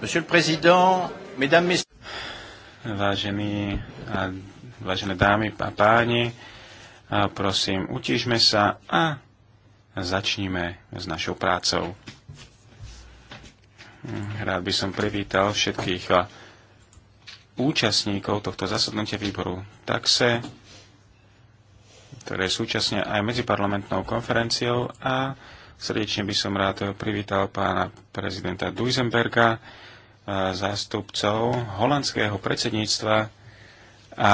Monsieur le Président, Mesdames, Messieurs. Vážení, a, vážené dámy a páni, prosím, utížme sa a začníme s našou prácou. Hm, rád by som privítal všetkých účastníkov tohto zasadnutia výboru taxe, ktoré je súčasne aj medziparlamentnou konferenciou a srdečne by som rád privítal pána prezidenta Duisenberga, zástupcov holandského predsedníctva a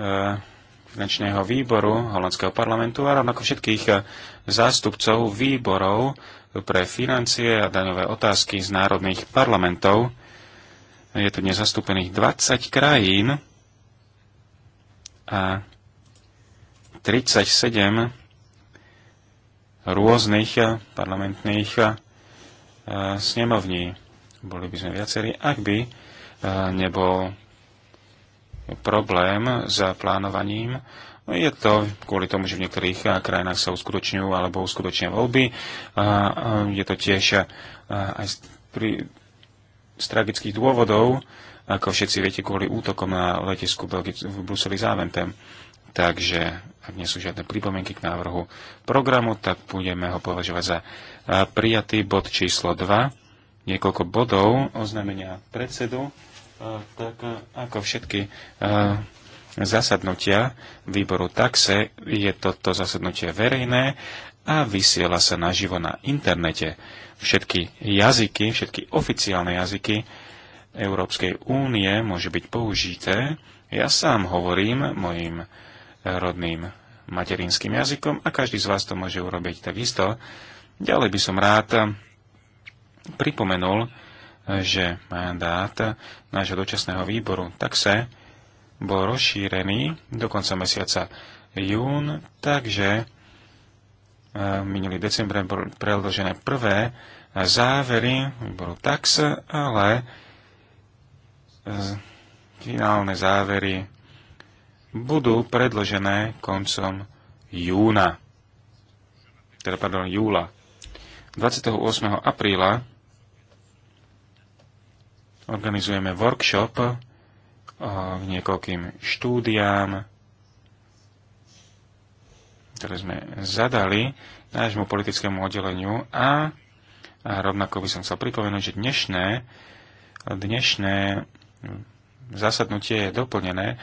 e, finančného výboru holandského parlamentu a rovnako všetkých e, zástupcov výborov pre financie a daňové otázky z národných parlamentov. Je tu dnes zastúpených 20 krajín a 37 rôznych eh, parlamentných eh, snemovní. Boli by sme viacerí, ak by eh, nebol problém s plánovaním. No, je to kvôli tomu, že v niektorých krajinách sa uskutočňujú alebo uskutočnia voľby. Je to tiež aj z, pri, z tragických dôvodov, ako všetci viete, kvôli útokom na letisku v Bruseli Záventem. Takže ak nie sú žiadne pripomienky k návrhu programu, tak budeme ho považovať za prijatý bod číslo 2. Niekoľko bodov oznámenia predsedu, tak ako všetky zasadnutia výboru taxe, je toto zasadnutie verejné a vysiela sa naživo na internete. Všetky jazyky, všetky oficiálne jazyky Európskej únie môže byť použité. Ja sám hovorím mojim rodným materinským jazykom a každý z vás to môže urobiť takisto. Ďalej by som rád pripomenul, že mandát nášho dočasného výboru taxe bol rozšírený do konca mesiaca jún, takže e, minulý december boli predložené prvé závery výboru tax, ale e, finálne závery budú predložené koncom júna. Teda, pardon, júla. 28. apríla organizujeme workshop eh, k niekoľkým štúdiám, ktoré sme zadali nášmu politickému oddeleniu a, a rovnako by som chcel pripomenúť, že dnešné, dnešné zasadnutie je doplnené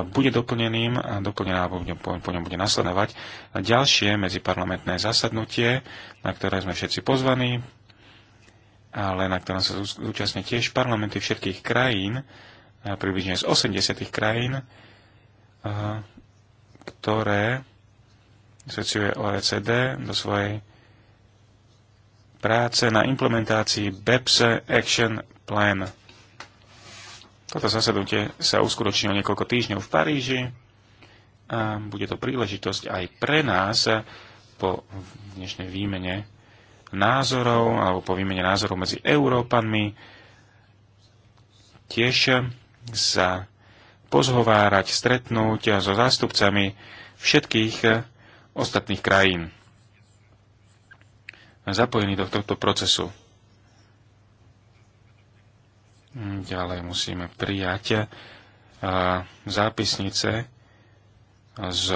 bude doplneným a doplnená po ňom bude nasledovať ďalšie medziparlamentné zasadnutie, na ktoré sme všetci pozvaní, ale na ktorom sa zúčastnia tiež parlamenty všetkých krajín, približne z 80 krajín, ktoré sociuje OECD do svojej práce na implementácii BEPS Action Plan. Toto zasadnutie sa uskutoční o niekoľko týždňov v Paríži a bude to príležitosť aj pre nás po dnešnej výmene názorov alebo po výmene názorov medzi Európanmi tiež sa pozhovárať, stretnúť so zástupcami všetkých ostatných krajín zapojených do tohto procesu. Ďalej musíme prijať eh, zápisnice z,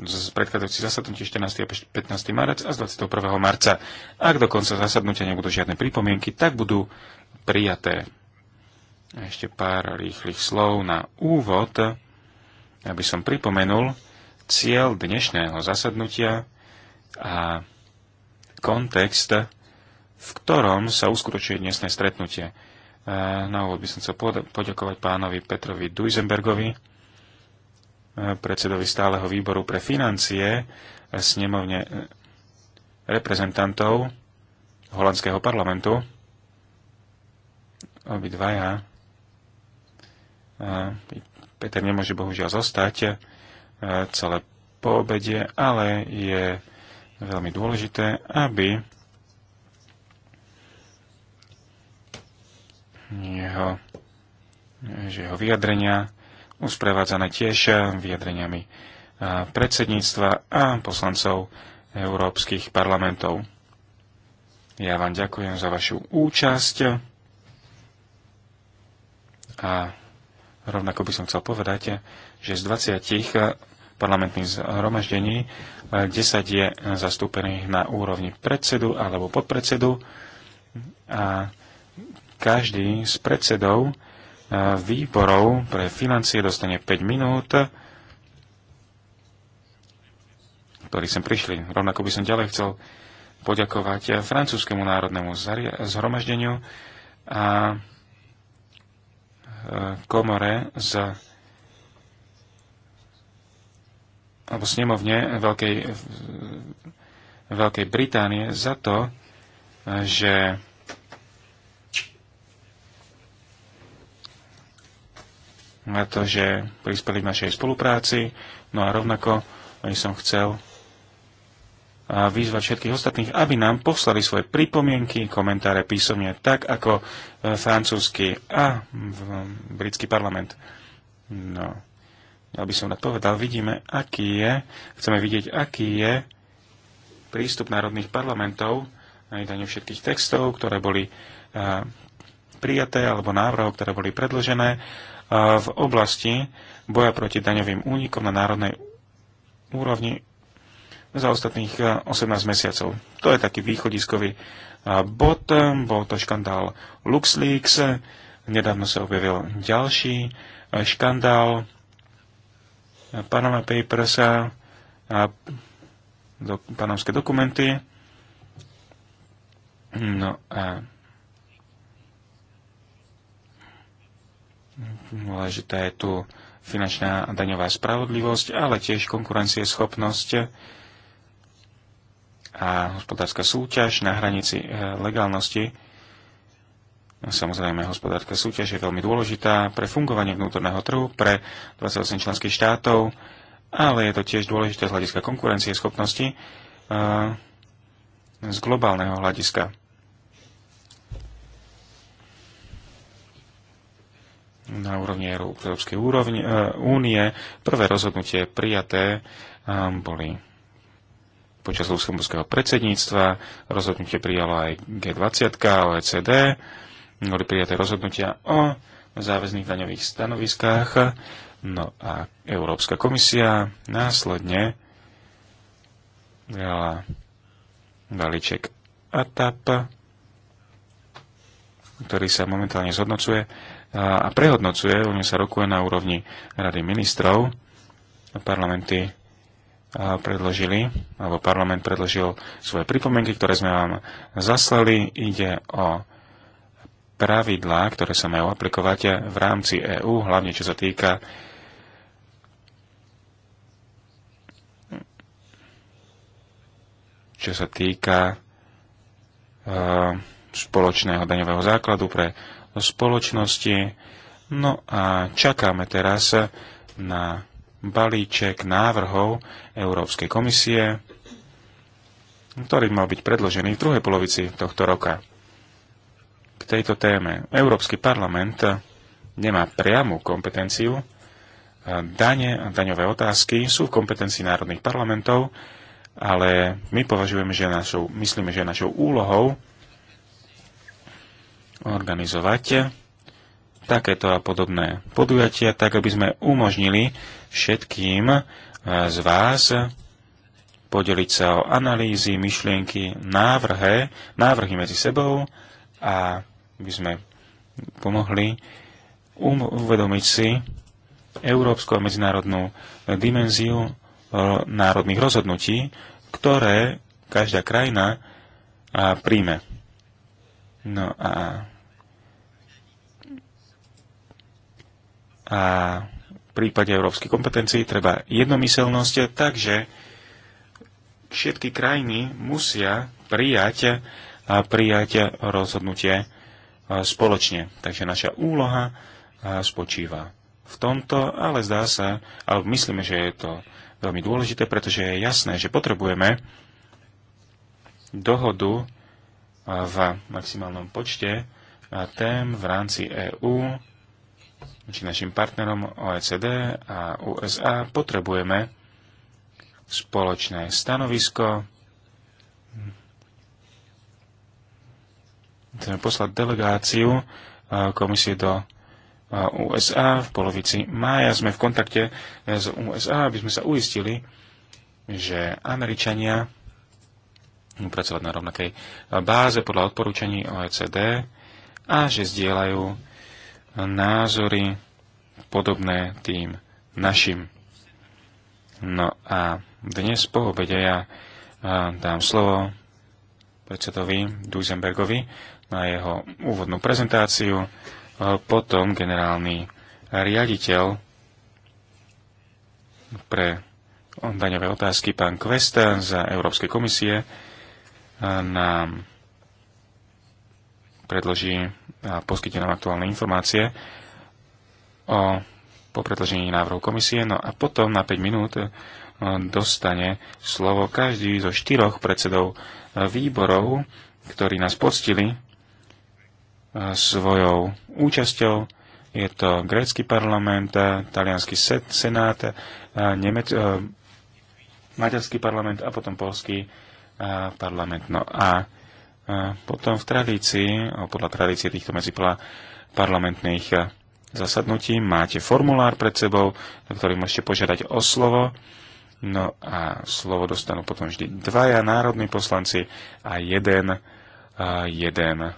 z predchádzajúcich zasadnutí 14. a 15. marec a z 21. marca. Ak do konca zasadnutia nebudú žiadne pripomienky, tak budú prijaté. Ešte pár rýchlych slov na úvod, aby som pripomenul cieľ dnešného zasadnutia a kontext, v ktorom sa uskutočuje dnesné stretnutie. E, na úvod by som chcel poďakovať pánovi Petrovi Duisenbergovi, e, predsedovi stáleho výboru pre financie e, snemovne reprezentantov holandského parlamentu. Obidvaja. Peter nemôže bohužiaľ zostať celé po obede, ale je veľmi dôležité, aby jeho, jeho vyjadrenia usprevádzané tiež vyjadreniami predsedníctva a poslancov európskych parlamentov. Ja vám ďakujem za vašu účasť a rovnako by som chcel povedať, že z 20 parlamentných zhromaždení 10 je zastúpených na úrovni predsedu alebo podpredsedu a každý z predsedov eh, výborov pre financie dostane 5 minút, ktorí sem prišli. Rovnako by som ďalej chcel poďakovať francúzskému národnému zhromaždeniu a eh, komore z alebo snemovne Veľkej, Veľkej Británie za to, eh, že na to, že prispeli v našej spolupráci. No a rovnako by som chcel vyzvať všetkých ostatných, aby nám poslali svoje pripomienky, komentáre písomne, tak ako e, francúzsky a britský parlament. No, ja by som rád povedal, vidíme, aký je, chceme vidieť, aký je prístup národných parlamentov na vydaniu všetkých textov, ktoré boli e, prijaté, alebo návrhov, ktoré boli predložené v oblasti boja proti daňovým únikom na národnej úrovni za ostatných 18 e, mesiacov. To je taký východiskový e, bod, bol to škandál LuxLeaks, nedávno sa objavil ďalší e, škandál Panama Papers a panamské dokumenty. No a Dôležitá je tu finančná a daňová spravodlivosť, ale tiež konkurencieschopnosť a hospodárska súťaž na hranici e, legálnosti. No, samozrejme, hospodárska súťaž je veľmi dôležitá pre fungovanie vnútorného trhu, pre 28 členských štátov, ale je to tiež dôležité z hľadiska konkurencie schopnosti e, z globálneho hľadiska. na úrovni Európskej úrovni, e, únie. Prvé rozhodnutie prijaté ehm, boli počas luxemburského predsedníctva. Rozhodnutie prijala aj G20, OECD. Boli prijaté rozhodnutia o záväzných daňových stanoviskách. No a Európska komisia následne dala balíček ATAP, ktorý sa momentálne zhodnocuje a prehodnocuje, veľmi sa rokuje na úrovni Rady ministrov. Parlamenty predložili, alebo parlament predložil svoje pripomienky, ktoré sme vám zaslali. Ide o pravidlá, ktoré sa majú aplikovať v rámci EÚ, hlavne čo sa týka čo sa týka e, spoločného daňového základu pre spoločnosti. No a čakáme teraz na balíček návrhov Európskej komisie, ktorý mal byť predložený v druhej polovici tohto roka. K tejto téme Európsky parlament nemá priamu kompetenciu. Dane a daňové otázky sú v kompetencii národných parlamentov, ale my považujeme, že našou, myslíme, že našou úlohou organizovať takéto a podobné podujatia, tak aby sme umožnili všetkým eh, z vás podeliť sa o analýzy, myšlienky, návrhe, návrhy medzi sebou a by sme pomohli uvedomiť si európsku a medzinárodnú dimenziu eh, národných rozhodnutí, ktoré každá krajina eh, príjme. No a a v prípade európskej kompetencií treba jednomyselnosť, takže všetky krajiny musia prijať, prijať rozhodnutie e, spoločne. Takže naša úloha e, spočíva v tomto, ale zdá sa, alebo myslíme, že je to veľmi dôležité, pretože je jasné, že potrebujeme dohodu e, v maximálnom počte tém v rámci EÚ či našim partnerom OECD a USA potrebujeme spoločné stanovisko. Chceme poslať delegáciu e, komisie do e, USA v polovici mája. Sme v kontakte e, s USA, aby sme sa uistili, že Američania pracovať na rovnakej báze podľa odporúčaní OECD a že zdieľajú názory podobné tým našim. No a dnes po obede ja dám slovo predsedovi Duisenbergovi na jeho úvodnú prezentáciu, potom generálny riaditeľ pre daňové otázky pán Kvesta za Európskej komisie nám predloží a poskytne nám aktuálne informácie o, po predložení návrhu komisie. No a potom na 5 minút e, dostane slovo každý zo štyroch predsedov e, výborov, ktorí nás poctili e, svojou účasťou. Je to grécky parlament, talianský senát, nemec, maďarský parlament a potom polský parlament. No a a potom v tradícii, podľa tradície týchto medziparlamentných eh, zasadnutí, máte formulár pred sebou, na ktorý môžete požiadať o slovo. No a slovo dostanú potom vždy dvaja národní poslanci a jeden, a eh, jeden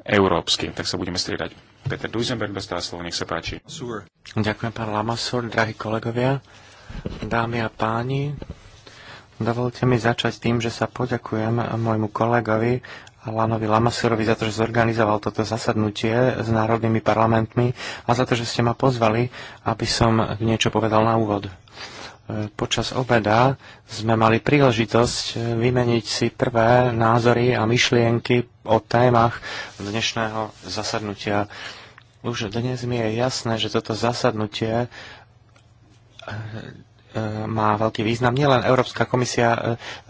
európsky. Tak sa budeme striedať. Peter Duisenberg dostal slovo, nech sa páči. Ďakujem, pán Lamasur, drahí kolegovia, dámy a páni. Dovolte mi začať tým, že sa poďakujem môjmu kolegovi Lanovi Lamasurovi za to, že zorganizoval toto zasadnutie s národnými parlamentmi a za to, že ste ma pozvali, aby som niečo povedal na úvod. Počas obeda sme mali príležitosť vymeniť si prvé názory a myšlienky o témach dnešného zasadnutia. Už dnes mi je jasné, že toto zasadnutie má veľký význam. Nielen Európska komisia e,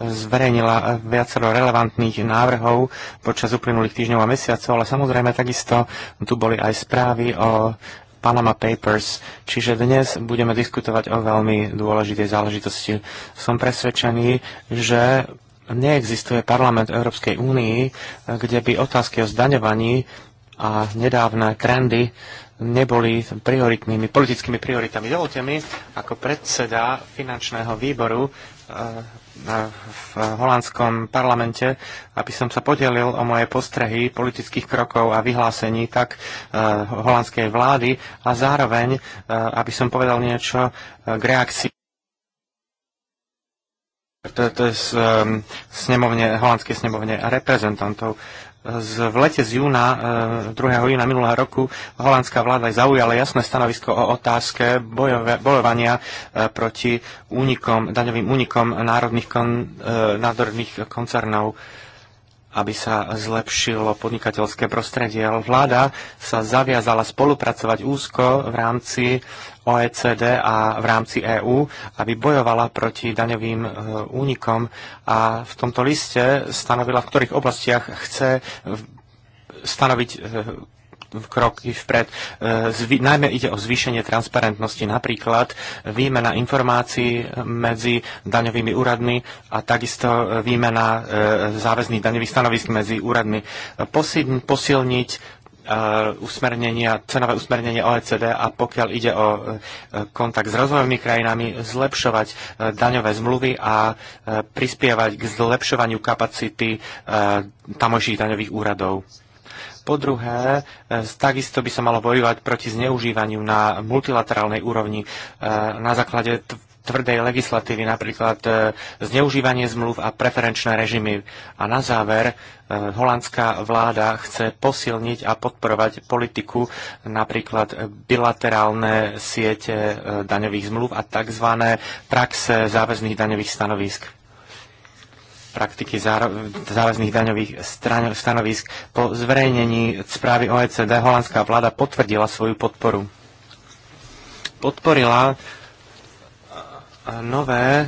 zverejnila e, viacero relevantných návrhov počas uplynulých týždňov a mesiacov, ale samozrejme takisto tu boli aj správy o Panama Papers. Čiže dnes budeme diskutovať o veľmi dôležitej záležitosti. Som presvedčený, že neexistuje parlament Európskej únii, e, kde by otázky o zdaňovaní a nedávne trendy neboli prioritnými, politickými prioritami. Dovolte mi, ako predseda finančného výboru eh, v holandskom parlamente, aby som sa podelil o moje postrehy politických krokov a vyhlásení tak eh, holandskej vlády a zároveň, eh, aby som povedal niečo k reakcii to, to je z, um, snemovne, holandskej snemovne reprezentantov z, v lete z júna, 2. E, júna minulého roku, holandská vláda aj zaujala jasné stanovisko o otázke bojove, bojovania e, proti únikom, daňovým únikom národných, kon, e, národných koncernov aby sa zlepšilo podnikateľské prostredie. Vláda sa zaviazala spolupracovať úzko v rámci OECD a v rámci EÚ, aby bojovala proti daňovým e, únikom a v tomto liste stanovila, v ktorých oblastiach chce stanoviť e, kroky vpred. E, Zvy, najmä ide o zvýšenie transparentnosti, napríklad výmena informácií medzi daňovými úradmi a takisto výmena e, záväzných daňových stanovisk medzi úradmi. Posilniť, e, usmernenia, cenové usmernenie OECD a pokiaľ ide o kontakt s rozvojovými krajinami, zlepšovať daňové zmluvy a prispievať k zlepšovaniu kapacity tamojších daňových úradov. Po druhé, e, takisto by sa malo bojovať proti zneužívaniu na multilaterálnej úrovni e, na základe tvrdej legislatívy, napríklad e, zneužívanie zmluv a preferenčné režimy. A na záver, holandská vláda chce posilniť a podporovať politiku, napríklad bilaterálne siete daňových zmluv a tzv. praxe záväzných daňových stanovisk praktiky záväzných daňových stanovisk. Po zverejnení správy OECD holandská vláda potvrdila svoju podporu. Podporila e, nové e,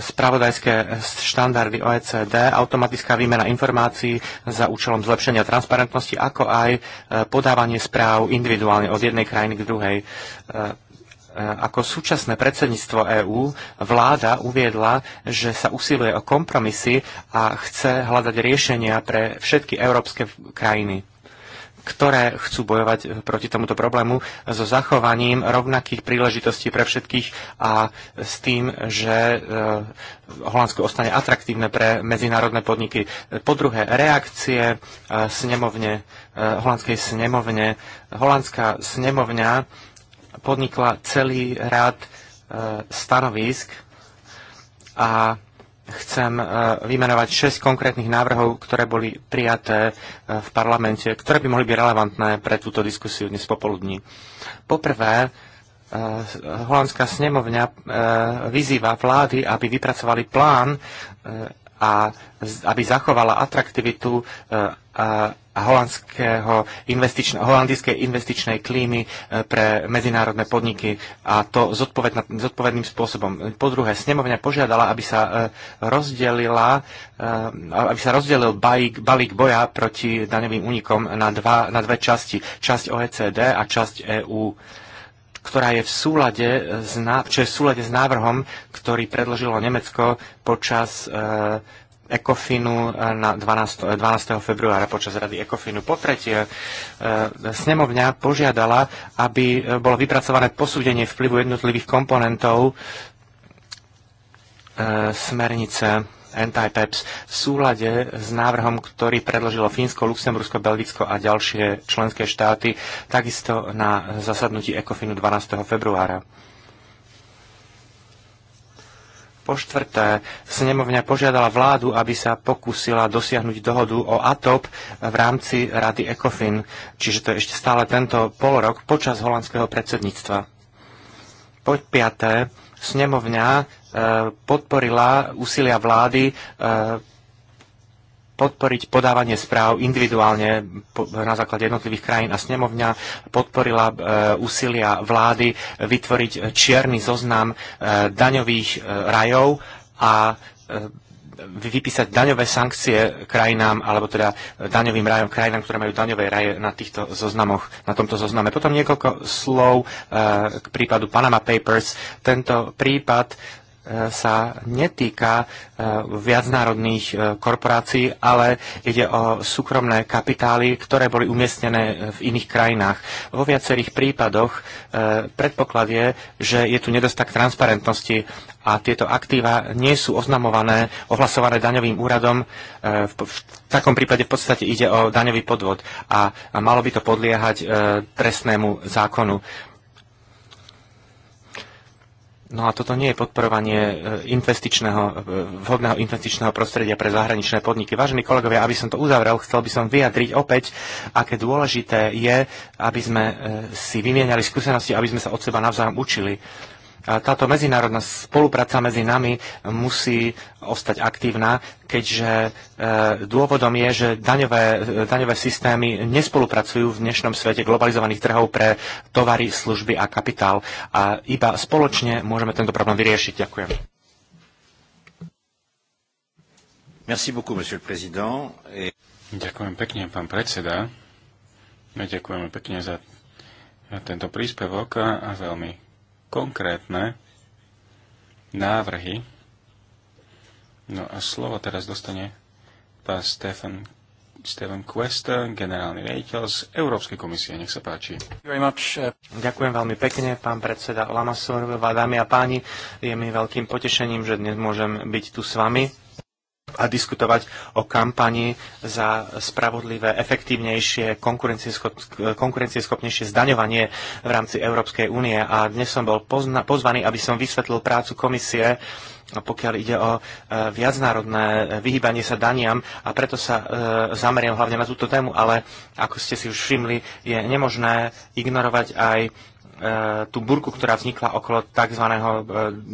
spravodajské štandardy OECD, automatická výmena informácií za účelom zlepšenia transparentnosti, ako aj e, podávanie správ individuálne od jednej krajiny k druhej. E, E, ako súčasné predsedníctvo EÚ vláda uviedla, že sa usiluje o kompromisy a chce hľadať riešenia pre všetky európske krajiny ktoré chcú bojovať e, proti tomuto problému so zachovaním rovnakých príležitostí pre všetkých a s tým, že e, Holandsko ostane atraktívne pre medzinárodné podniky. Po druhé, reakcie snemovne, holandskej snemovne. Holandská snemovňa podnikla celý rád e, stanovisk a chcem e, vymenovať 6 konkrétnych návrhov, ktoré boli prijaté e, v parlamente, ktoré by mohli byť relevantné pre túto diskusiu dnes popoludní. Poprvé, holandská snemovňa vyzýva vlády, aby vypracovali plán a aby zachovala atraktivitu a holandského investičn- holandskej investičnej klímy e, pre medzinárodné podniky a to zodpovedným spôsobom. Po druhé, snemovňa požiadala, aby sa e, rozdelila, e, aby sa rozdelil balík, balík boja proti daňovým únikom na, dva, na dve časti. Časť OECD a časť EÚ ktorá je v súlade s, čo je v súlade s návrhom, ktorý predložilo Nemecko počas e, ECOFINu eh, na 12, 12. Eh, februára počas rady ECOFINu. Po tretie, eh, snemovňa požiadala, aby bolo vypracované posúdenie vplyvu jednotlivých komponentov smernice Antipeps v súlade s návrhom, ktorý predložilo Fínsko, Luxembursko, Belgicko a ďalšie členské štáty, takisto na zasadnutí ECOFINu 12. februára. Po štvrté, snemovňa požiadala vládu, aby sa pokúsila dosiahnuť dohodu o ATOP v rámci rady ECOFIN, čiže to je ešte stále tento pol rok počas holandského predsedníctva. Po piaté, snemovňa e, podporila úsilia vlády e, podporiť podávanie správ individuálne na základe jednotlivých krajín a snemovňa podporila e, úsilia vlády vytvoriť čierny zoznam e, daňových e, rajov a vypísať daňové sankcie krajinám, alebo teda daňovým rajom krajinám, ktoré majú daňové raje na týchto zoznamoch, na tomto zozname. Potom niekoľko slov k prípadu Panama Papers. Tento prípad sa netýka e, viacnárodných e, korporácií, ale ide o súkromné kapitály, ktoré boli umiestnené e, v iných krajinách. Vo viacerých prípadoch predpoklad je, že je tu nedostatok transparentnosti a tieto aktíva nie sú oznamované, ohlasované daňovým úradom. V takom prípade v podstate ide o daňový podvod a malo by to podliehať trestnému zákonu No a toto nie je podporovanie e, investičného, e, vhodného investičného prostredia pre zahraničné podniky. Vážení kolegovia, aby som to uzavrel, chcel by som vyjadriť opäť, aké dôležité je, aby sme e, si vymieniali skúsenosti, aby sme sa od seba navzájom učili táto medzinárodná spolupráca medzi nami musí ostať aktívna, keďže e, dôvodom je, že daňové, e, daňové systémy nespolupracujú v dnešnom svete globalizovaných trhov pre tovary, služby a kapitál. A iba spoločne môžeme tento problém vyriešiť. Ďakujem. Merci beaucoup, monsieur le président. Et... Ďakujem pekne, pán predseda. Ďakujeme pekne za tento príspevok a veľmi konkrétne návrhy. No a slovo teraz dostane pán Stefan Stephen Quest, generálny riaditeľ z Európskej komisie. Nech sa páči. Uh, Ďakujem veľmi pekne, pán predseda Lamasov, dámy a páni. Je mi veľkým potešením, že dnes môžem byť tu s vami a diskutovať o kampani za spravodlivé, efektívnejšie, konkurencieschopnejšie zdaňovanie v rámci Európskej únie. A dnes som bol pozna- pozvaný, aby som vysvetlil prácu komisie, pokiaľ ide o e, viacnárodné vyhýbanie sa daniam a preto sa e, zameriam hlavne na túto tému, ale ako ste si už všimli, je nemožné ignorovať aj e, tú burku, ktorá vznikla okolo tzv.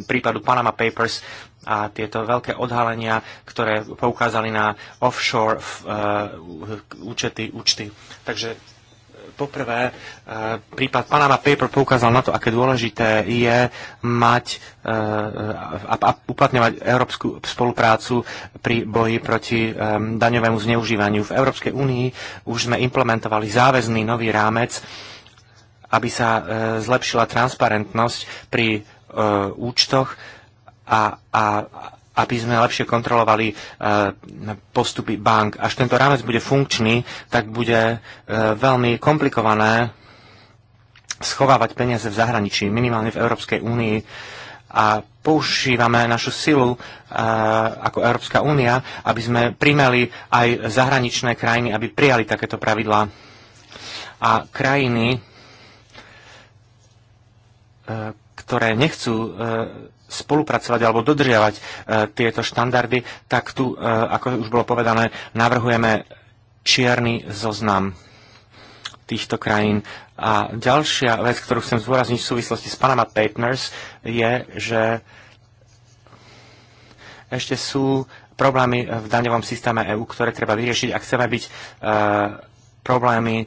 prípadu Panama Papers, a tieto veľké odhalenia, ktoré poukázali na offshore e, účety, účty. Takže e, poprvé, e, prípad Panama Paper poukázal na to, aké dôležité je mať a uplatňovať európsku spoluprácu pri boji proti daňovému zneužívaniu. V Európskej únii už sme implementovali záväzný nový rámec, aby sa zlepšila transparentnosť pri účtoch a, a aby sme lepšie kontrolovali e, postupy bank. Až tento rámec bude funkčný, tak bude e, veľmi komplikované schovávať peniaze v zahraničí, minimálne v Európskej únii. A používame našu silu e, ako Európska únia, aby sme primeli aj zahraničné krajiny, aby prijali takéto pravidlá. A krajiny, ktoré nechcú spolupracovať alebo dodržiavať e, tieto štandardy, tak tu, e, ako už bolo povedané, navrhujeme čierny zoznam týchto krajín. A ďalšia vec, ktorú chcem zúrazniť v súvislosti s Panama Papers, je, že ešte sú problémy v daňovom systéme EÚ, ktoré treba vyriešiť, ak chceme byť e, problémy e,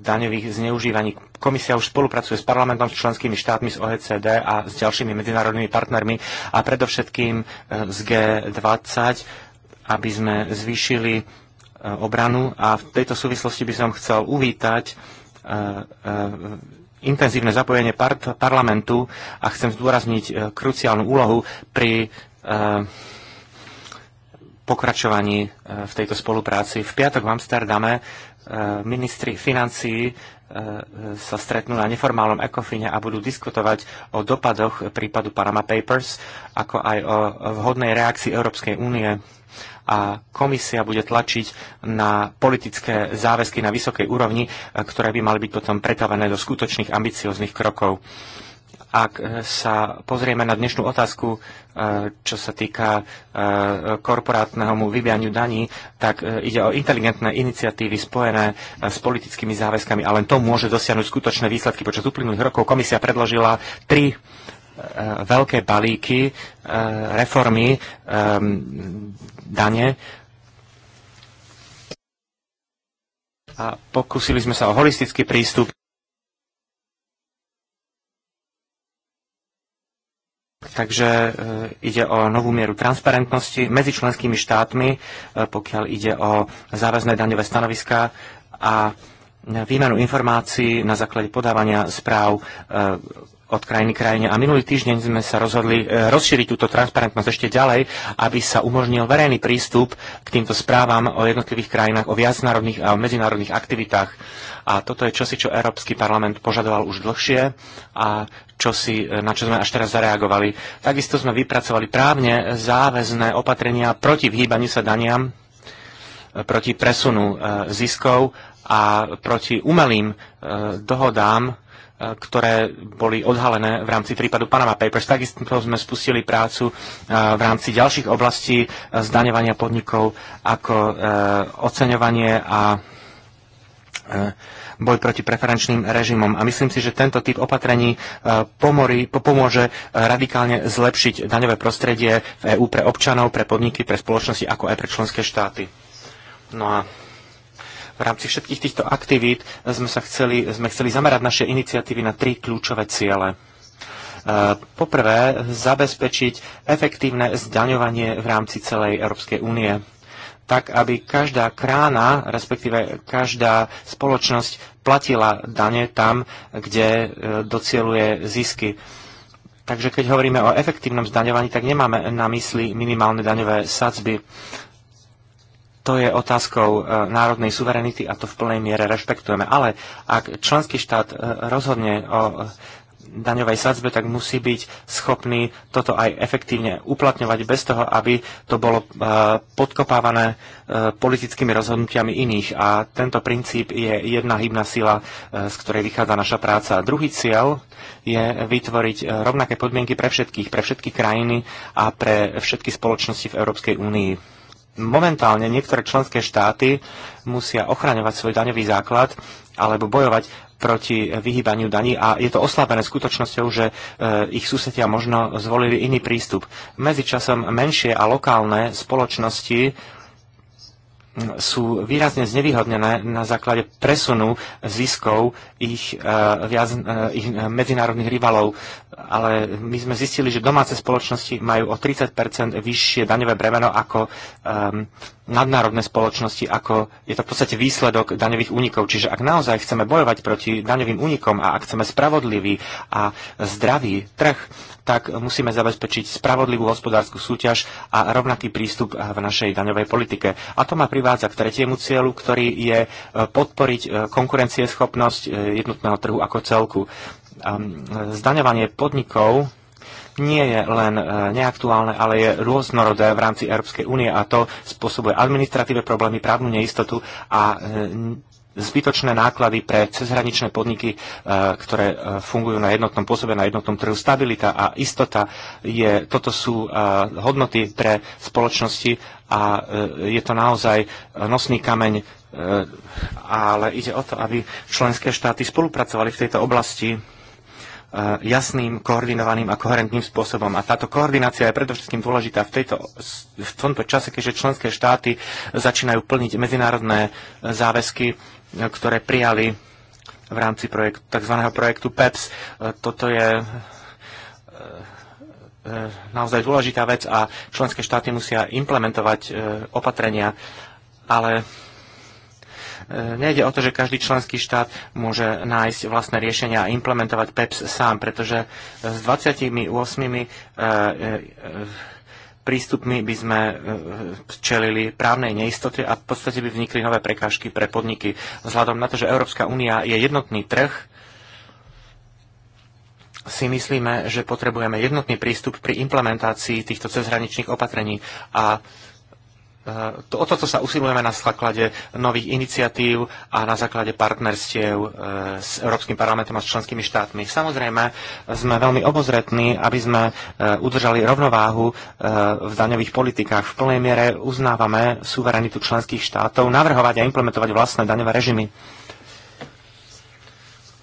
daňových zneužívaní. Komisia už spolupracuje s parlamentom, s členskými štátmi, s OECD a s ďalšími medzinárodnými partnermi a predovšetkým z e, G20, aby sme zvýšili e, obranu. A v tejto súvislosti by som chcel uvítať intenzívne zapojenie parlamentu a chcem zdôrazniť kruciálnu úlohu pri pokračovaní v tejto spolupráci. V piatok v Amsterdame E, ministri financií e, sa stretnú na neformálnom ekofine a budú diskutovať o dopadoch prípadu Panama Papers, ako aj o vhodnej reakcii Európskej únie. A komisia bude tlačiť na politické záväzky na vysokej úrovni, e, ktoré by mali byť potom pretavené do skutočných ambicióznych krokov. Ak eh, sa pozrieme na dnešnú otázku, eh, čo sa týka eh, korporátneho vybianiu daní, tak ide o inteligentné iniciatívy spojené s politickými záväzkami a len to môže dosiahnuť skutočné výsledky. Počas uplynulých rokov komisia predložila tri veľké balíky reformy dane a pokúsili sme sa o holistický prístup Takže e, ide o novú mieru transparentnosti medzi členskými štátmi, e, pokiaľ ide o záväzné daňové stanoviská a výmenu informácií na základe podávania správ e, od krajiny krajine. A minulý týždeň sme sa rozhodli e, rozšíriť túto transparentnosť ešte ďalej, aby sa umožnil verejný prístup k týmto správam o jednotlivých krajinách, o viacnárodných a medzinárodných aktivitách. A toto je čosi, čo Európsky parlament požadoval už dlhšie a čosi, e, na čo sme až teraz zareagovali. Takisto sme vypracovali právne záväzné opatrenia proti vyhýbaniu sa daniam, e, proti presunu ziskov a proti umelým dohodám ktoré boli odhalené v rámci prípadu Panama Papers. Takisto sme spustili prácu e, v rámci ďalších oblastí e, zdaňovania podnikov ako e, oceňovanie a boj proti preferenčným režimom. A myslím si, že tento typ opatrení pomori, pomôže radikálne zlepšiť daňové prostredie v EÚ pre občanov, pre podniky, pre spoločnosti, ako aj pre členské štáty. No a v rámci všetkých týchto aktivít sme sa chceli, sme chceli zamerať naše iniciatívy na tri kľúčové ciele. E, poprvé, zabezpečiť efektívne zdaňovanie v rámci celej Európskej únie tak, aby každá krána, respektíve každá spoločnosť platila dane tam, kde e, docieluje zisky. Takže keď hovoríme o efektívnom zdaňovaní, tak nemáme na mysli minimálne daňové sadzby to je otázkou e, národnej suverenity a to v plnej miere rešpektujeme. Ale ak členský štát e, rozhodne o e, daňovej sadzbe, tak musí byť schopný toto aj efektívne uplatňovať bez toho, aby to bolo podkopávané politickými rozhodnutiami iných. A tento princíp je jedna hybná sila, z ktorej vychádza naša práca. Druhý cieľ je vytvoriť rovnaké podmienky pre všetkých, pre všetky krajiny a pre všetky spoločnosti v Európskej únii momentálne niektoré členské štáty musia ochraňovať svoj daňový základ alebo bojovať proti vyhýbaniu daní a je to oslabené skutočnosťou, že e, ich susedia možno zvolili iný prístup. Medzičasom menšie a lokálne spoločnosti sú výrazne znevýhodnené na základe presunu ziskov ich, uh, viac, uh, ich medzinárodných rivalov. Ale my sme zistili, že domáce spoločnosti majú o 30 vyššie daňové bremeno ako um, nadnárodné spoločnosti, ako je to v podstate výsledok daňových únikov. Čiže ak naozaj chceme bojovať proti daňovým únikom a ak chceme spravodlivý a zdravý trh, tak musíme zabezpečiť spravodlivú hospodárskú súťaž a rovnaký prístup v našej daňovej politike. A to ma privádza k tretiemu cieľu, ktorý je e, podporiť e, konkurencieschopnosť e, jednotného trhu ako celku. Zdaňovanie podnikov nie je len e, neaktuálne, ale je rôznorodé v rámci Európskej únie a to spôsobuje administratíve problémy, právnu neistotu a e, zbytočné náklady pre cezhraničné podniky, e, ktoré fungujú na jednotnom pôsobe, na jednotnom trhu. Stabilita a istota, je, toto sú hodnoty pre spoločnosti a je to naozaj nosný kameň, ale ide o to, aby členské štáty spolupracovali v tejto oblasti E, jasným, koordinovaným a koherentným spôsobom. A táto koordinácia je predovšetkým dôležitá v, tejto, v tomto čase, keďže členské štáty začínajú plniť medzinárodné e, záväzky, e, ktoré prijali v rámci projekt, tzv. projektu PEPS. Toto je naozaj dôležitá vec a členské štáty musia implementovať opatrenia, ale E, nejde o to, že každý členský štát môže nájsť vlastné riešenia a implementovať PEPS sám, pretože s 28 e, e, prístupmi by sme čelili právnej neistote a v podstate by vznikli nové prekážky pre podniky. Vzhľadom na to, že Európska únia je jednotný trh, si myslíme, že potrebujeme jednotný prístup pri implementácii týchto cezhraničných opatrení a Eh, to, o toto sa usilujeme na základe nových iniciatív a na základe partnerstiev eh, s Európskym parlamentom a s členskými štátmi. Samozrejme, sme veľmi obozretní, aby sme eh, udržali rovnováhu v daňových politikách. V plnej miere uznávame suverenitu členských štátov navrhovať a implementovať vlastné daňové režimy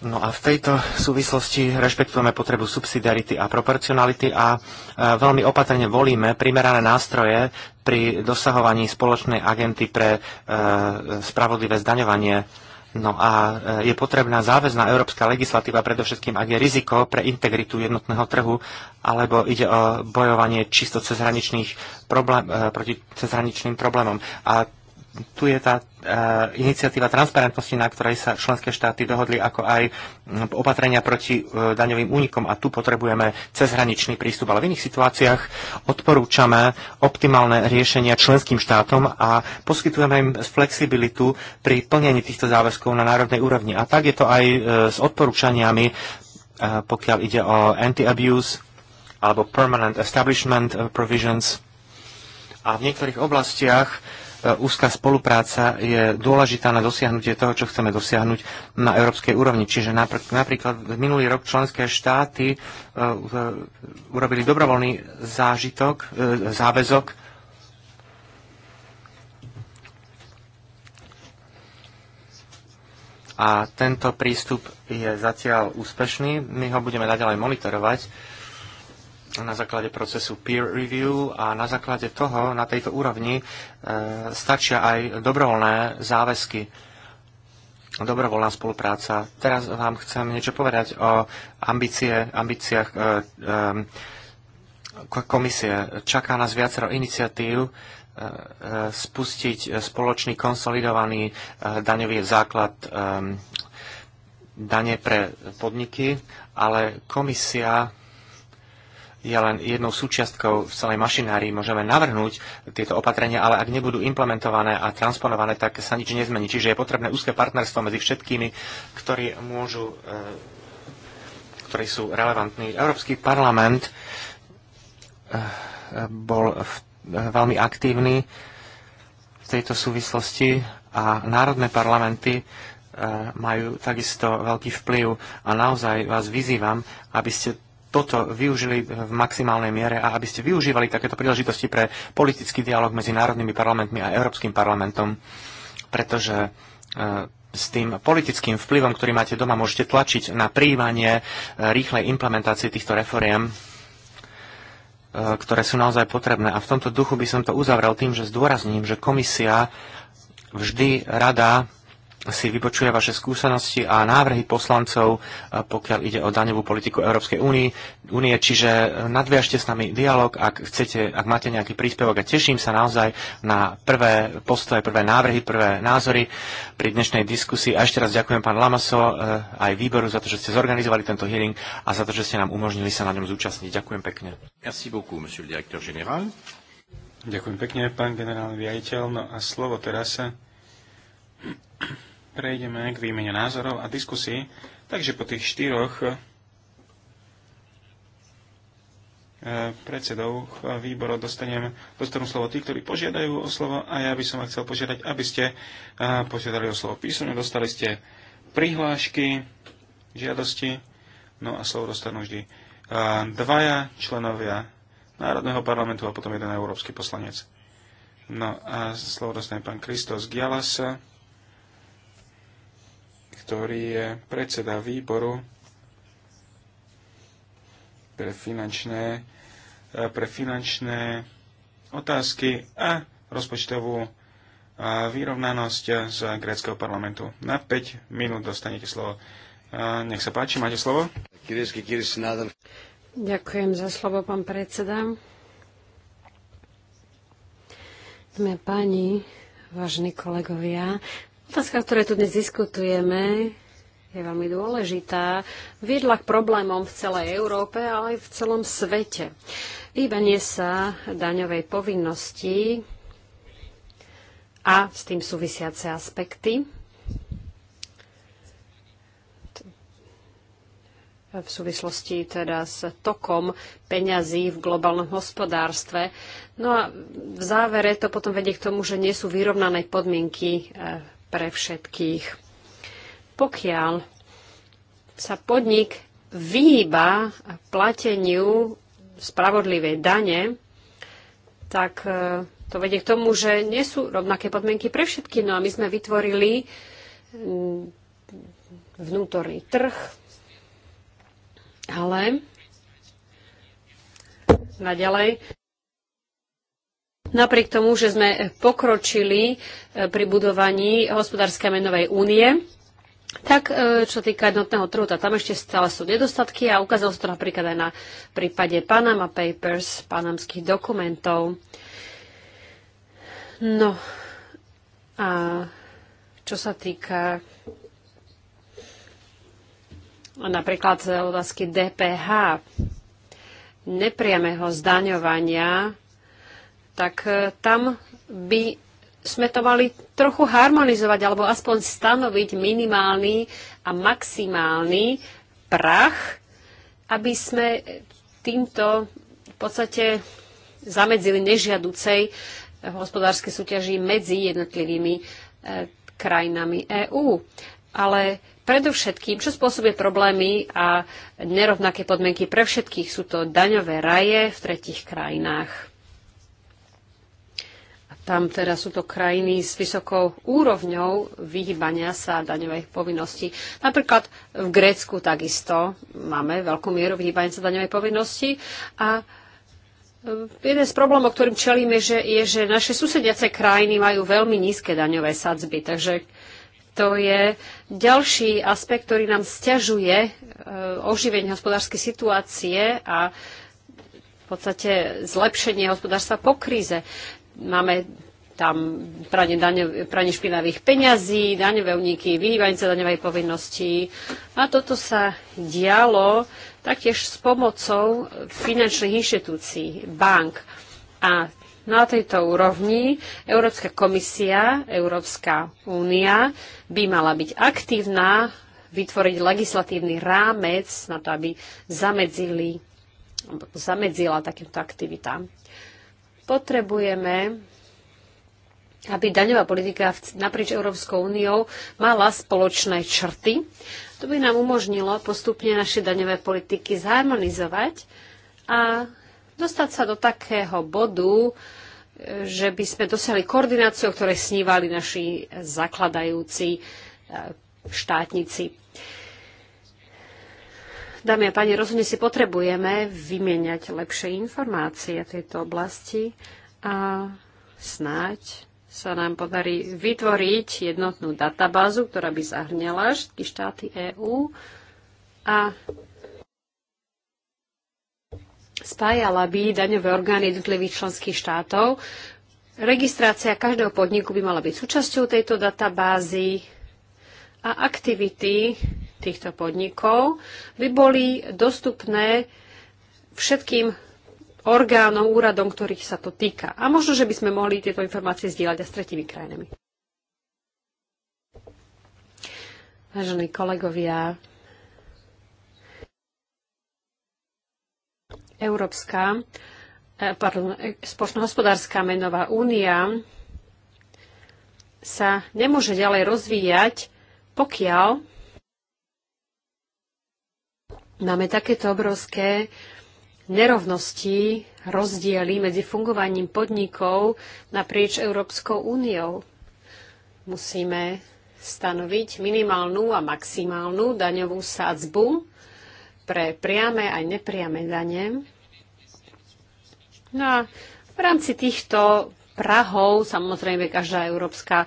No a v tejto súvislosti rešpektujeme potrebu subsidiarity a proporcionality a e, veľmi opatrne volíme primerané nástroje pri dosahovaní spoločnej agenty pre e, spravodlivé zdaňovanie. No a e, je potrebná záväzná európska legislatíva, predovšetkým ak je riziko pre integritu jednotného trhu, alebo ide o bojovanie čisto cezhraničných problém, proti cezhraničným problémom. A tu je tá e, iniciatíva transparentnosti, na ktorej sa členské štáty dohodli, ako aj opatrenia proti e, daňovým únikom a tu potrebujeme cezhraničný prístup. Ale v iných situáciách odporúčame optimálne riešenia členským štátom a poskytujeme im flexibilitu pri plnení týchto záväzkov na národnej úrovni. A tak je to aj e, s odporúčaniami, pokiaľ ide o anti-abuse alebo permanent establishment provisions. A v niektorých oblastiach E, úzká spolupráca je dôležitá na dosiahnutie toho, čo chceme dosiahnuť na európskej úrovni. Čiže napríklad minulý rok členské štáty e, urobili dobrovoľný zážitok, e, záväzok a tento prístup je zatiaľ úspešný. My ho budeme naďalej monitorovať na základe procesu peer review a na základe toho na tejto úrovni e, stačia aj dobrovoľné záväzky, dobrovoľná spolupráca. Teraz vám chcem niečo povedať o ambície, ambíciách e, e, komisie. Čaká nás viacero iniciatív e, e, spustiť spoločný konsolidovaný e, daňový základ dane pre podniky, ale komisia je len jednou súčiastkou v celej mašinárii. Môžeme navrhnúť tieto opatrenia, ale ak nebudú implementované a transponované, tak sa nič nezmení. Čiže je potrebné úzke partnerstvo medzi všetkými, ktorí môžu eh, ktorí sú relevantní. Európsky parlament eh, bol eh, veľmi aktívny v tejto súvislosti a národné parlamenty majú takisto veľký vplyv a naozaj vás vyzývam, aby ste toto využili v maximálnej miere a aby ste využívali takéto príležitosti pre politický dialog medzi národnými parlamentmi a Európskym parlamentom, pretože e, s tým politickým vplyvom, ktorý máte doma, môžete tlačiť na príjmanie e, rýchlej implementácie týchto reforiem, e, ktoré sú naozaj potrebné. A v tomto duchu by som to uzavrel tým, že zdôrazním, že komisia vždy rada si vypočuje vaše skúsenosti a návrhy poslancov, e, pokiaľ ide o daňovú politiku Európskej únie. čiže e, nadviažte s nami dialog, ak, chcete, ak máte nejaký príspevok a teším sa naozaj na prvé postoje, prvé návrhy, prvé názory pri dnešnej diskusii. A ešte raz ďakujem pán Lamaso e, aj výboru za to, že ste zorganizovali tento hearing a za to, že ste nám umožnili sa na ňom zúčastniť. Ďakujem pekne. Merci beaucoup, monsieur le directeur général. Ďakujem pekne, pán generálny riaditeľ. No a slovo teraz sa prejdeme k výmene názorov a diskusí. Takže po tých štyroch eh, predsedov výborov dostanem, dostanú slovo tí, ktorí požiadajú o slovo a ja by som vám chcel požiadať, aby ste eh, požiadali o slovo písomne, dostali ste prihlášky, žiadosti, no a slovo dostanú vždy eh, dvaja členovia Národného parlamentu a potom jeden európsky poslanec. No a slovo dostane pán Kristos Gialas ktorý je predseda výboru pre finančné, eh, pre finančné otázky a rozpočtovú eh, vyrovnanosť z gréckého parlamentu. Na 5 minút dostanete slovo. Eh, nech sa páči, máte slovo. Ďakujem za slovo, pán predseda. Sme páni, vážni kolegovia, Otázka, ktoré tu dnes diskutujeme, je veľmi dôležitá. Viedla k problémom v celej Európe, ale aj v celom svete. Výbanie sa daňovej povinnosti a s tým súvisiace aspekty v súvislosti teda s tokom peňazí v globálnom hospodárstve. No a v závere to potom vedie k tomu, že nie sú vyrovnané podmienky eh, pre všetkých. Pokiaľ sa podnik výba plateniu spravodlivej dane, tak e, to vedie k tomu, že nie sú rovnaké podmienky pre všetky. No a my sme vytvorili mm, vnútorný trh, ale naďalej Napriek tomu, že sme pokročili e, pri budovaní hospodárskej menovej únie, tak, e, čo týka jednotného trhu, tak tam ešte stále sú nedostatky a ukázalo sa to napríklad aj na prípade Panama Papers, panamských dokumentov. No a čo sa týka napríklad otázky DPH, nepriameho zdaňovania tak e, tam by sme to mali trochu harmonizovať alebo aspoň stanoviť minimálny a maximálny prach, aby sme týmto v podstate zamedzili nežiaducej hospodárskej súťaži medzi jednotlivými e, krajinami EÚ. Ale predovšetkým, čo spôsobuje problémy a nerovnaké podmienky pre všetkých, sú to daňové raje v tretich krajinách tam teda sú to krajiny s vysokou úrovňou vyhybania sa daňových povinností. Napríklad v Grécku takisto máme veľkú mieru vyhybania sa daňovej povinnosti a e, Jeden z problémov, ktorým čelíme, že, je, že naše susediace krajiny majú veľmi nízke daňové sadzby, takže to je ďalší aspekt, ktorý nám stiažuje e, oživenie hospodárskej situácie a v podstate zlepšenie hospodárstva po kríze máme tam pranie, daňov, pranie špinavých peňazí, daňové uniky, vyhýbanie sa daňovej povinnosti. A toto sa dialo taktiež s pomocou finančných inštitúcií, bank. A na tejto úrovni Európska komisia, Európska únia by mala byť aktívna, vytvoriť legislatívny rámec na to, aby zamedzili, zamedzila takýmto aktivitám. Potrebujeme, aby daňová politika naprieč Európskou úniou mala spoločné črty. To by nám umožnilo postupne naše daňové politiky zharmonizovať a dostať sa do takého bodu, že by sme dosiahli koordináciu, o ktorej snívali naši zakladajúci e, štátnici. Dámy a páni, rozhodne si potrebujeme vymieňať lepšie informácie v tejto oblasti a snáď sa nám podarí vytvoriť jednotnú databázu, ktorá by zahrňala všetky štáty EÚ a spájala by daňové orgány jednotlivých členských štátov. Registrácia každého podniku by mala byť súčasťou tejto databázy a aktivity týchto podnikov by boli dostupné všetkým orgánom, úradom, ktorých sa to týka. A možno, že by sme mohli tieto informácie zdieľať aj s tretími krajinami. Vážení kolegovia, Európska, eh, pardon, eh, Spoločnohospodárska menová únia sa nemôže ďalej rozvíjať, pokiaľ máme takéto obrovské nerovnosti, rozdiely medzi fungovaním podnikov naprieč Európskou úniou. Musíme stanoviť minimálnu a maximálnu daňovú sádzbu pre priame aj nepriame dane. No a v rámci týchto Prahov, samozrejme každá európska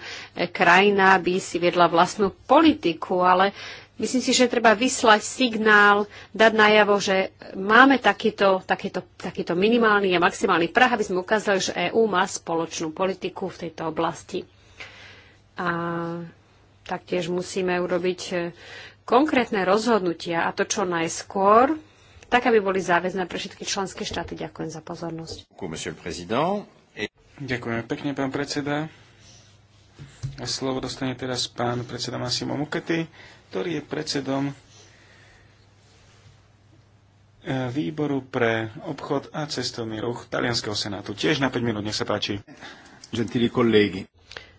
krajina by si vedla vlastnú politiku, ale Myslím si, že treba vyslať signál, dať najavo, že máme takýto, takýto, takýto minimálny a maximálny prah, aby sme ukázali, že EÚ má spoločnú politiku v tejto oblasti. A taktiež musíme urobiť e, konkrétne rozhodnutia a to čo najskôr, tak aby boli záväzné pre všetky členské štáty. Ďakujem za pozornosť. Ďakujem pekne, pán predseda. A slovo dostane teraz pán predseda Massimo Mukety ktorý je predsedom e, výboru pre obchod a cestovný ruch Talianského senátu. Tiež na 5 minút, nech sa páči. Gentili kolegi.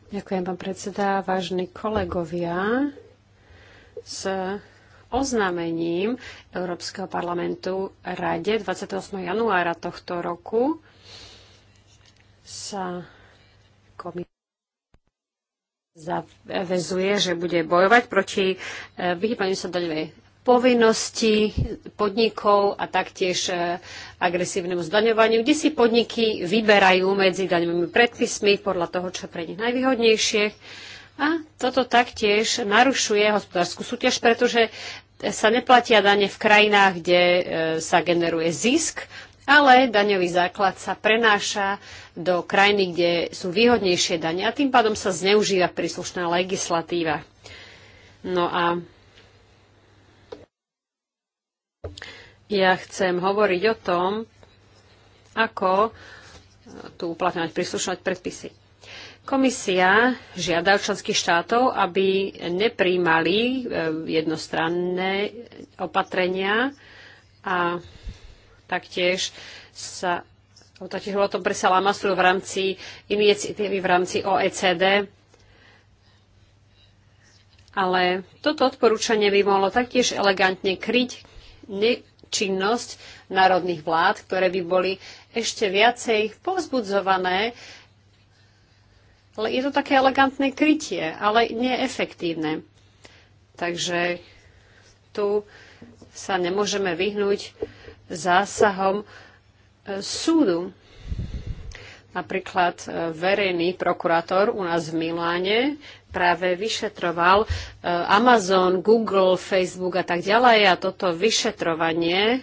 Ďakujem, pán predseda. Vážni kolegovia, s oznámením Európskeho parlamentu Rade 28. januára tohto roku sa komisia zavezuje, že bude bojovať proti e, vyhýbaniu sa daňovej povinnosti podnikov a taktiež e, agresívnemu zdaňovaniu, kde si podniky vyberajú medzi daňovými predpismi podľa toho, čo je pre nich najvýhodnejšie. A toto taktiež narušuje hospodárskú súťaž, pretože sa neplatia dane v krajinách, kde e, sa generuje zisk ale daňový základ sa prenáša do krajiny, kde sú výhodnejšie dane a tým pádom sa zneužíva príslušná legislatíva. No a ja chcem hovoriť o tom, ako tu uplatňovať príslušné predpisy. Komisia žiada členských štátov, aby nepríjmali e, jednostranné opatrenia a taktiež sa taktiež o tom presa Lamasu v rámci iniciatívy v rámci OECD. Ale toto odporúčanie by mohlo taktiež elegantne kryť nečinnosť národných vlád, ktoré by boli ešte viacej povzbudzované ale je to také elegantné krytie, ale nie efektívne. Takže tu sa nemôžeme vyhnúť zásahom e, súdu. Napríklad e, verejný prokurátor u nás v Miláne práve vyšetroval e, Amazon, Google, Facebook a tak ďalej a toto vyšetrovanie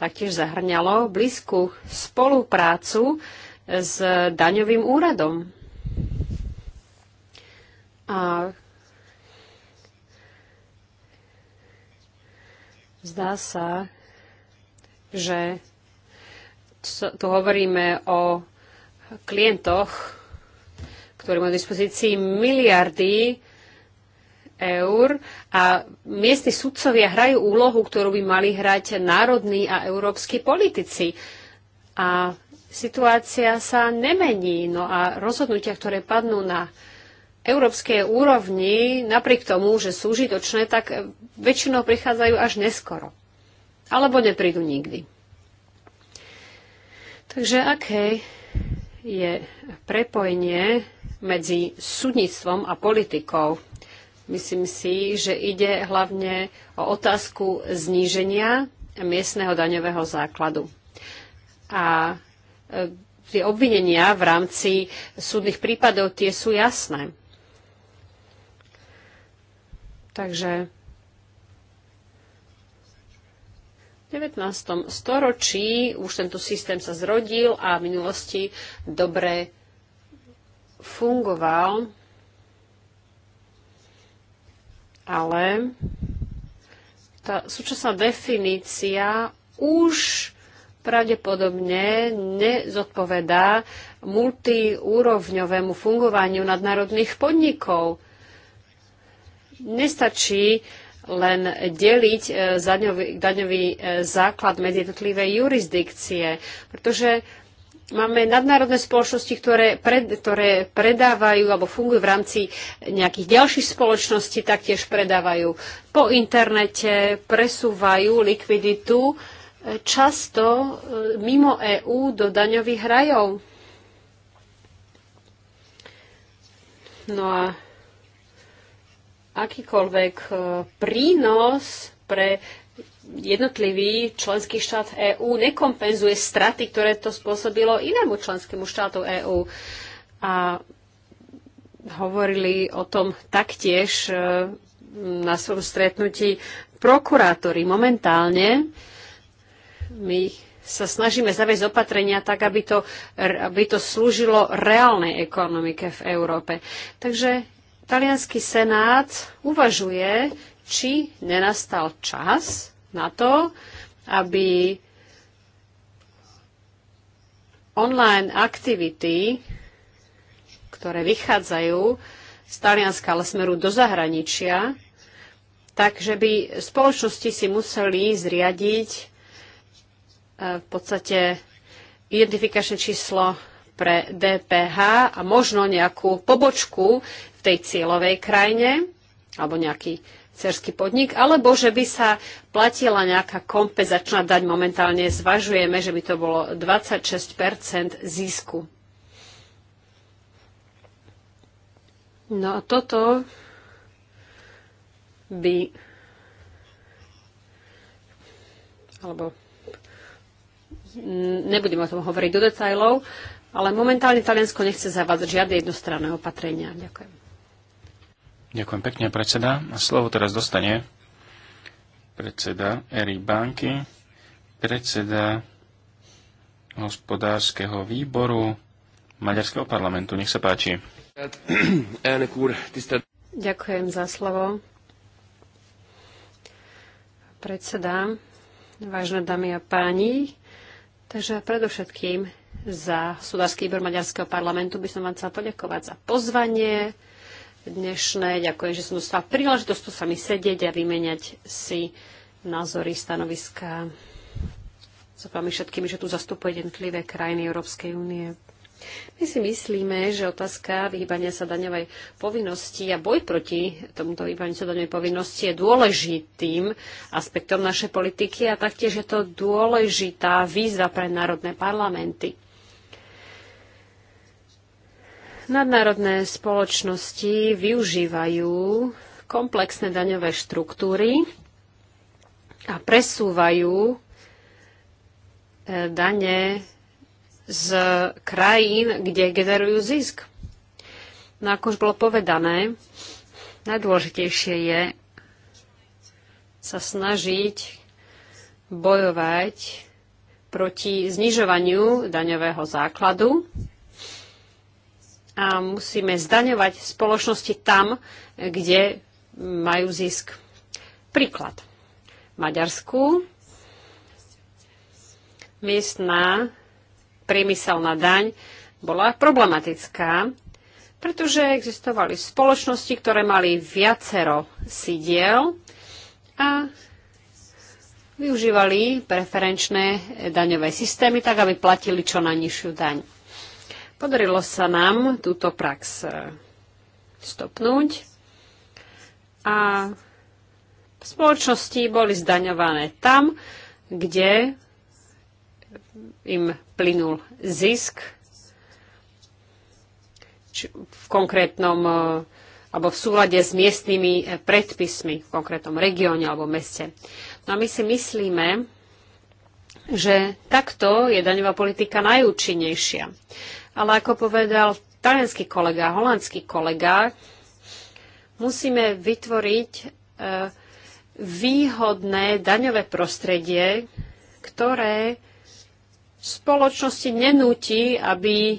taktiež zahrňalo blízku spoluprácu s daňovým úradom. A zdá sa, že tu hovoríme o klientoch, ktorí majú v dispozícii miliardy eur a miestni sudcovia hrajú úlohu, ktorú by mali hrať národní a európsky politici. A situácia sa nemení. No a rozhodnutia, ktoré padnú na európskej úrovni, napriek tomu, že sú užitočné, tak väčšinou prichádzajú až neskoro alebo neprídu nikdy. Takže aké je prepojenie medzi súdnictvom a politikou? Myslím si, že ide hlavne o otázku zníženia miestneho daňového základu. A e, tie obvinenia v rámci súdnych prípadov tie sú jasné. Takže 19. storočí už tento systém sa zrodil a v minulosti dobre fungoval, ale tá súčasná definícia už pravdepodobne nezodpovedá multiúrovňovému fungovaniu nadnárodných podnikov. Nestačí len deliť e, daňový, daňový e, základ medzi jednotlivé jurisdikcie, pretože máme nadnárodné spoločnosti, ktoré, pred, ktoré predávajú alebo fungujú v rámci nejakých ďalších spoločností, taktiež predávajú po internete, presúvajú likviditu e, často mimo EÚ do daňových rajov. No a akýkoľvek e, prínos pre jednotlivý členský štát EÚ nekompenzuje straty, ktoré to spôsobilo inému členskému štátu EÚ. A hovorili o tom taktiež e, na svojom stretnutí prokurátori momentálne. My sa snažíme zaviesť opatrenia tak, aby to, aby to slúžilo reálnej ekonomike v Európe. Takže Talianský senát uvažuje, či nenastal čas na to, aby online aktivity, ktoré vychádzajú z Talianska, ale smeru do zahraničia, takže by spoločnosti si museli zriadiť eh, v podstate identifikačné číslo pre DPH a možno nejakú pobočku v tej cieľovej krajine alebo nejaký cerský podnik, alebo že by sa platila nejaká kompenzačná daň. Momentálne zvažujeme, že by to bolo 26 zisku. No a toto by alebo nebudem o tom hovoriť do detajlov, ale momentálne Taliansko nechce zavádzať žiadne jednostranné opatrenia. Ďakujem. Ďakujem pekne, predseda. A slovo teraz dostane predseda Eri Banky, predseda hospodárskeho výboru Maďarského parlamentu. Nech sa páči. Ďakujem za slovo. Predseda, vážne dámy a páni, takže predovšetkým za Sudársky výbor Maďarského parlamentu by som vám chcela poďakovať za pozvanie, dnešné. Ďakujem, že som dostala príležitosť tu sa mi sedieť a vymeniať si názory, stanoviská s vami všetkými, že tu zastupuje jednotlivé krajiny Európskej únie. My si myslíme, že otázka vyhýbania sa daňovej povinnosti a boj proti tomuto vyhýbaniu sa daňovej povinnosti je dôležitým aspektom našej politiky a taktiež je to dôležitá výzva pre národné parlamenty. Nadnárodné spoločnosti využívajú komplexné daňové štruktúry a presúvajú e, dane z krajín, kde generujú zisk. No ako už bolo povedané, najdôležitejšie je sa snažiť bojovať proti znižovaniu daňového základu a musíme zdaňovať spoločnosti tam, kde majú zisk. Príklad. V Maďarsku miestná priemyselná daň bola problematická, pretože existovali spoločnosti, ktoré mali viacero sídiel a využívali preferenčné daňové systémy tak, aby platili čo najnižšiu daň. Podarilo sa nám túto prax e, stopnúť a spoločnosti boli zdaňované tam, kde im plynul zisk či v konkrétnom e, alebo v súlade s miestnymi e, predpismi v konkrétnom regióne alebo meste. No a my si myslíme, že takto je daňová politika najúčinnejšia ale ako povedal talianský kolega, holandský kolega, musíme vytvoriť e, výhodné daňové prostredie, ktoré spoločnosti nenúti, aby e,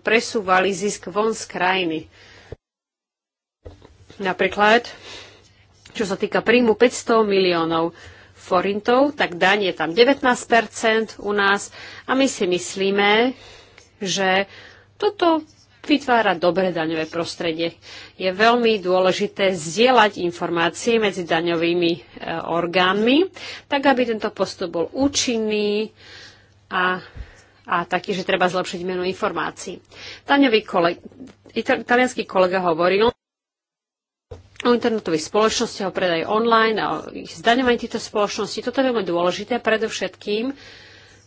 presúvali zisk von z krajiny. Napríklad, čo sa týka príjmu 500 miliónov forintov, tak daň je tam 19 u nás a my si myslíme, že toto vytvára dobré daňové prostredie. Je veľmi dôležité zdieľať informácie medzi daňovými e, orgánmi, tak aby tento postup bol účinný a, a taký, že treba zlepšiť menu informácií. Daňový koleg, italianský kolega hovoril o internetových spoločnostiach, o predaj online a o ich zdaňovaní týchto spoločností. Toto je veľmi dôležité, predovšetkým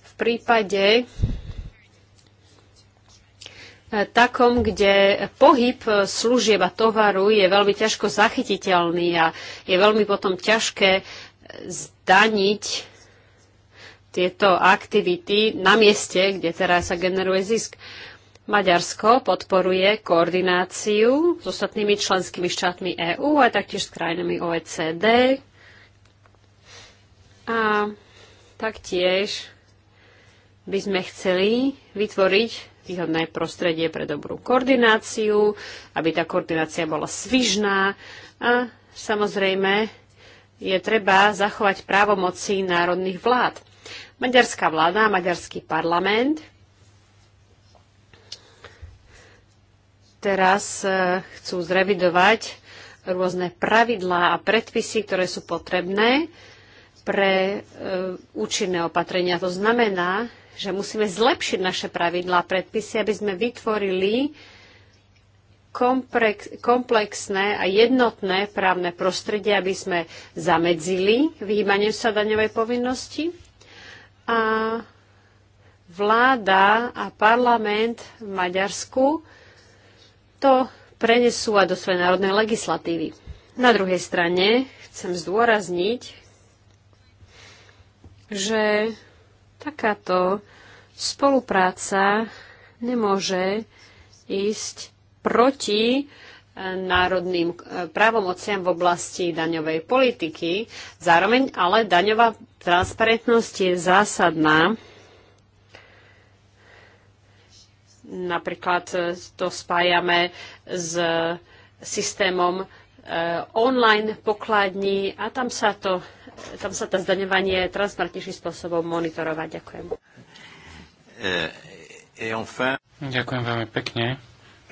v prípade E, takom, kde pohyb služieb a tovaru je veľmi ťažko zachytiteľný a je veľmi potom ťažké e, zdaniť tieto aktivity na mieste, kde teraz sa generuje zisk. Maďarsko podporuje koordináciu s ostatnými členskými štátmi EÚ a taktiež s krajinami OECD. A taktiež by sme chceli vytvoriť výhodné prostredie pre dobrú koordináciu, aby tá koordinácia bola svižná a samozrejme je treba zachovať právomoci národných vlád. Maďarská vláda, maďarský parlament teraz e, chcú zrevidovať rôzne pravidlá a predpisy, ktoré sú potrebné pre e, účinné opatrenia. To znamená, že musíme zlepšiť naše pravidlá a predpisy, aby sme vytvorili komplexné a jednotné právne prostredie, aby sme zamedzili vyhýbaniu sa daňovej povinnosti. A vláda a parlament v Maďarsku to prenesú aj do svojej národnej legislatívy. Na druhej strane chcem zdôrazniť, že Takáto spolupráca nemôže ísť proti e, národným e, právomociam v oblasti daňovej politiky. Zároveň ale daňová transparentnosť je zásadná. Napríklad e, to spájame s systémom online pokladní a tam sa to tam sa to zdaňovanie transparentnejším spôsobom monitorovať. Ďakujem. Eh, Ďakujem veľmi pekne.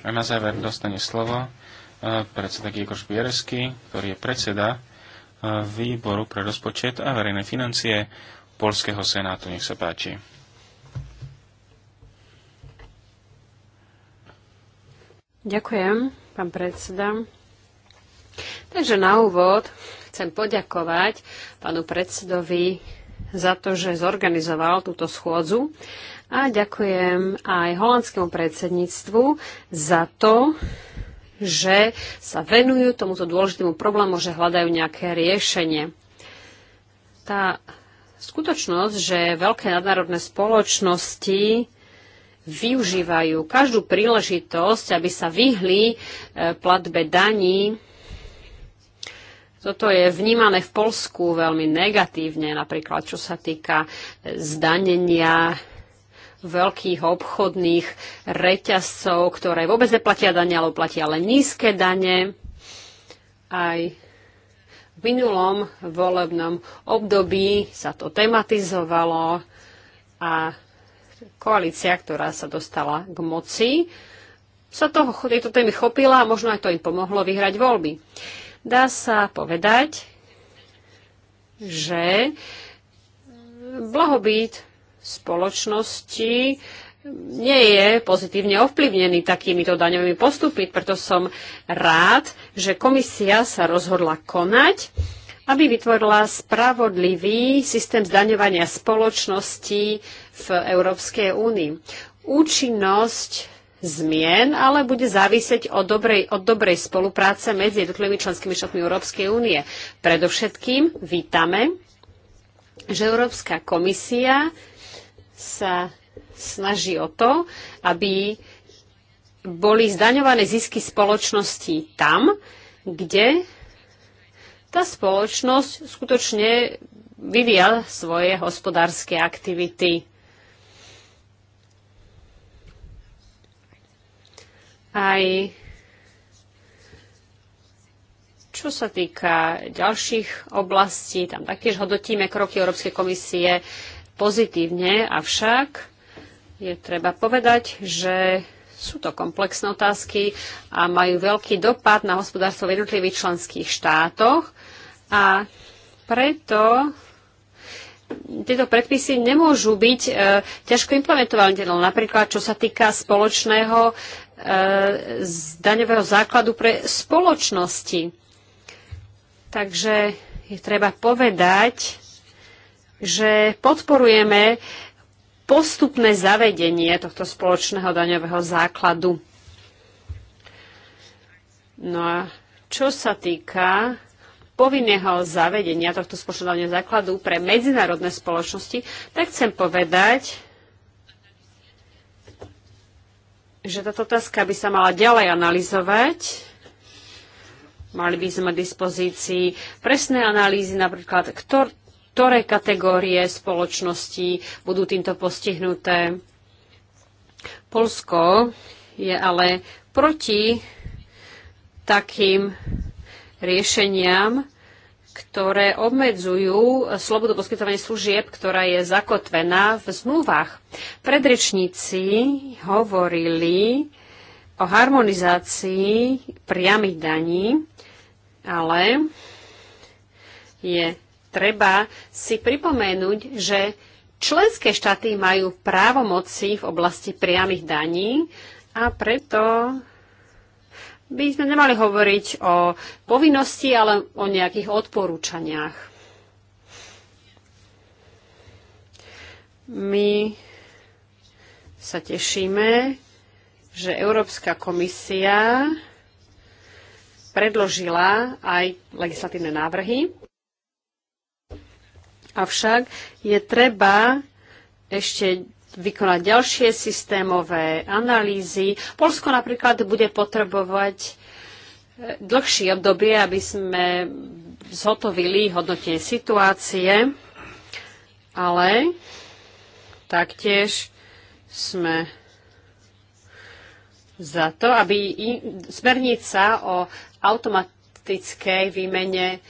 A na záver dostane slovo eh, predseda Gigoš Bieresky, ktorý je predseda eh, výboru pre rozpočet a verejné financie Polského senátu. Nech sa páči. Ďakujem, pán predseda. Takže na úvod chcem poďakovať pánu predsedovi za to, že zorganizoval túto schôdzu a ďakujem aj holandskému predsedníctvu za to, že sa venujú tomuto dôležitému problému, že hľadajú nejaké riešenie. Tá skutočnosť, že veľké nadnárodné spoločnosti využívajú každú príležitosť, aby sa vyhli e, platbe daní toto je vnímané v Polsku veľmi negatívne, napríklad čo sa týka e, zdanenia veľkých obchodných reťazcov, ktoré vôbec neplatia dane, ale platia len nízke dane. Aj v minulom volebnom období sa to tematizovalo a koalícia, ktorá sa dostala k moci, sa toho, tejto témy chopila a možno aj to im pomohlo vyhrať voľby. Dá sa povedať, že blahobyt spoločnosti nie je pozitívne ovplyvnený takýmito daňovými postupy, preto som rád, že komisia sa rozhodla konať, aby vytvorila spravodlivý systém zdaňovania spoločnosti v Európskej únii. Účinnosť zmien, ale bude závisieť od dobrej, od dobrej spolupráce medzi jednotlivými členskými štátmi Európskej únie. Predovšetkým vítame, že Európska komisia sa snaží o to, aby boli zdaňované zisky spoločnosti tam, kde tá spoločnosť skutočne vyvíja svoje hospodárske aktivity. aj čo sa týka ďalších oblastí, tam taktiež hodnotíme kroky Európskej komisie pozitívne, avšak je treba povedať, že sú to komplexné otázky a majú veľký dopad na hospodárstvo v jednotlivých členských štátoch a preto tieto predpisy nemôžu byť e, ťažko implementovateľné. Napríklad, čo sa týka spoločného z daňového základu pre spoločnosti. Takže je treba povedať, že podporujeme postupné zavedenie tohto spoločného daňového základu. No a čo sa týka povinného zavedenia tohto spoločného základu pre medzinárodné spoločnosti, tak chcem povedať, že táto otázka by sa mala ďalej analyzovať. Mali by sme k dispozícii presné analýzy, napríklad, ktor, ktoré kategórie spoločnosti budú týmto postihnuté. Polsko je ale proti takým riešeniam, ktoré obmedzujú slobodu poskytovania služieb, ktorá je zakotvená v zmluvách. Predrečníci hovorili o harmonizácii priamých daní, ale je treba si pripomenúť, že členské štáty majú právomoci v oblasti priamých daní a preto by sme nemali hovoriť o povinnosti, ale o nejakých odporúčaniach. My sa tešíme, že Európska komisia predložila aj legislatívne návrhy. Avšak je treba ešte vykonať ďalšie systémové analýzy. Polsko napríklad bude potrebovať e, dlhšie obdobie, aby sme zhotovili hodnotenie situácie, ale taktiež sme za to, aby smernica o automatickej výmene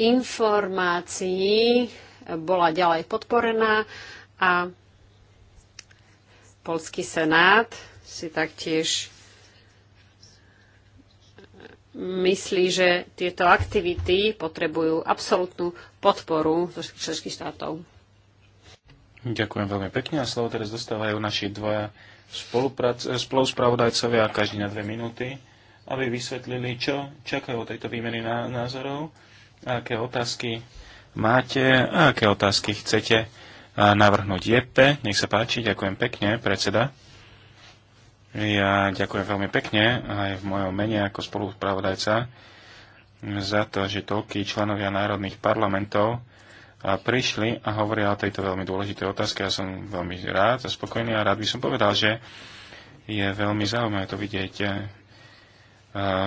informácií bola ďalej podporená a Polský senát si taktiež myslí, že tieto aktivity potrebujú absolútnu podporu zo všetkých štátov. Ďakujem veľmi pekne a slovo teraz dostávajú naši dvaja eh, spoluspravodajcovia každý na dve minúty, aby vysvetlili, čo čakajú od tejto výmeny názorov a aké otázky máte a aké otázky chcete navrhnúť. Jeppe, nech sa páči, ďakujem pekne, predseda. Ja ďakujem veľmi pekne aj v mojom mene ako spolupravodajca za to, že toľkí členovia národných parlamentov prišli a hovoria o tejto veľmi dôležitej otázke. Ja som veľmi rád a spokojný a rád by som povedal, že je veľmi zaujímavé to vidieť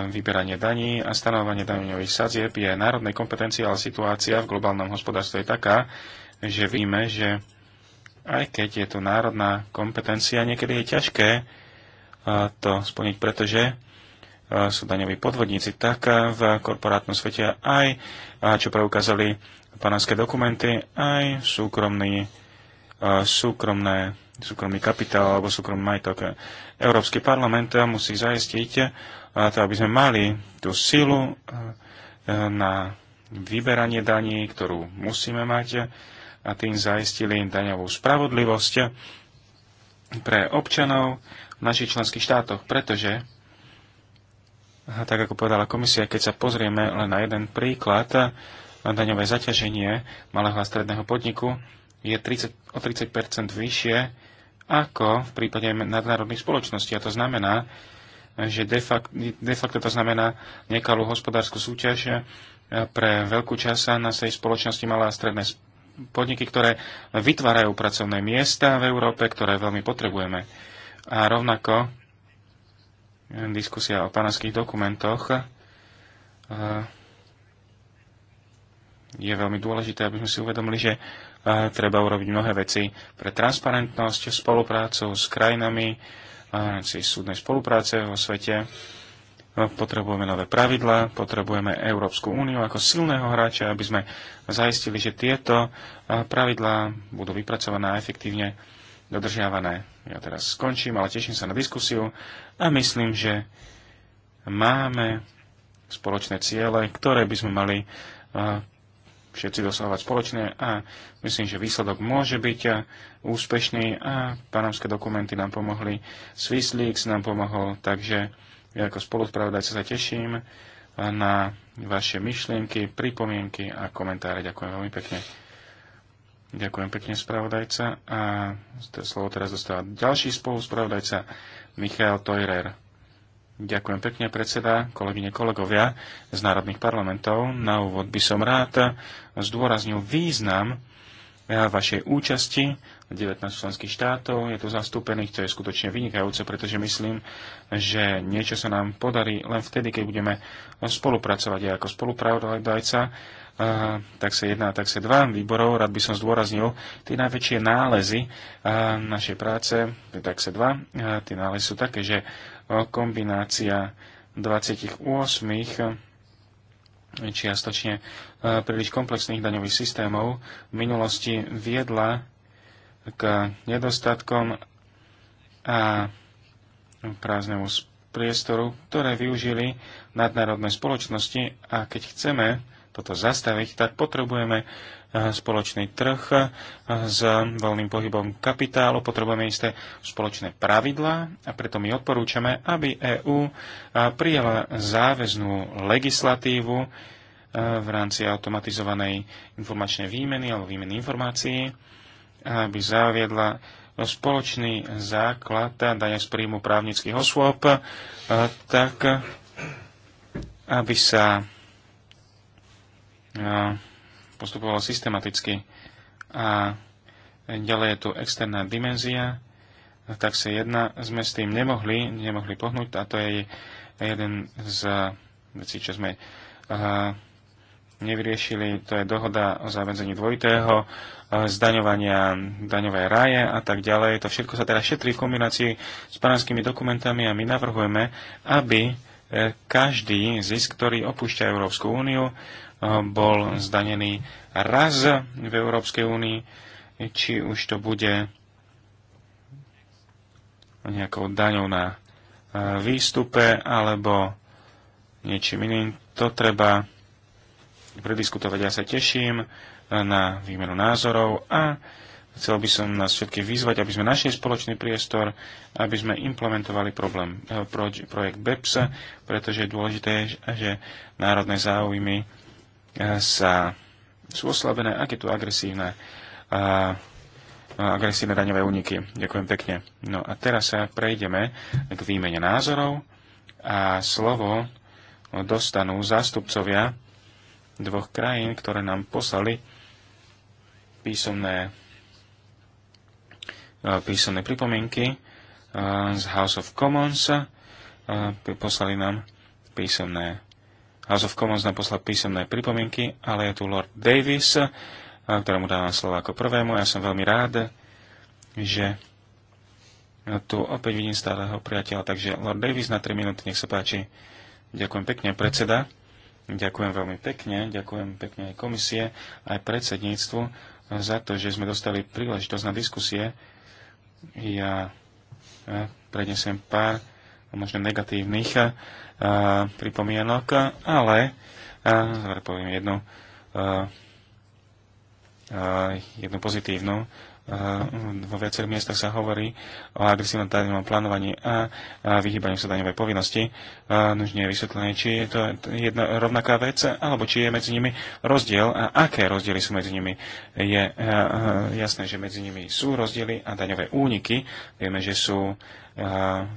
vyberanie daní a stanovanie daňových sadzieb je národnej kompetencie, ale situácia v globálnom hospodárstve je taká, že víme, že aj keď je to národná kompetencia, niekedy je ťažké to splniť, pretože sú daňoví podvodníci tak v korporátnom svete aj, čo preukázali panánske dokumenty, aj súkromný, súkromné, súkromný kapitál alebo súkromný majetok. Európsky parlament musí zaistiť a to, aby sme mali tú silu e, na vyberanie daní, ktorú musíme mať a tým zaistili daňovú spravodlivosť pre občanov v našich členských štátoch, pretože a tak ako povedala komisia, keď sa pozrieme len na jeden príklad, na daňové zaťaženie malého a stredného podniku je 30, o 30 vyššie ako v prípade nadnárodných spoločností. A to znamená, že de facto, de facto to znamená nekalú hospodárskú súťaž eh, pre veľkú časť tej spoločnosti malé a stredné podniky, ktoré vytvárajú pracovné miesta v Európe, ktoré veľmi potrebujeme. A rovnako eh, diskusia o panamských dokumentoch eh, je veľmi dôležité, aby sme si uvedomili, že treba urobiť mnohé veci pre transparentnosť, spoluprácu s krajinami, v rámci súdnej spolupráce vo svete. Potrebujeme nové pravidlá, potrebujeme Európsku úniu ako silného hráča, aby sme zaistili, že tieto pravidlá budú vypracované a efektívne dodržiavané. Ja teraz skončím, ale teším sa na diskusiu a myslím, že máme spoločné ciele, ktoré by sme mali všetci dosahovať spoločne a myslím, že výsledok môže byť eh, úspešný a panamské dokumenty nám pomohli, Swiss Leaks nám pomohol, takže ja ako spolupravodajca sa teším eh, na vaše myšlienky, pripomienky a komentáre. Ďakujem veľmi pekne. Ďakujem pekne, spravodajca. A slovo teraz dostáva ďalší spoluspravodajca, Michal Tojrer. Ďakujem pekne, predseda, kolegyne, kolegovia z národných parlamentov. Na úvod by som rád zdôraznil význam vašej účasti 19 členských štátov. Je tu zastúpených, to je skutočne vynikajúce, pretože myslím, že niečo sa nám podarí len vtedy, keď budeme spolupracovať. aj ako spolupravodajca, tak sa jedná, tak sa dva výborov, rád by som zdôraznil tie najväčšie nálezy našej práce, tak sa dva. Tie nálezy sú také, že kombinácia 28 čiastočne e, príliš komplexných daňových systémov v minulosti viedla k nedostatkom a prázdnemu priestoru, ktoré využili nadnárodné spoločnosti a keď chceme toto zastaviť, tak potrebujeme Eh, spoločný trh eh, s voľným pohybom kapitálu, potrebujeme isté spoločné pravidlá a preto my odporúčame, aby EÚ eh, prijala záväznú legislatívu v rámci automatizovanej informačnej výmeny alebo výmeny informácií, aby zaviedla spoločný základ dania z príjmu právnických osôb, tak aby sa postupovalo systematicky. A ďalej je tu externá dimenzia, tak sa jedna sme s tým nemohli, nemohli pohnúť a to je jeden z vecí, čo sme uh, nevyriešili, to je dohoda o zavedzení dvojitého, zdaňovania daňové ráje a tak ďalej. To všetko sa teraz šetrí v kombinácii s panamskými dokumentami a my navrhujeme, aby e, každý zisk, ktorý opúšťa Európsku úniu, bol zdanený raz v Európskej únii, či už to bude nejakou daňou na e, výstupe alebo niečím iným. To treba prediskutovať. Ja sa teším e, na výmenu názorov a chcel by som nás všetkých vyzvať, aby sme našli spoločný priestor, aby sme implementovali problém, e, projekt BEPS, pretože je dôležité, že národné záujmy sa sú oslabené, aké tu agresívne, a, a agresívne daňové úniky. Ďakujem pekne. No a teraz sa prejdeme k výmene názorov a slovo dostanú zástupcovia dvoch krajín, ktoré nám poslali písomné, písomné pripomienky z House of Commons. Poslali nám písomné House of Commons nám poslal písomné pripomienky, ale je tu Lord Davis, eh, ktorému dávam slovo ako prvému. Ja som veľmi rád, že tu opäť vidím stáleho priateľa. Takže Lord Davis na 3 minúty, nech sa páči. Ďakujem pekne, predseda. Ďakujem veľmi pekne, ďakujem pekne aj komisie, aj predsedníctvu za to, že sme dostali príležitosť na diskusie. Ja eh, prednesem pár možno negatívnych a, eh, pripomienok, ale a, eh, poviem jednu, a, eh, a, jednu pozitívnu vo viacerých miestach sa hovorí o agresívnom daňovom plánovaní a vyhýbaniu sa daňovej povinnosti. Už nie je vysvetlené, či je to jedna rovnaká vec, alebo či je medzi nimi rozdiel a aké rozdiely sú medzi nimi. Je jasné, že medzi nimi sú rozdiely a daňové úniky. Vieme, že sú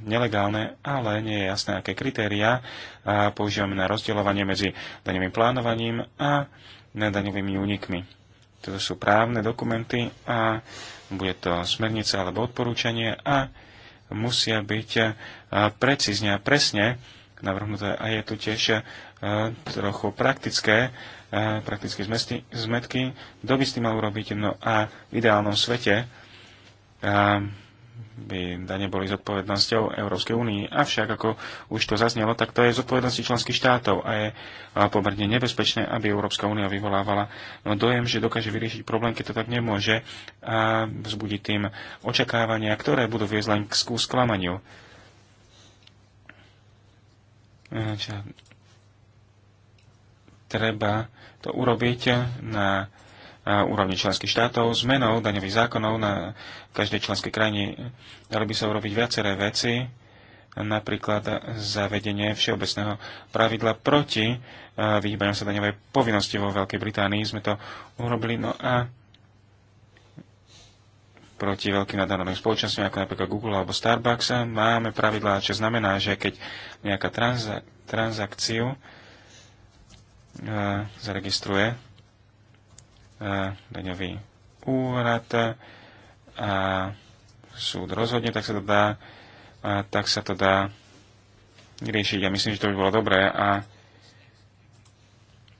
nelegálne, ale nie je jasné, aké kritériá používame na rozdielovanie medzi daňovým plánovaním a daňovými únikmi to sú právne dokumenty a bude to smernica alebo odporúčanie a musia byť e, precízne a presne navrhnuté a je tu tiež e, trochu praktické, e, praktické zmesty, zmetky, kto by s tým mal urobiť, no a v ideálnom svete by dane boli zodpovednosťou Európskej únie. Avšak, ako už to zaznelo, tak to je zodpovednosť členských štátov a je pomerne nebezpečné, aby Európska únia vyvolávala dojem, že dokáže vyriešiť problém, keď to tak nemôže a vzbudí tým očakávania, ktoré budú viesť len k sklamaniu. Ehm, treba to urobiť na úrovni členských štátov. Zmenou daňových zákonov na každej členskej krajine dali by sa urobiť viaceré veci, napríklad zavedenie všeobecného pravidla proti e, vyhýbaniu sa daňovej povinnosti vo Veľkej Británii. Sme to urobili, no a proti veľkým nadanovým spoločnosťam, ako napríklad Google alebo Starbucks, máme pravidlá, čo znamená, že keď nejaká transa- transakciu e, zaregistruje Eh, daňový úrad eh, a súd rozhodne, tak sa to dá, eh, tak sa to dá riešiť. Ja myslím, že to by bolo dobré a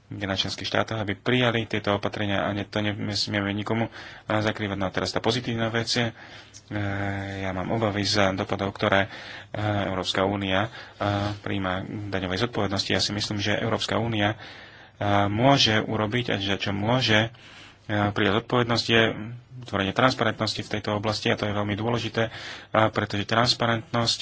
kde na členských štátoch, aby prijali tieto opatrenia a ne, to nesmieme nikomu zakrývať. No a teraz tá pozitívna vec je, ja mám obavy z dopadov, ktoré Európska únia príjma daňovej zodpovednosti. Ja si myslím, že Európska únia môže urobiť a čo môže prijať odpovednosť je tvorenie transparentnosti v tejto oblasti a to je veľmi dôležité, pretože transparentnosť,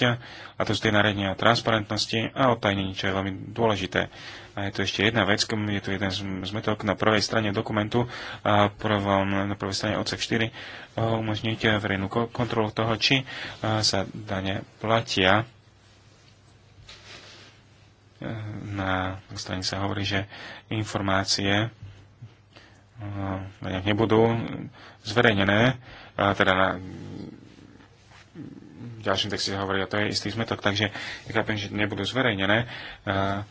a to sú tie nariadenia o transparentnosti a o tajnení, čo je veľmi dôležité. A je tu ešte jedna vec, je tu jeden zmetok na prvej strane dokumentu, a prvom, na prvej strane odsek 4, umožniť verejnú kontrolu toho, či sa dane platia na strane sa hovorí, že informácie eh, nebudú zverejnené, teda na v ďalším texte sa hovorí, a to je istý zmetok, takže ja chápem, že nebudú zverejnené eh, eh,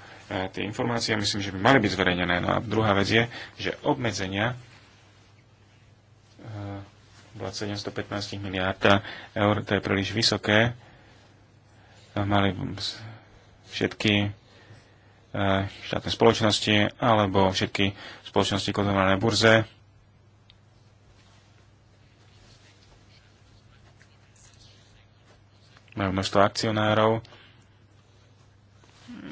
tie informácie, myslím, že by mali byť zverejnené. No a druhá vec je, že obmedzenia 715 miliárd eur, to je príliš vysoké, mali všetky E, štátne spoločnosti alebo všetky spoločnosti kotované na burze. Majú množstvo akcionárov,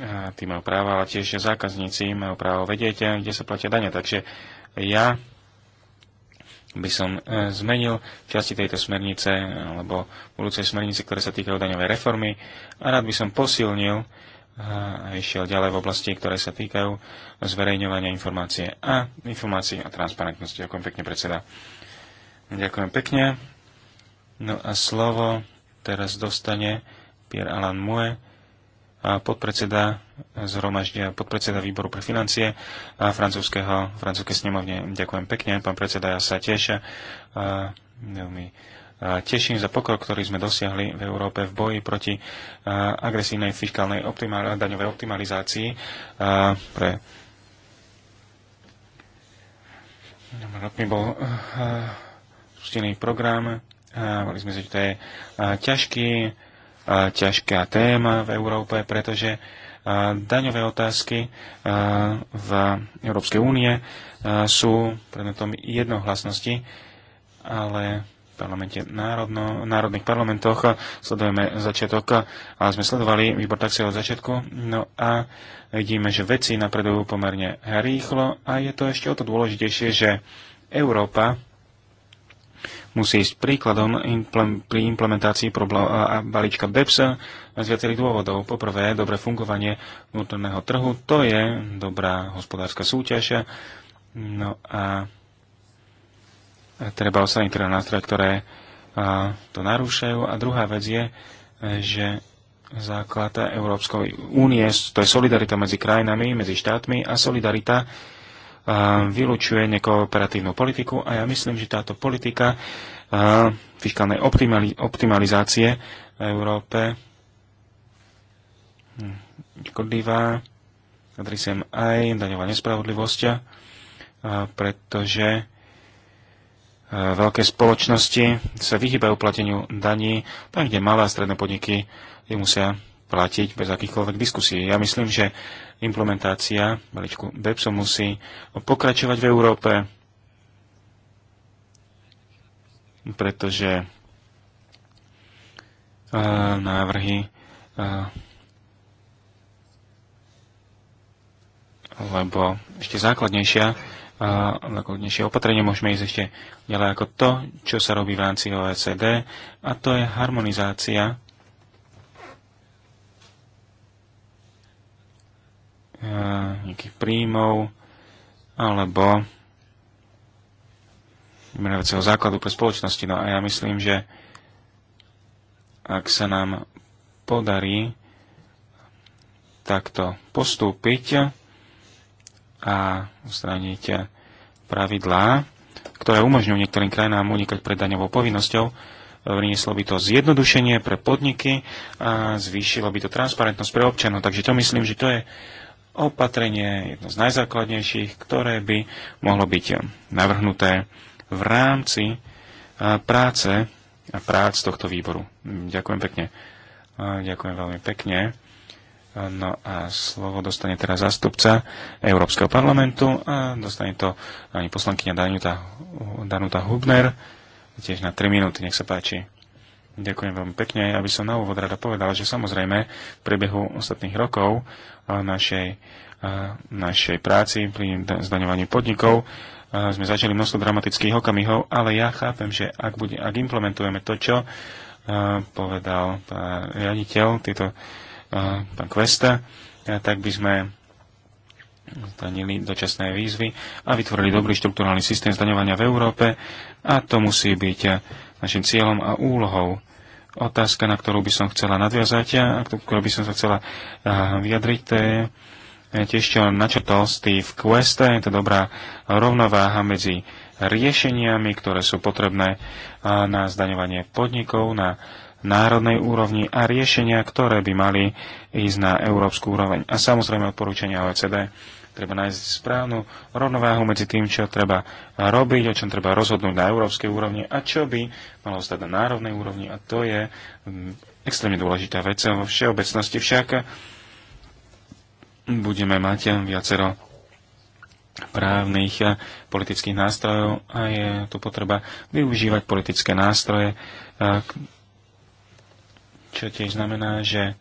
a tí majú práva, ale tiež zákazníci majú právo vedieť, e, kde sa platia dane. Takže ja by som e, zmenil časti tejto smernice alebo budúcej smernice, ktoré sa týkajú daňovej reformy a rád by som posilnil a išiel ďalej v oblasti, ktoré sa týkajú zverejňovania informácie a informácií a transparentnosti. Ďakujem pekne, predseda. Ďakujem pekne. No a slovo teraz dostane Pierre Alan Mue, podpredseda zhromaždia, podpredseda výboru pre financie a francúzského, francúzskej snemovne. Ďakujem pekne, pán predseda, ja sa tiež veľmi teším za pokrok, ktorý sme dosiahli v Európe v boji proti agresívnej fiskálnej optimál- daňovej optimalizácii pre Rok mi bol spustený program. Hovorili sme si, že to je ťažký, ťažká téma v Európe, pretože daňové otázky v Európskej únie sú predmetom jednohlasnosti, ale parlamente, národno, národných parlamentoch. Sledujeme začiatok, ale sme sledovali výbor taxi od začiatku. No a vidíme, že veci napredujú pomerne rýchlo a je to ešte o to dôležitejšie, že Európa musí ísť príkladom pri implementácii a balíčka BEPS z viacerých dôvodov. Poprvé, dobré fungovanie vnútorného trhu, to je dobrá hospodárska súťaž. No a treba osadniť teda nástroje, ktoré to narúšajú. A druhá vec je, že základ Európskej únie, to je solidarita medzi krajinami, medzi štátmi a solidarita vylučuje nekooperatívnu politiku a ja myslím, že táto politika fiskálnej optimali- optimalizácie v Európe hm, škodlivá, adresujem aj daňová nespravodlivosť, pretože E, veľké spoločnosti sa vyhýbajú plateniu daní, tam, kde malé a stredné podniky je musia platiť bez akýchkoľvek diskusí. Ja myslím, že implementácia maličku BEPSO musí pokračovať v Európe, pretože uh, návrhy uh, lebo ešte základnejšia dnešie opatrenie, môžeme ísť ešte ďalej ako to, čo sa robí v rámci OECD, a to je harmonizácia nejakých príjmov alebo vymenovacieho základu pre spoločnosti. No a ja myslím, že ak sa nám podarí takto postúpiť, a ustraniť pravidlá, ktoré umožňujú niektorým krajinám unikať pred daňovou povinnosťou. Vnieslo by to zjednodušenie pre podniky a zvýšilo by to transparentnosť pre občanov. Takže to myslím, že to je opatrenie, jedno z najzákladnejších, ktoré by mohlo byť navrhnuté v rámci práce a prác tohto výboru. Ďakujem pekne. Ďakujem veľmi pekne. No a slovo dostane teraz zástupca Európskeho parlamentu a dostane to ani poslankyňa Danuta, Danuta Hubner, tiež na 3 minúty, nech sa páči. Ďakujem veľmi pekne. Ja by som na úvod rada povedal, že samozrejme v priebehu ostatných rokov našej, našej práci pri zdaňovaní podnikov sme začali množstvo dramatických okamihov, ale ja chápem, že ak, bude, ak implementujeme to, čo povedal riaditeľ, tieto pán Kvesta, tak by sme zdanili dočasné výzvy a vytvorili dobrý štruktúrálny systém zdaňovania v Európe a to musí byť našim cieľom a úlohou. Otázka, na ktorú by som chcela nadviazať a ktorú by som sa chcela vyjadriť, to je e, tiež čo načrtol Steve Quest, je to dobrá rovnováha medzi riešeniami, ktoré sú potrebné na zdaňovanie podnikov, na národnej úrovni a riešenia, ktoré by mali ísť na európsku úroveň. A samozrejme odporúčania OECD. Treba nájsť správnu rovnováhu medzi tým, čo treba robiť, o čom treba rozhodnúť na európskej úrovni a čo by malo stať na národnej úrovni. A to je mm, extrémne dôležitá vec. Vo všeobecnosti však budeme mať viacero právnych a politických nástrojov a je tu potreba využívať politické nástroje, čo tiež znamená, že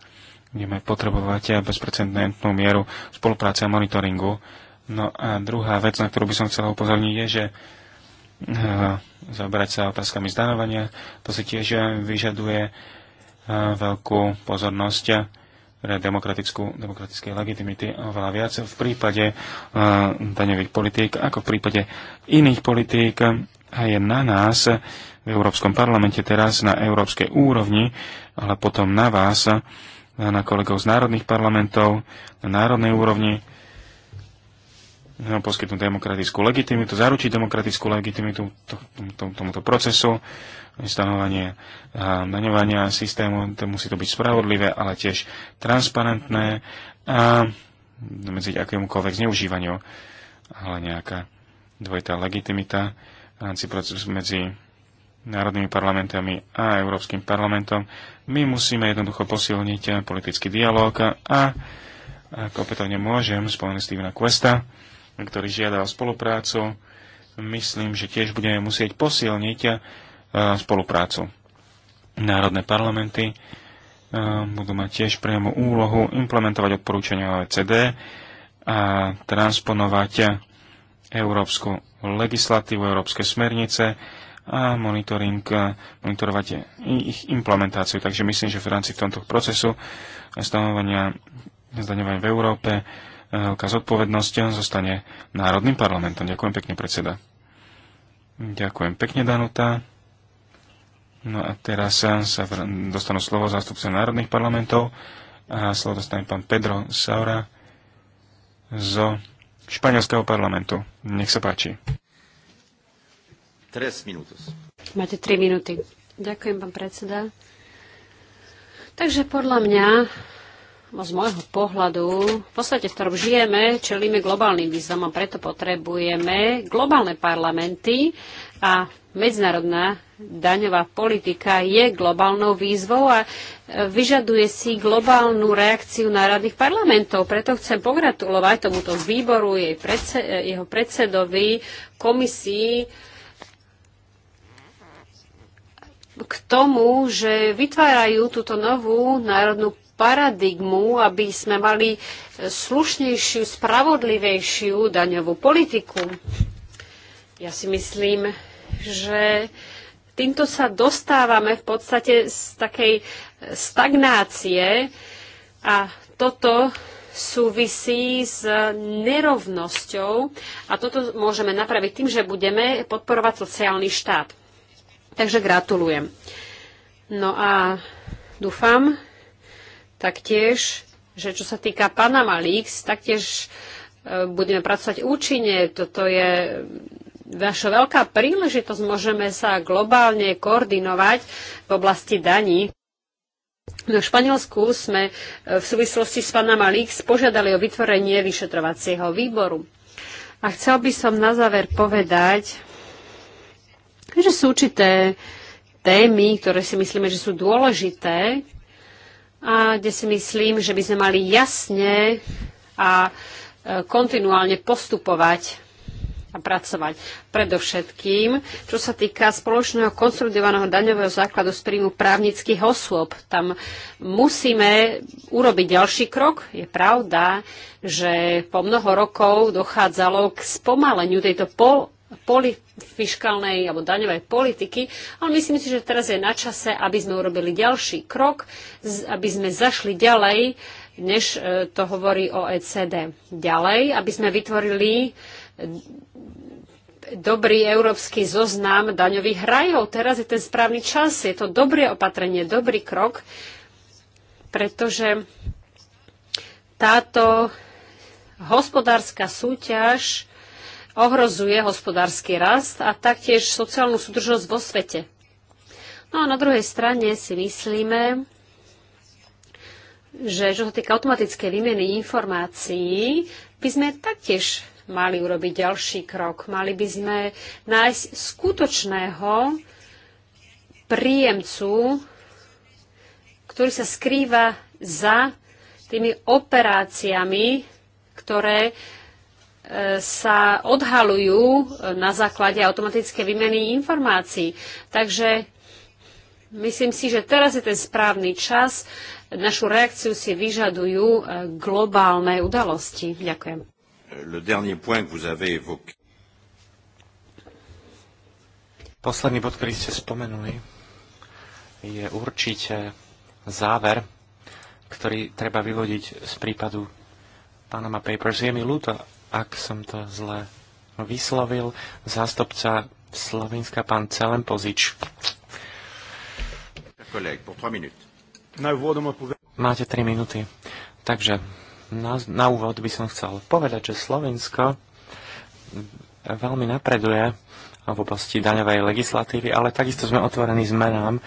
budeme potrebovať aj bezprecedentnú mieru spolupráce a monitoringu. No a druhá vec, na ktorú by som chcel upozorniť, je, že eh, zaoberať sa otázkami zdanovania, to si tiež eh, vyžaduje eh, veľkú pozornosť pre demokratickú, demokratické legitimity oveľa viac v prípade daňových politík ako v prípade iných politík a je na nás, v Európskom parlamente, teraz na európskej úrovni, ale potom na vás, na kolegov z národných parlamentov, na národnej úrovni, poskytnúť demokratickú legitimitu, zaručiť demokratickú legitimitu to, to, tomuto procesu, stanovanie daňovania systému, to musí to byť spravodlivé, ale tiež transparentné a medzi akémukoľvek zneužívaniu, ale nejaká dvojitá legitimita v rámci procesu medzi národnými parlamentami a Európskym parlamentom. My musíme jednoducho posilniť politický dialog a, ako opätovne môžem, spomenúť Stevena Questa, ktorý žiada o spoluprácu. Myslím, že tiež budeme musieť posilniť e, spoluprácu. Národné parlamenty e, budú mať tiež priamu úlohu implementovať odporúčania OECD a transponovať európsku legislatívu, európske smernice, a monitoring, eh, monitorovať ich implementáciu. Takže myslím, že v rámci tomto procesu stanovania zdaňovania v Európe eh, veľká zodpovednosť zostane Národným parlamentom. Ďakujem pekne, predseda. Ďakujem pekne, Danuta. No a teraz sa dostanú slovo zástupce národných parlamentov a slovo dostane pán Pedro Saura zo Španielského parlamentu. Nech sa páči. Máte minúty. Ďakujem, pán predseda. Takže podľa mňa, no z môjho pohľadu, v podstate, v ktorom žijeme, čelíme globálnym výzvam a preto potrebujeme globálne parlamenty a medzinárodná daňová politika je globálnou výzvou a vyžaduje si globálnu reakciu národných parlamentov. Preto chcem pogratulovať tomuto výboru, jej predse- jeho predsedovi, komisii, k tomu, že vytvárajú túto novú národnú paradigmu, aby sme mali slušnejšiu, spravodlivejšiu daňovú politiku. Ja si myslím, že týmto sa dostávame v podstate z takej stagnácie a toto súvisí s nerovnosťou a toto môžeme napraviť tým, že budeme podporovať sociálny štát. Takže gratulujem. No a dúfam taktiež, že čo sa týka Panama Leaks, taktiež e, budeme pracovať účinne. Toto je naša veľká príležitosť. Môžeme sa globálne koordinovať v oblasti daní. No v Španielsku sme e, v súvislosti s Panama Leaks požiadali o vytvorenie vyšetrovacieho výboru. A chcel by som na záver povedať, Takže sú určité témy, ktoré si myslíme, že sú dôležité a kde si myslím, že by sme mali jasne a e, kontinuálne postupovať a pracovať. Predovšetkým, čo sa týka spoločného konsolidovaného daňového základu z príjmu právnických osôb, tam musíme urobiť ďalší krok. Je pravda, že po mnoho rokov dochádzalo k spomaleniu tejto po fiskálnej alebo daňovej politiky, ale myslím si, že teraz je na čase, aby sme urobili ďalší krok, aby sme zašli ďalej, než e, to hovorí OECD. Ďalej, aby sme vytvorili e, dobrý európsky zoznam daňových rajov. Teraz je ten správny čas, je to dobré opatrenie, dobrý krok, pretože táto hospodárska súťaž ohrozuje hospodársky rast a taktiež sociálnu súdržnosť vo svete. No a na druhej strane si myslíme, že čo sa týka automatickej výmeny informácií, by sme taktiež mali urobiť ďalší krok. Mali by sme nájsť skutočného príjemcu, ktorý sa skrýva za tými operáciami, ktoré sa odhalujú na základe automatické výmeny informácií. Takže myslím si, že teraz je ten správny čas. Našu reakciu si vyžadujú e, globálne udalosti. Ďakujem. Posledný bod, ktorý ste spomenuli, je určite záver, ktorý treba vyvodiť z prípadu Panama Papers. Je mi ľúto, ak som to zle vyslovil, zástupca Slovenska, pán Celem Pozič. Máte 3 minúty. Takže na, na úvod by som chcel povedať, že Slovensko veľmi napreduje v oblasti daňovej legislatívy, ale takisto sme otvorení zmenám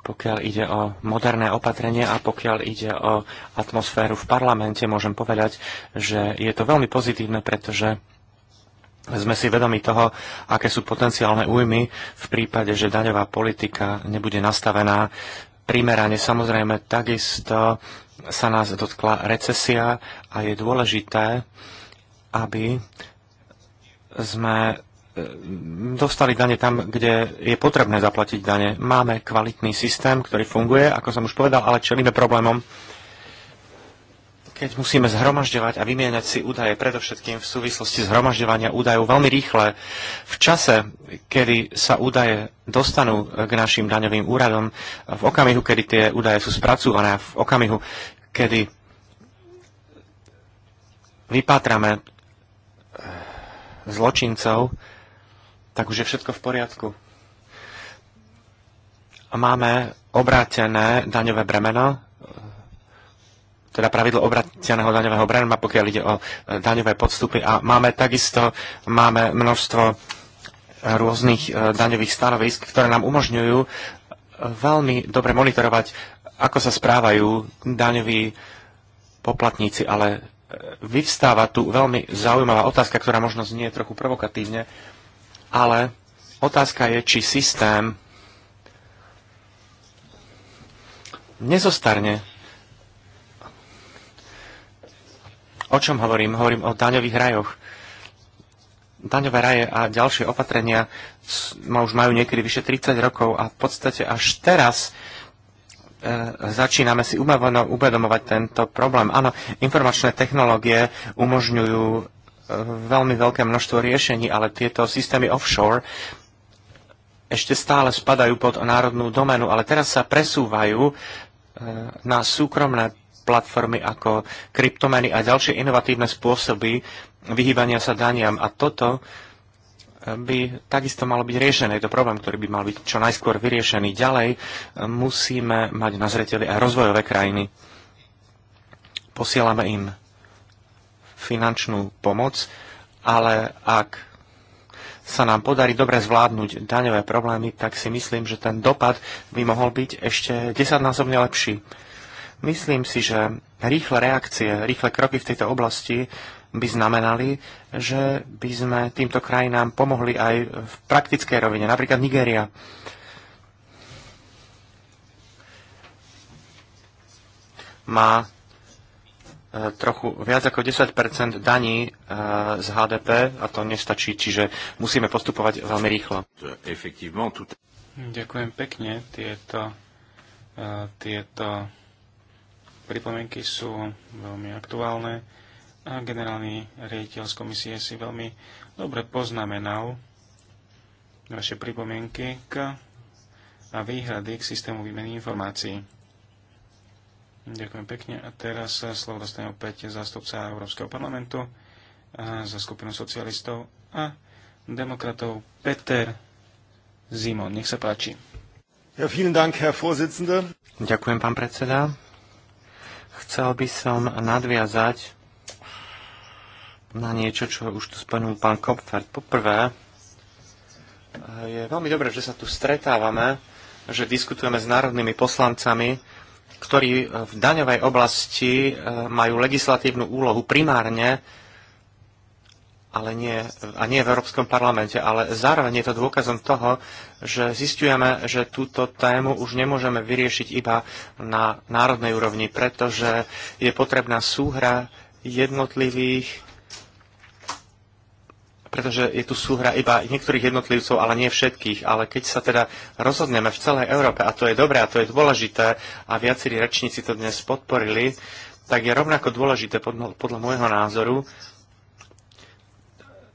pokiaľ ide o moderné opatrenie a pokiaľ ide o atmosféru v parlamente, môžem povedať, že je to veľmi pozitívne, pretože sme si vedomi toho, aké sú potenciálne újmy v prípade, že daňová politika nebude nastavená primerane. Samozrejme, takisto sa nás dotkla recesia a je dôležité, aby sme E, dostali dane tam, kde je potrebné zaplatiť dane. Máme kvalitný systém, ktorý funguje, ako som už povedal, ale čelíme problémom, keď musíme zhromažďovať a vymieňať si údaje, predovšetkým v súvislosti zhromažďovania údajov veľmi rýchle, v čase, kedy sa údaje dostanú k našim daňovým úradom, v okamihu, kedy tie údaje sú spracované, v okamihu, kedy vypátrame e, zločincov, tak už je všetko v poriadku. A máme obrátené daňové bremeno, teda pravidlo obrateného daňového bremena, pokiaľ ide o e, daňové podstupy. A máme takisto máme množstvo rôznych e, daňových stanovisk, ktoré nám umožňujú e, veľmi dobre monitorovať, ako sa správajú daňoví poplatníci, ale vyvstáva tu veľmi zaujímavá otázka, ktorá možno znie trochu provokatívne, ale otázka je, či systém nezostarne. O čom hovorím? Hovorím o daňových rajoch. Daňové raje a ďalšie opatrenia ma už majú niekedy vyše 30 rokov a v podstate až teraz e, začíname si uvedomovať tento problém. Áno, informačné technológie umožňujú veľmi veľké množstvo riešení, ale tieto systémy offshore ešte stále spadajú pod národnú domenu, ale teraz sa presúvajú e, na súkromné platformy ako kryptomeny a ďalšie inovatívne spôsoby vyhýbania sa daniam. A toto e, by takisto malo byť riešené. Je to problém, ktorý by mal byť čo najskôr vyriešený. Ďalej e, musíme mať na zreteli aj rozvojové krajiny. Posielame im finančnú pomoc, ale ak sa nám podarí dobre zvládnuť daňové problémy, tak si myslím, že ten dopad by mohol byť ešte desaťnásobne lepší. Myslím si, že rýchle reakcie, rýchle kroky v tejto oblasti by znamenali, že by sme týmto krajinám pomohli aj v praktickej rovine, napríklad Nigéria. Má trochu viac ako 10 daní eh, z HDP a to nestačí, čiže musíme postupovať veľmi rýchlo. Ďakujem pekne. Tieto, eh, tieto pripomienky sú veľmi aktuálne a generálny riaditeľ z komisie si veľmi dobre poznamenal vaše pripomienky k a výhrady k systému výmeny informácií. Ďakujem pekne. A teraz eh, slovo dostane opäť zástupca Európskeho parlamentu eh, za skupinu socialistov a demokratov Peter Zimon. Nech sa páči. Ja, Dank, Herr Ďakujem, pán predseda. Chcel by som nadviazať na niečo, čo už tu splnul pán Kopfert. Poprvé, eh, je veľmi dobré, že sa tu stretávame, že diskutujeme s národnými poslancami ktorí e, v daňovej oblasti e, majú legislatívnu úlohu primárne, ale nie, a nie v Európskom parlamente, ale zároveň je to dôkazom toho, že zistujeme, že túto tému už nemôžeme vyriešiť iba na národnej úrovni, pretože je potrebná súhra jednotlivých pretože je tu súhra iba niektorých jednotlivcov, ale nie všetkých. Ale keď sa teda rozhodneme v celej Európe, a to je dobré, a to je dôležité, a viacerí rečníci to dnes podporili, tak je rovnako dôležité podľa, môjho názoru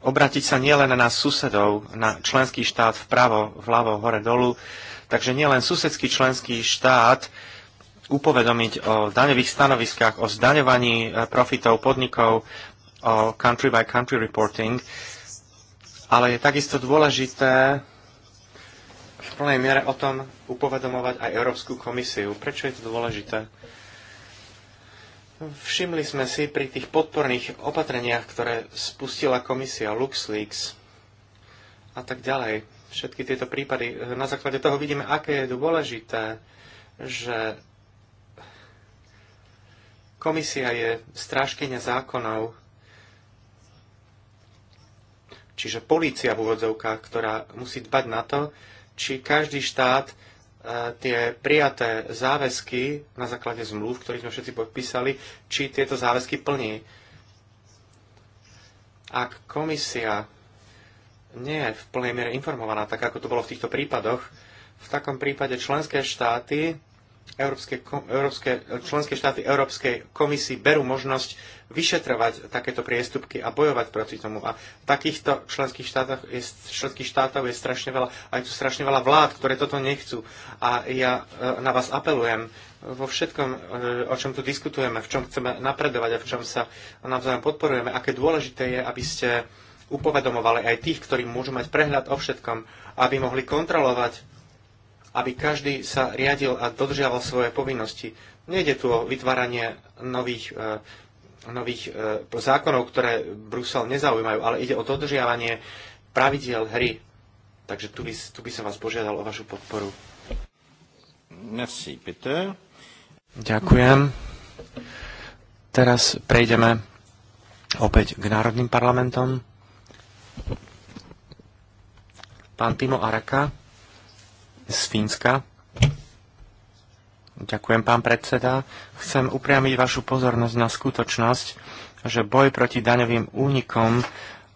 obrátiť sa nielen na susedov, na členský štát vpravo, vľavo, hore, dolu, takže nielen susedský členský štát, upovedomiť o daňových stanoviskách, o zdaňovaní eh, profitov podnikov, o country by country reporting, ale je takisto dôležité v plnej miere o tom upovedomovať aj Európsku komisiu. Prečo je to dôležité? Všimli sme si pri tých podporných opatreniach, ktoré spustila komisia LuxLeaks a tak ďalej. Všetky tieto prípady. Na základe toho vidíme, aké je dôležité, že komisia je strážkynia zákonov Čiže polícia v úvodzovkách, ktorá musí dbať na to, či každý štát e, tie prijaté záväzky na základe zmluv, ktorých sme všetci podpísali, či tieto záväzky plní. Ak komisia nie je v plnej miere informovaná, tak ako to bolo v týchto prípadoch, v takom prípade členské štáty Európske, Európske, členské štáty Európskej komisii berú možnosť vyšetrovať takéto priestupky a bojovať proti tomu. A takýchto členských, štátoch je, členských štátov je strašne veľa, aj tu strašne veľa vlád, ktoré toto nechcú. A ja e, na vás apelujem, vo všetkom, e, o čom tu diskutujeme, v čom chceme napredovať a v čom sa navzájom podporujeme, aké dôležité je, aby ste upovedomovali aj tých, ktorí môžu mať prehľad o všetkom, aby mohli kontrolovať aby každý sa riadil a dodržiaval svoje povinnosti. Nejde tu o vytváranie nových, e, nových e, zákonov, ktoré Brusel nezaujímajú, ale ide o dodržiavanie pravidiel hry. Takže tu by, tu by som vás požiadal o vašu podporu. Merci, Peter. Ďakujem. Teraz prejdeme opäť k národným parlamentom. Pán Timo Araka z Fínska. Ďakujem, pán predseda. Chcem upriamiť vašu pozornosť na skutočnosť, že boj proti daňovým únikom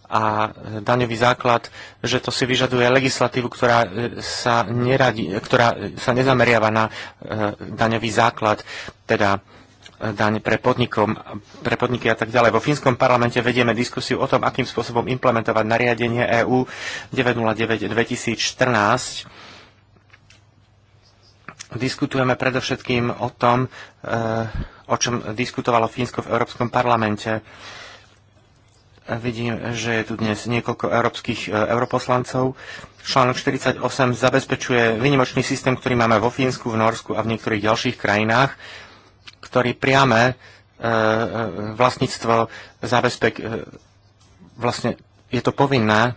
a e, daňový základ, že to si vyžaduje legislatívu, ktorá e, sa, neradi, ktorá sa nezameriava na e, daňový základ, teda daň pre, podnikom, pre podniky a tak ďalej. Vo fínskom parlamente vedieme diskusiu o tom, akým spôsobom implementovať nariadenie EÚ 909-2014 diskutujeme predovšetkým o tom, eh, o čom diskutovalo Fínsko v Európskom parlamente. Vidím, že je tu dnes niekoľko európskych eh, europoslancov. Článok 48 zabezpečuje vynimočný systém, ktorý máme vo Fínsku, v Norsku a v niektorých ďalších krajinách, ktorý priame eh, vlastníctvo zábezpek vlastne je to povinné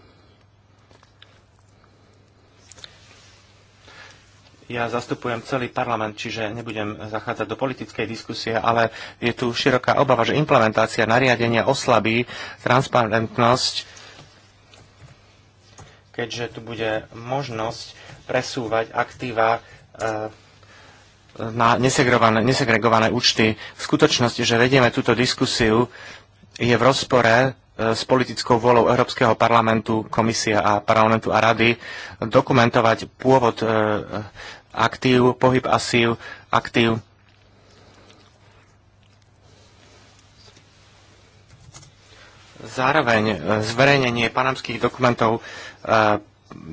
Ja zastupujem celý parlament, čiže nebudem zachádzať do politickej diskusie, ale je tu široká obava, že implementácia nariadenia oslabí transparentnosť, keďže tu bude možnosť presúvať aktíva eh, na nesegregované, nesegregované účty. V skutočnosti, že vedieme túto diskusiu, je v rozpore eh, s politickou vôľou Európskeho parlamentu, komisia a parlamentu a rady dokumentovať pôvod eh, aktív, pohyb a aktív. Zároveň e, zverejnenie panamských dokumentov e,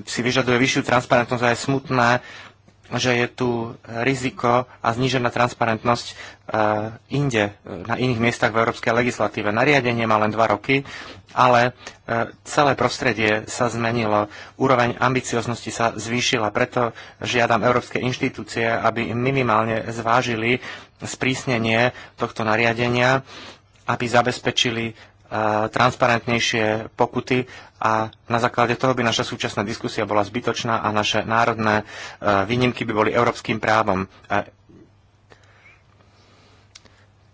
si vyžaduje vyššiu transparentnosť a je smutné, že je tu riziko a znížená transparentnosť e, inde, na iných miestach v európskej legislatíve. Nariadenie má len dva roky, ale e, celé prostredie sa zmenilo, úroveň ambicioznosti sa zvýšila, preto žiadam európske inštitúcie, aby minimálne zvážili sprísnenie tohto nariadenia, aby zabezpečili transparentnejšie pokuty a na základe toho by naša súčasná diskusia bola zbytočná a naše národné e, výnimky by boli európskym právom.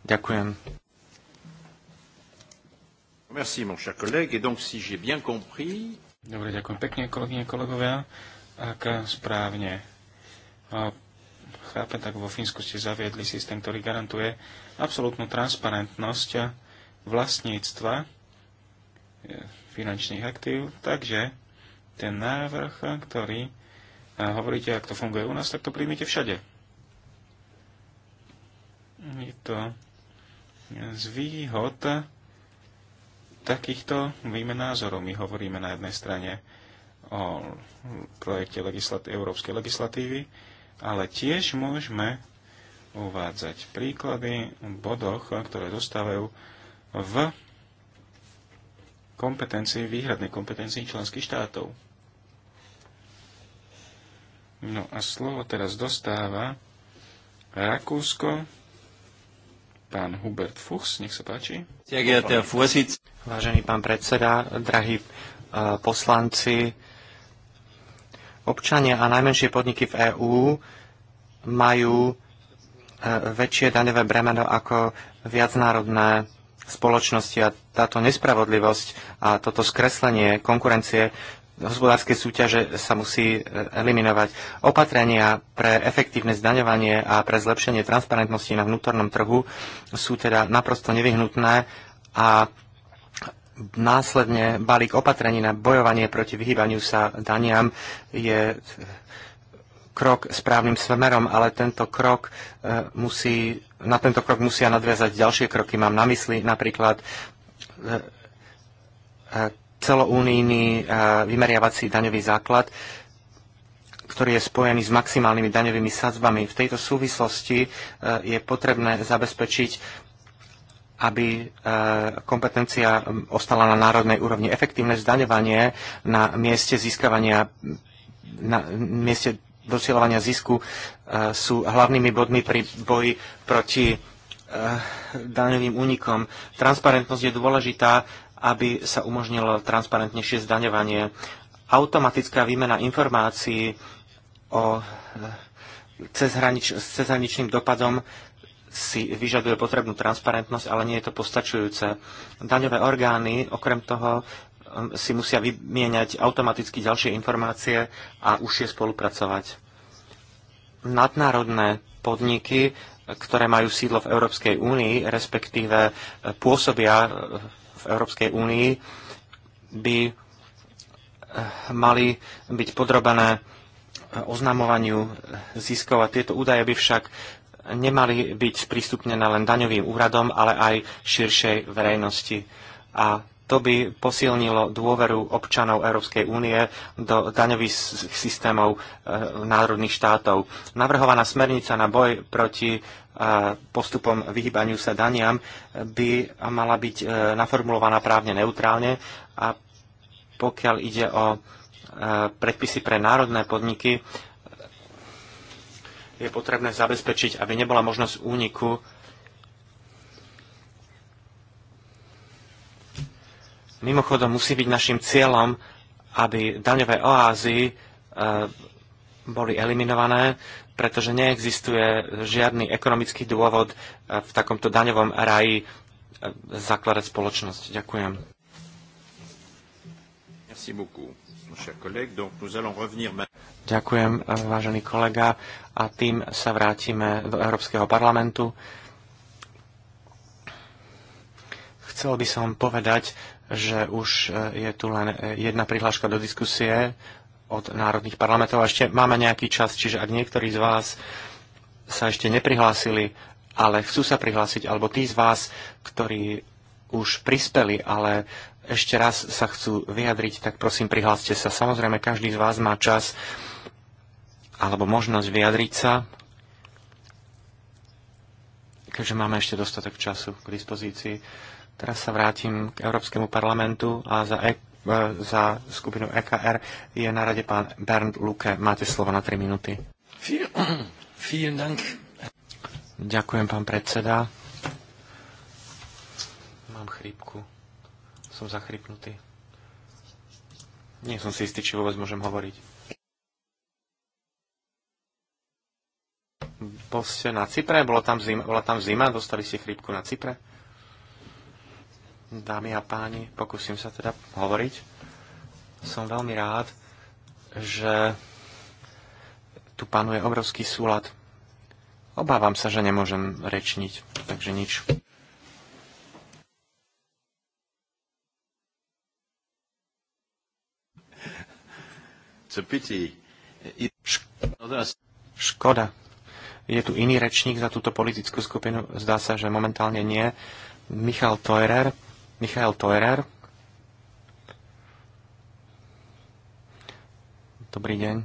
Ďakujem. Merci, mon cher collègue. Et donc, si j'ai bien compris... Dobre, ďakujem pekne, kolegyne, kolegovia. Ak správne chápem, tak vo Fínsku ste zaviedli systém, ktorý garantuje absolútnu transparentnosť vlastníctva e, finančných aktív, takže ten návrh, ktorý e, hovoríte, ak to funguje u nás, tak to príjmite všade. Je to z výhod takýchto výmen názorov. My hovoríme na jednej strane o projekte legislat- európskej legislatívy, ale tiež môžeme uvádzať príklady v bodoch, ktoré dostávajú v kompetencii, výhradnej kompetencii členských štátov. No a slovo teraz dostáva Rakúsko, pán Hubert Fuchs, nech sa páči. Vážený pán predseda, drahí e, poslanci, občania a najmenšie podniky v EÚ majú e, väčšie daňové bremeno ako viacnárodné spoločnosti a táto nespravodlivosť a toto skreslenie konkurencie hospodárskej súťaže sa musí e, eliminovať. Opatrenia pre efektívne zdaňovanie a pre zlepšenie transparentnosti na vnútornom trhu sú teda naprosto nevyhnutné a následne balík opatrení na bojovanie proti vyhýbaniu sa daniam je krok správnym smerom, ale tento krok e, musí, na tento krok musia nadviazať ďalšie kroky. Mám na mysli napríklad e, e, celounijný vymeriavací daňový základ, ktorý je spojený s maximálnymi daňovými sadzbami. V tejto súvislosti je potrebné zabezpečiť aby kompetencia ostala na národnej úrovni. Efektívne zdaňovanie na mieste získavania na mieste dosielovania zisku e, sú hlavnými bodmi pri boji proti e, daňovým únikom. Transparentnosť je dôležitá, aby sa umožnilo transparentnejšie zdaňovanie. Automatická výmena informácií o e, cezhranič, s cezhraničným dopadom si vyžaduje potrebnú transparentnosť, ale nie je to postačujúce. Daňové orgány okrem toho Ehm, si musia vymieňať automaticky ďalšie informácie a užšie spolupracovať. Nadnárodné podniky, ktoré majú sídlo v Európskej únii, respektíve e, pôsobia e, v Európskej únii, by e, mali byť podrobené oznamovaniu ziskov a tieto údaje by však nemali byť sprístupnené len daňovým úradom, ale aj širšej verejnosti. A to by posilnilo dôveru občanov Európskej únie do daňových systémov e, národných štátov. Navrhovaná smernica na boj proti e, postupom vyhýbaniu sa daniam e, by mala byť naformulovaná právne neutrálne a pokiaľ ide o predpisy pre národné podniky, je potrebné zabezpečiť, aby nebola možnosť úniku Mimochodom musí byť našim cieľom, aby daňové oázy e, boli eliminované, pretože neexistuje žiadny ekonomický dôvod e, v takomto daňovom raji e, zakladať spoločnosť. Ďakujem. Merci Ďakujem, e, vážený kolega. A tým sa vrátime do Európskeho parlamentu. Chcel by som povedať, že už e, je tu len e, jedna prihláška do diskusie od národných parlamentov. A ešte máme nejaký čas, čiže ak niektorí z vás sa ešte neprihlásili, ale chcú sa prihlásiť, alebo tí z vás, ktorí už prispeli, ale ešte raz sa chcú vyjadriť, tak prosím, prihláste sa. Samozrejme, každý z vás má čas alebo možnosť vyjadriť sa, keďže máme ešte dostatok času k dispozícii. Teraz sa vrátim k Európskemu parlamentu a za, e, e- za skupinu EKR je na rade pán Bernd Luke. Máte slovo na 3 minúty. Ďakujem, pán predseda. Mám chrípku. Som zachrypnutý. Nie som si istý, či vôbec môžem hovoriť. Bol ste na Cypre? tam zima, bola tam zima? Dostali ste chrípku na Cypre? dámy a páni, pokúsim sa teda hovoriť. Som veľmi rád, že tu panuje obrovský súlad. Obávam sa, že nemôžem rečniť, takže nič. Škoda. Je tu iný rečník za túto politickú skupinu? Zdá sa, že momentálne nie. Michal Teurer Michael Toerer. Dobrý deň.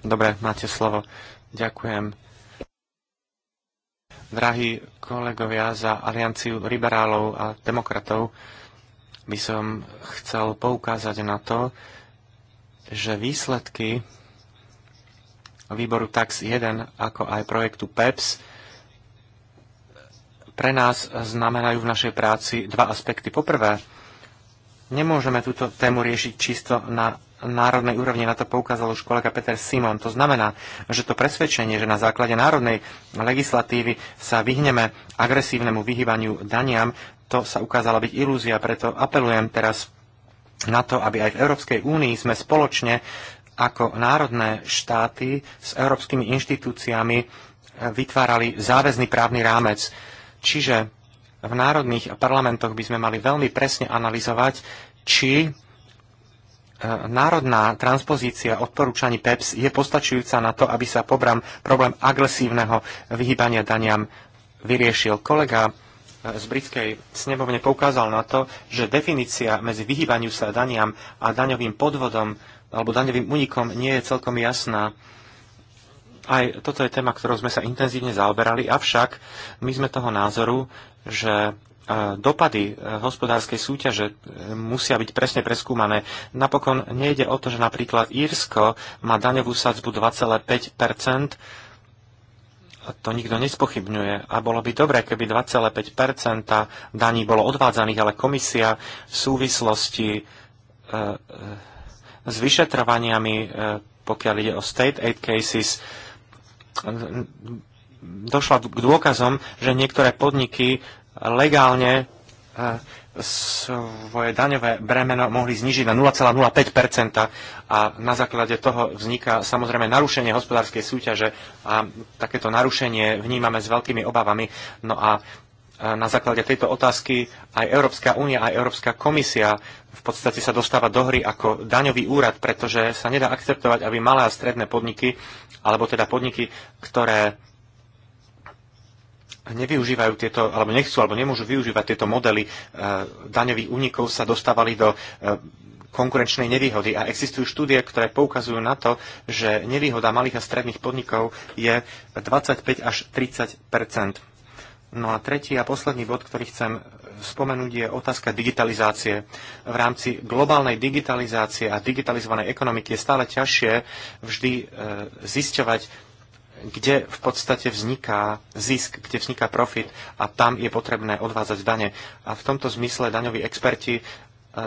Dobre, máte slovo. Ďakujem. Drahí kolegovia za Alianciu liberálov a demokratov, by som chcel poukázať na to, že výsledky výboru TAX 1, ako aj projektu PEPS, pre nás znamenajú v našej práci dva aspekty. Poprvé, nemôžeme túto tému riešiť čisto na národnej úrovni. Na to poukázal už kolega Peter Simon. To znamená, že to presvedčenie, že na základe národnej legislatívy sa vyhneme agresívnemu vyhýbaniu daniam, to sa ukázala byť ilúzia. Preto apelujem teraz na to, aby aj v Európskej únii sme spoločne ako národné štáty s európskymi inštitúciami vytvárali záväzný právny rámec Čiže v národných parlamentoch by sme mali veľmi presne analyzovať, či e, národná transpozícia odporúčaní PEPS je postačujúca na to, aby sa pobram problém agresívneho vyhýbania daniam vyriešil. Kolega e, z britskej snebovne poukázal na to, že definícia medzi vyhýbaniu sa daniam a daňovým podvodom alebo daňovým únikom nie je celkom jasná. Aj toto je téma, ktorou sme sa intenzívne zaoberali, avšak my sme toho názoru, že e, dopady e, hospodárskej súťaže e, musia byť presne preskúmané. Napokon nejde o to, že napríklad Írsko má daňovú sadzbu 2,5 to nikto nespochybňuje. A bolo by dobré, keby 2,5 daní bolo odvádzaných, ale komisia v súvislosti e, e, s vyšetrovaniami, e, pokiaľ ide o state aid cases, došla k dôkazom, že niektoré podniky legálne e, svoje daňové bremeno mohli znižiť na 0,05 a na základe toho vzniká samozrejme narušenie hospodárskej súťaže a takéto narušenie vnímame s veľkými obavami. No a na základe tejto otázky aj Európska únia, aj Európska komisia v podstate sa dostáva do hry ako daňový úrad, pretože sa nedá akceptovať, aby malé a stredné podniky, alebo teda podniky, ktoré nevyužívajú tieto, alebo nechcú, alebo nemôžu využívať tieto modely eh, daňových únikov, sa dostávali do eh, konkurenčnej nevýhody. A existujú štúdie, ktoré poukazujú na to, že nevýhoda malých a stredných podnikov je 25 až 30 No a tretí a posledný bod, ktorý chcem spomenúť, je otázka digitalizácie. V rámci globálnej digitalizácie a digitalizovanej ekonomiky je stále ťažšie vždy e, zisťovať, kde v podstate vzniká zisk, kde vzniká profit a tam je potrebné odvádzať dane. A v tomto zmysle daňoví experti e,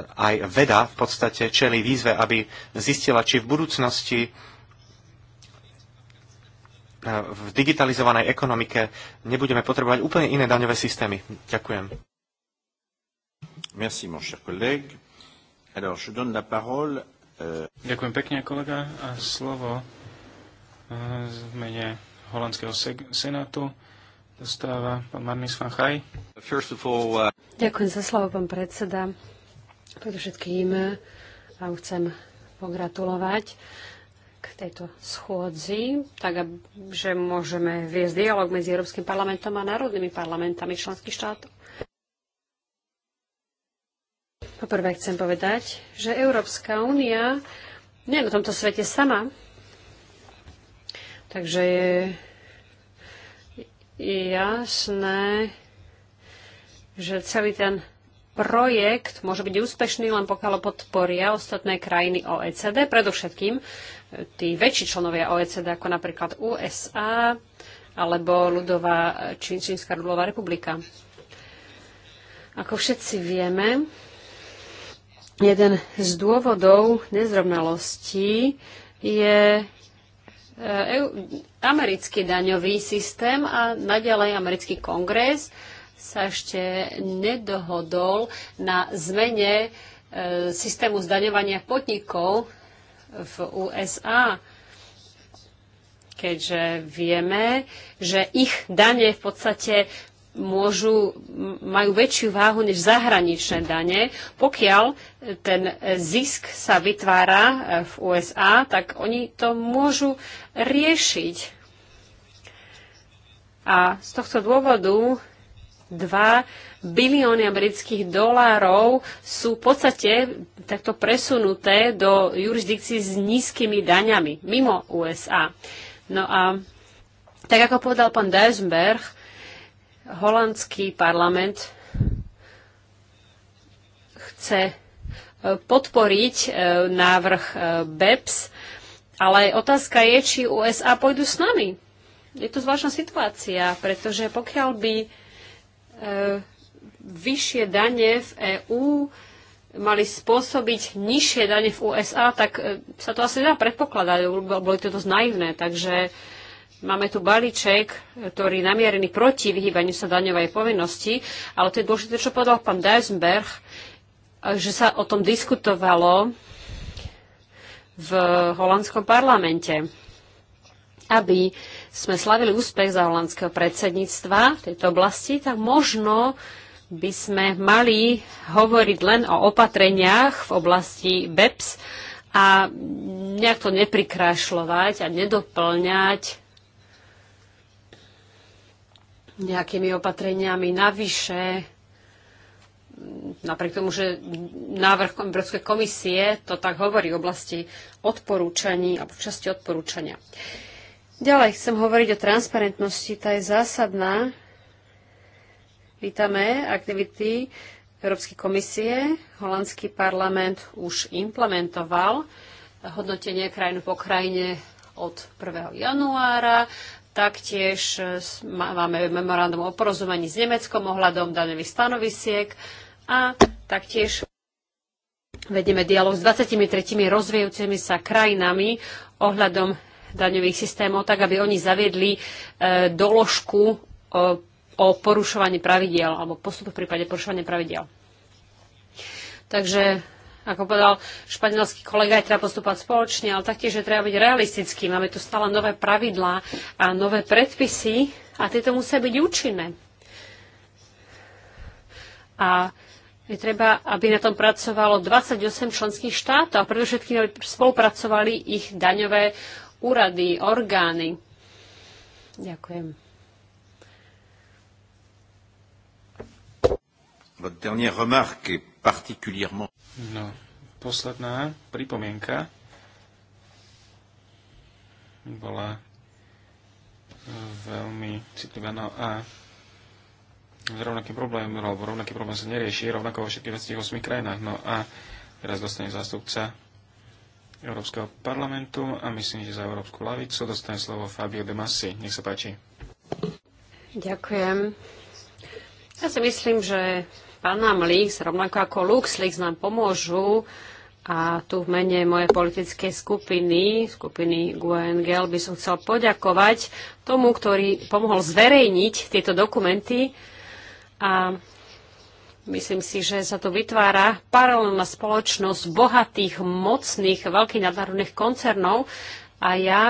aj veda v podstate čeli výzve, aby zistila, či v budúcnosti v digitalizovanej ekonomike nebudeme potrebovať úplne iné daňové systémy. Ďakujem. Merci, mon cher collègue. Alors, je donne la parole... Euh... Ďakujem pekne, kolega. A slovo e, v mene holandského senátu dostáva pán Marnis van Chaj. All, uh... Ďakujem za slovo, pán predseda. Preto všetkým e, vám chcem pogratulovať tejto schôdzi, tak že môžeme viesť dialog medzi Európskym parlamentom a národnými parlamentami členských štátov. Poprvé chcem povedať, že Európska únia nie je na tomto svete sama. Takže je, je jasné, že celý ten projekt môže byť úspešný len pokiaľ podporia ostatné krajiny OECD, predovšetkým tí väčší členovia OECD, ako napríklad USA alebo ľudová Čín, Čínska ľudová republika. Ako všetci vieme, jeden z dôvodov nezrovnalostí je e, americký daňový systém a naďalej americký kongres sa ešte nedohodol na zmene e, systému zdaňovania podnikov v USA, keďže vieme, že ich dane v podstate môžu, majú väčšiu váhu než zahraničné dane. Pokiaľ ten zisk sa vytvára eh, v USA, tak oni to môžu riešiť. A z tohto dôvodu bilióny amerických dolárov sú v podstate takto presunuté do jurisdikcií s nízkymi daňami mimo USA. No a tak ako povedal pán Dijsberg, holandský parlament chce e, podporiť e, návrh e, BEPS, ale otázka je, či USA pôjdu s nami. Je to zvláštna situácia, pretože pokiaľ by E, vyššie dane v EÚ mali spôsobiť nižšie dane v USA, tak e, sa to asi dá predpokladať, boli to dosť naivné. Takže máme tu balíček, ktorý je namierený proti vyhýbaniu sa daňovej povinnosti, ale to je dôležité, čo povedal pán Deisenberg, že sa o tom diskutovalo v holandskom parlamente, aby sme slavili úspech za holandského predsedníctva v tejto oblasti, tak možno by sme mali hovoriť len o opatreniach v oblasti BEPS a nejak to neprikrášľovať a nedoplňať nejakými opatreniami navyše, napriek tomu, že návrh Európskej komisie to tak hovorí v oblasti odporúčaní alebo časti odporúčania. Ďalej chcem hovoriť o transparentnosti, tá je zásadná. Vítame aktivity Európskej komisie. Holandský parlament už implementoval hodnotenie krajinu po krajine od 1. januára. Taktiež máme memorandum o porozumení s Nemeckom ohľadom daných stanovisiek a taktiež vedieme dialog s 23 rozvíjajúcimi sa krajinami ohľadom daňových systémov, tak aby oni zaviedli e, doložku o porušovaní pravidiel alebo postup v prípade porušovania pravidiel. Takže, ako povedal španielský kolega, je treba postupovať spoločne, ale taktiež je treba byť realistický. Máme tu stále nové pravidlá a nové predpisy a tieto musia byť účinné. A je treba, aby na tom pracovalo 28 členských štátov a predovšetkým, aby spolupracovali ich daňové úrady, orgány. Ďakujem. No, posledná pripomienka bola e, veľmi citlivá. No a rovnaký problém, alebo rovnaký problém sa nerieši rovnako vo všetkých 28 krajinách. No a teraz dostane zástupca Európskeho parlamentu a myslím, že za Európsku lavicu dostane slovo Fabio De Masi. Nech sa páči. Ďakujem. Ja si myslím, že Panam Lix, rovnako ako LuxLeaks nám pomôžu a tu v mene mojej politickej skupiny, skupiny GUNGL, by som chcel poďakovať tomu, ktorý pomohol zverejniť tieto dokumenty a Myslím si, že sa to vytvára paralelná spoločnosť bohatých, mocných, veľkých nadnárodných koncernov a ja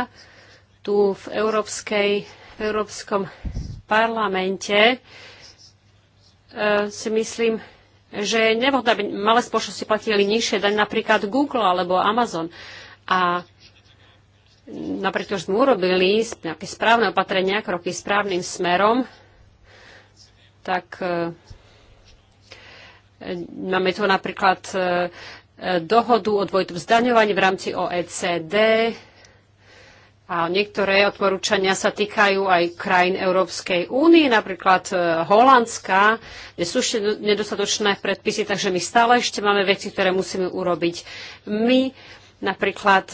tu v, Európskej, v Európskom parlamente e, si myslím, že je nevhodné, aby malé spoločnosti platili nižšie daň, napríklad Google alebo Amazon. A napriek tomu, že sme urobili nejaké správne opatrenia, kroky správnym smerom, tak e, Máme tu napríklad e, e, dohodu o dvojitom zdaňovaní v rámci OECD a niektoré odporúčania sa týkajú aj krajín Európskej únie, napríklad e, Holandska, kde sú ešte nedostatočné predpisy, takže my stále ešte máme veci, ktoré musíme urobiť. My napríklad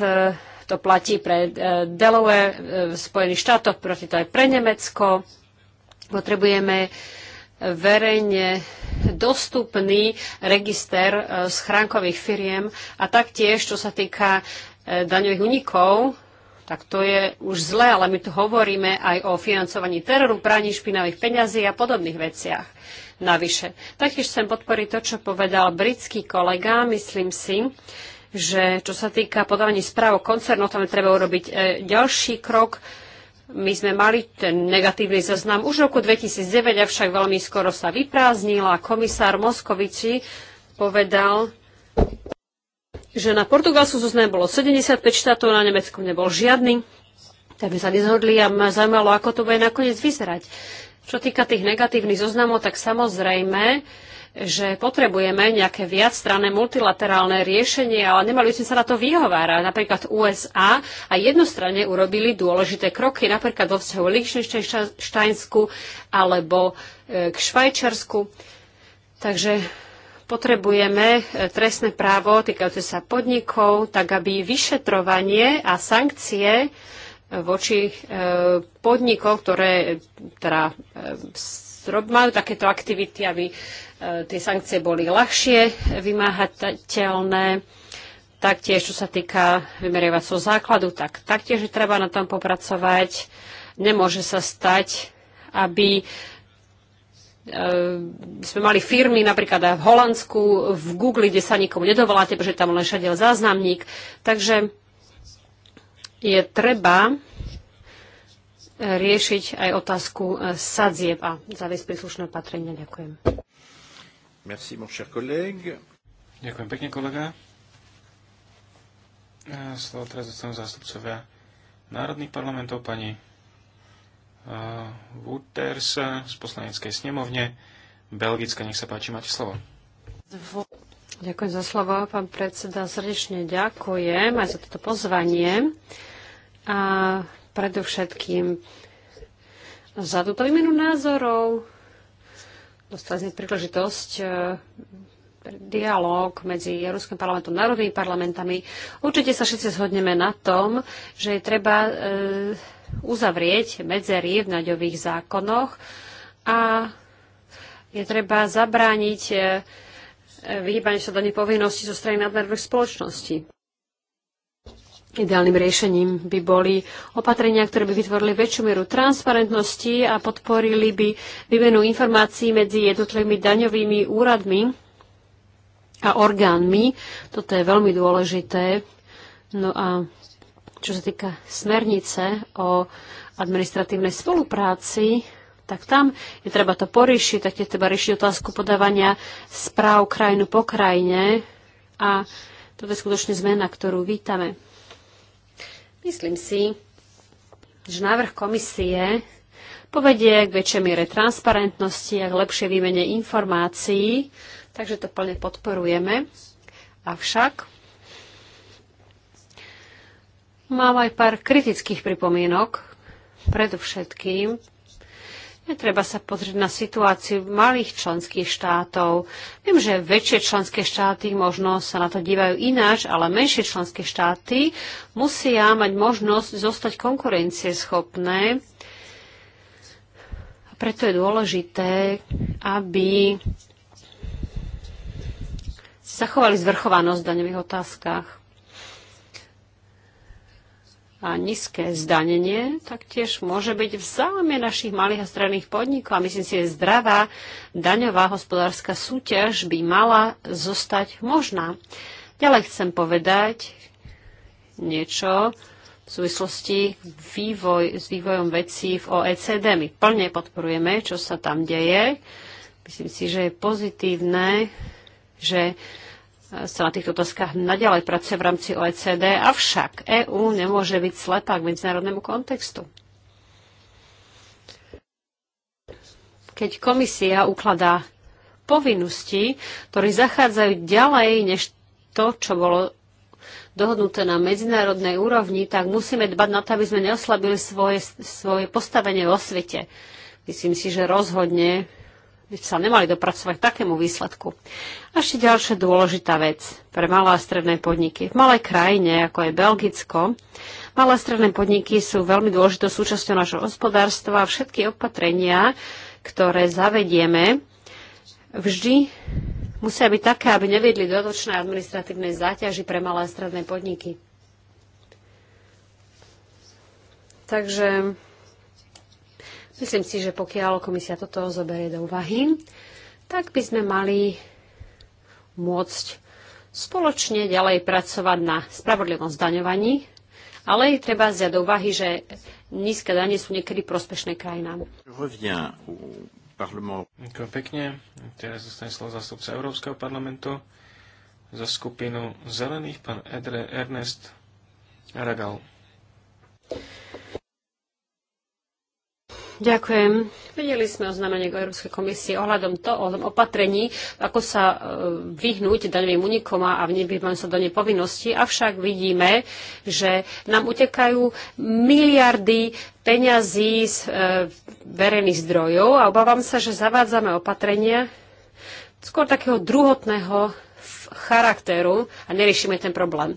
to platí pre Delaware v Spojených štátoch, proti to aj pre Nemecko. Potrebujeme uh, verejne dostupný register e, schránkových firiem a taktiež, čo sa týka e, daňových únikov, tak to je už zle, ale my tu hovoríme aj o financovaní teroru, praní špinavých peňazí a podobných veciach. Navyše. Taktiež chcem podporiť to, čo povedal britský kolega. Myslím si, že čo sa týka podávaní správ o koncernu, tam treba urobiť e, ďalší krok. My sme mali ten negatívny zoznam už v roku 2009, avšak veľmi skoro sa a Komisár Moskovici povedal, že na Portugalsku zoznam bolo 75 štátov, na Nemecku nebol žiadny. Tak by sa nezhodli a ma zaujímalo, ako to bude nakoniec vyzerať. Čo týka tých negatívnych zoznamov, tak samozrejme, že potrebujeme nejaké viacstranné multilaterálne riešenie, ale nemali sme sa na to vyhovárať. Napríklad USA a jednostranne urobili dôležité kroky, napríklad vo vzťahu Lichtensteinsku alebo e, k Švajčarsku. Takže potrebujeme e, trestné právo týkajúce sa podnikov, tak aby vyšetrovanie a sankcie e, voči podnikov, ktoré teda majú takéto aktivity, aby Eh, tie sankcie boli ľahšie vymáhateľné. Taktiež, čo sa týka vymerievacieho základu, tak taktiež je treba na tom popracovať. Nemôže sa stať, aby eh, sme mali firmy napríklad aj v Holandsku, v Google, kde sa nikomu nedovoláte, pretože tam len všade záznamník. Takže je treba riešiť aj otázku eh, sadzieb a zaviesť príslušné opatrenia. Ďakujem. Merci, mon cher collègue. Ďakujem pekne, kolega. slovo teraz dostanú zástupcovia národných parlamentov, pani uh, Wouters z poslaneckej snemovne. Belgická, nech sa páči, máte slovo. Ďakujem za slovo, pán predseda. Srdečne ďakujem aj za toto pozvanie. A predovšetkým za túto výmenu názorov dostali sme príležitosť e, dialog medzi Európskym parlamentom a národnými parlamentami. Určite sa všetci zhodneme na tom, že je treba e, uzavrieť medzery v naďových zákonoch a je treba zabrániť e, vyhýbanie sa do nepovinnosti zo strany nadnárodných spoločností. Ideálnym riešením by boli opatrenia, ktoré by vytvorili väčšiu mieru transparentnosti a podporili by výmenu informácií medzi jednotlivými daňovými úradmi a orgánmi. Toto je veľmi dôležité. No a čo sa týka smernice o administratívnej spolupráci, tak tam je treba to poriešiť, tak je treba riešiť otázku podávania správ krajinu po krajine a toto je skutočne zmena, ktorú vítame. Myslím si, že návrh komisie povedie k väčšej miere transparentnosti a k lepšej výmene informácií, takže to plne podporujeme. Avšak mám aj pár kritických pripomienok. Predovšetkým Treba sa pozrieť na situáciu malých členských štátov. Viem, že väčšie členské štáty možno sa na to dívajú ináč, ale menšie členské štáty musia mať možnosť zostať konkurencieschopné. A preto je dôležité, aby zachovali zvrchovanosť v daňových otázkach a nízke zdanenie taktiež môže byť v záujme našich malých a stredných podnikov. A myslím si, že zdravá daňová hospodárska súťaž by mala zostať možná. Ďalej chcem povedať niečo v súvislosti vývoj, s vývojom vecí v OECD. My plne podporujeme, čo sa tam deje. Myslím si, že je pozitívne, že sa na týchto otázkach naďalej pracuje v rámci OECD, avšak EÚ nemôže byť slepá k medzinárodnému kontextu. Keď komisia ukladá povinnosti, ktoré zachádzajú ďalej než to, čo bolo dohodnuté na medzinárodnej úrovni, tak musíme dbať na to, aby sme neoslabili svoje, svoje postavenie vo svete. Myslím si, že rozhodne by sa nemali dopracovať k takému výsledku. A ešte ďalšia dôležitá vec pre malé a stredné podniky. V malej krajine, ako je Belgicko, malé a stredné podniky sú veľmi dôležitou súčasťou našho hospodárstva a všetky opatrenia, ktoré zavedieme, vždy musia byť také, aby neviedli dodočné administratívnej záťaži pre malé a stredné podniky. Takže Myslím si, že pokiaľ komisia toto zoberie do úvahy, tak by sme mali môcť spoločne ďalej pracovať na spravodlivom zdaňovaní, ale je treba zjať do úvahy, že nízke dane sú niekedy prospešné krajinám. Ďakujem pekne. Teraz zostane slovo zastupca Európskeho parlamentu za skupinu Zelených, pán Edre Ernest Aragal. Ďakujem. Videli sme oznámenie Európskej komisie ohľadom to, ohľadom opatrení, ako sa e, vyhnúť daňovým unikom a vnebývam sa do povinnosti, Avšak vidíme, že nám utekajú miliardy peňazí z e, verejných zdrojov a obávam sa, že zavádzame opatrenia skôr takého druhotného charakteru a neriešime ten problém.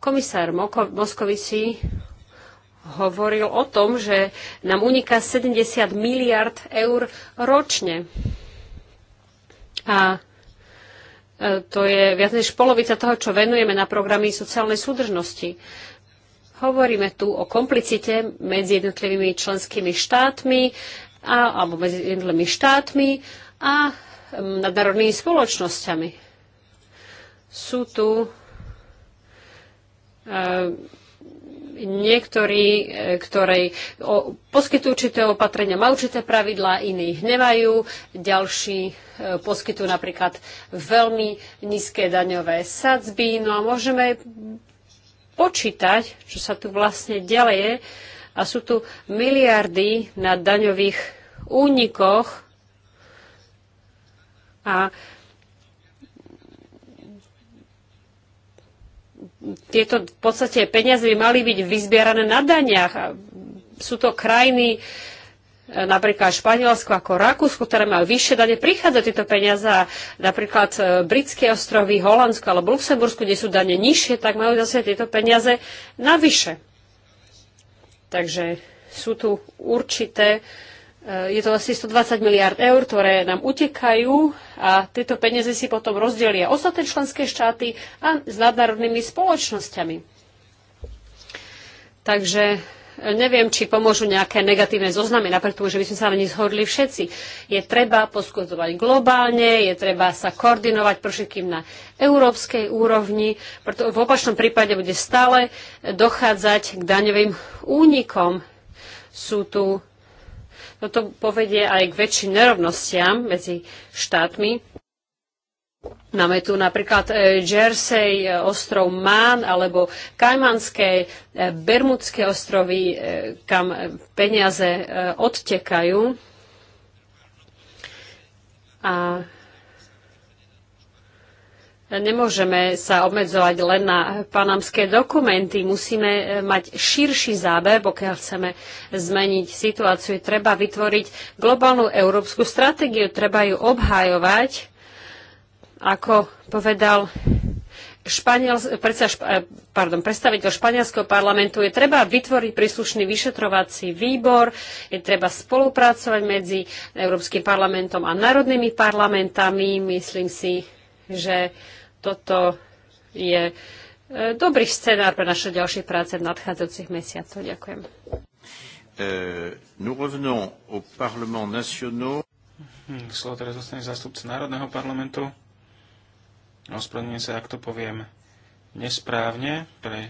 Komisár Moskovici hovoril o tom, že nám uniká 70 miliard eur ročne. A e, to je viac než polovica toho, čo venujeme na programy sociálnej súdržnosti. Hovoríme tu o komplicite medzi jednotlivými členskými štátmi a, alebo medzi jednotlivými štátmi a nadnárodnými spoločnosťami. Sú tu e, niektorí, e, ktorí poskytujú určité opatrenia, majú určité pravidlá, iní ich nemajú, ďalší e, poskytujú napríklad veľmi nízke daňové sadzby. No a môžeme počítať, čo sa tu vlastne deje. A sú tu miliardy na daňových únikoch. A tieto v podstate peniaze by mali byť vyzbierané na daniach. Sú to krajiny, e, napríklad Španielsko ako Rakúsko, ktoré majú vyššie dane, prichádzajú tieto peniaze napríklad e, Britské ostrovy, Holandsko alebo Luxembursko, kde sú dane nižšie, tak majú zase tieto peniaze navyše. Takže sú tu určité uh, Eh, je to asi 120 miliard eur, ktoré nám utekajú a tieto peniaze si potom rozdelia ostatné členské štáty a s nadnárodnými spoločnosťami. Takže eh, neviem, či pomôžu nejaké negatívne zoznamy, napriek tomu, že by sme sa na nich zhodli všetci. Je treba poskutovať globálne, je treba sa koordinovať pre na európskej úrovni, preto v opačnom prípade bude stále dochádzať k daňovým únikom. Sú tu toto no povedie aj k väčším nerovnostiam medzi štátmi. Máme tu napríklad e, Jersey, e, ostrov Man alebo Kajmanské, e, Bermudské ostrovy, kam peniaze odtekajú. A Nemôžeme sa obmedzovať len na panamské dokumenty. Musíme e, mať širší záber, pokiaľ chceme zmeniť situáciu. Treba vytvoriť globálnu európsku stratégiu, treba ju obhajovať. Ako povedal Španiel, predsa, e, pardon, predstaviteľ španielského parlamentu, je treba vytvoriť príslušný vyšetrovací výbor, je treba spolupracovať medzi Európskym parlamentom a národnými parlamentami. Myslím si, že toto je e, dobrý scenár pre naše ďalšie práce v nadchádzajúcich mesiacoch. Ďakujem. Euh, Slovo teraz zostane zástupca Národného parlamentu. Ospravedlňujem sa, ak to poviem nesprávne, pre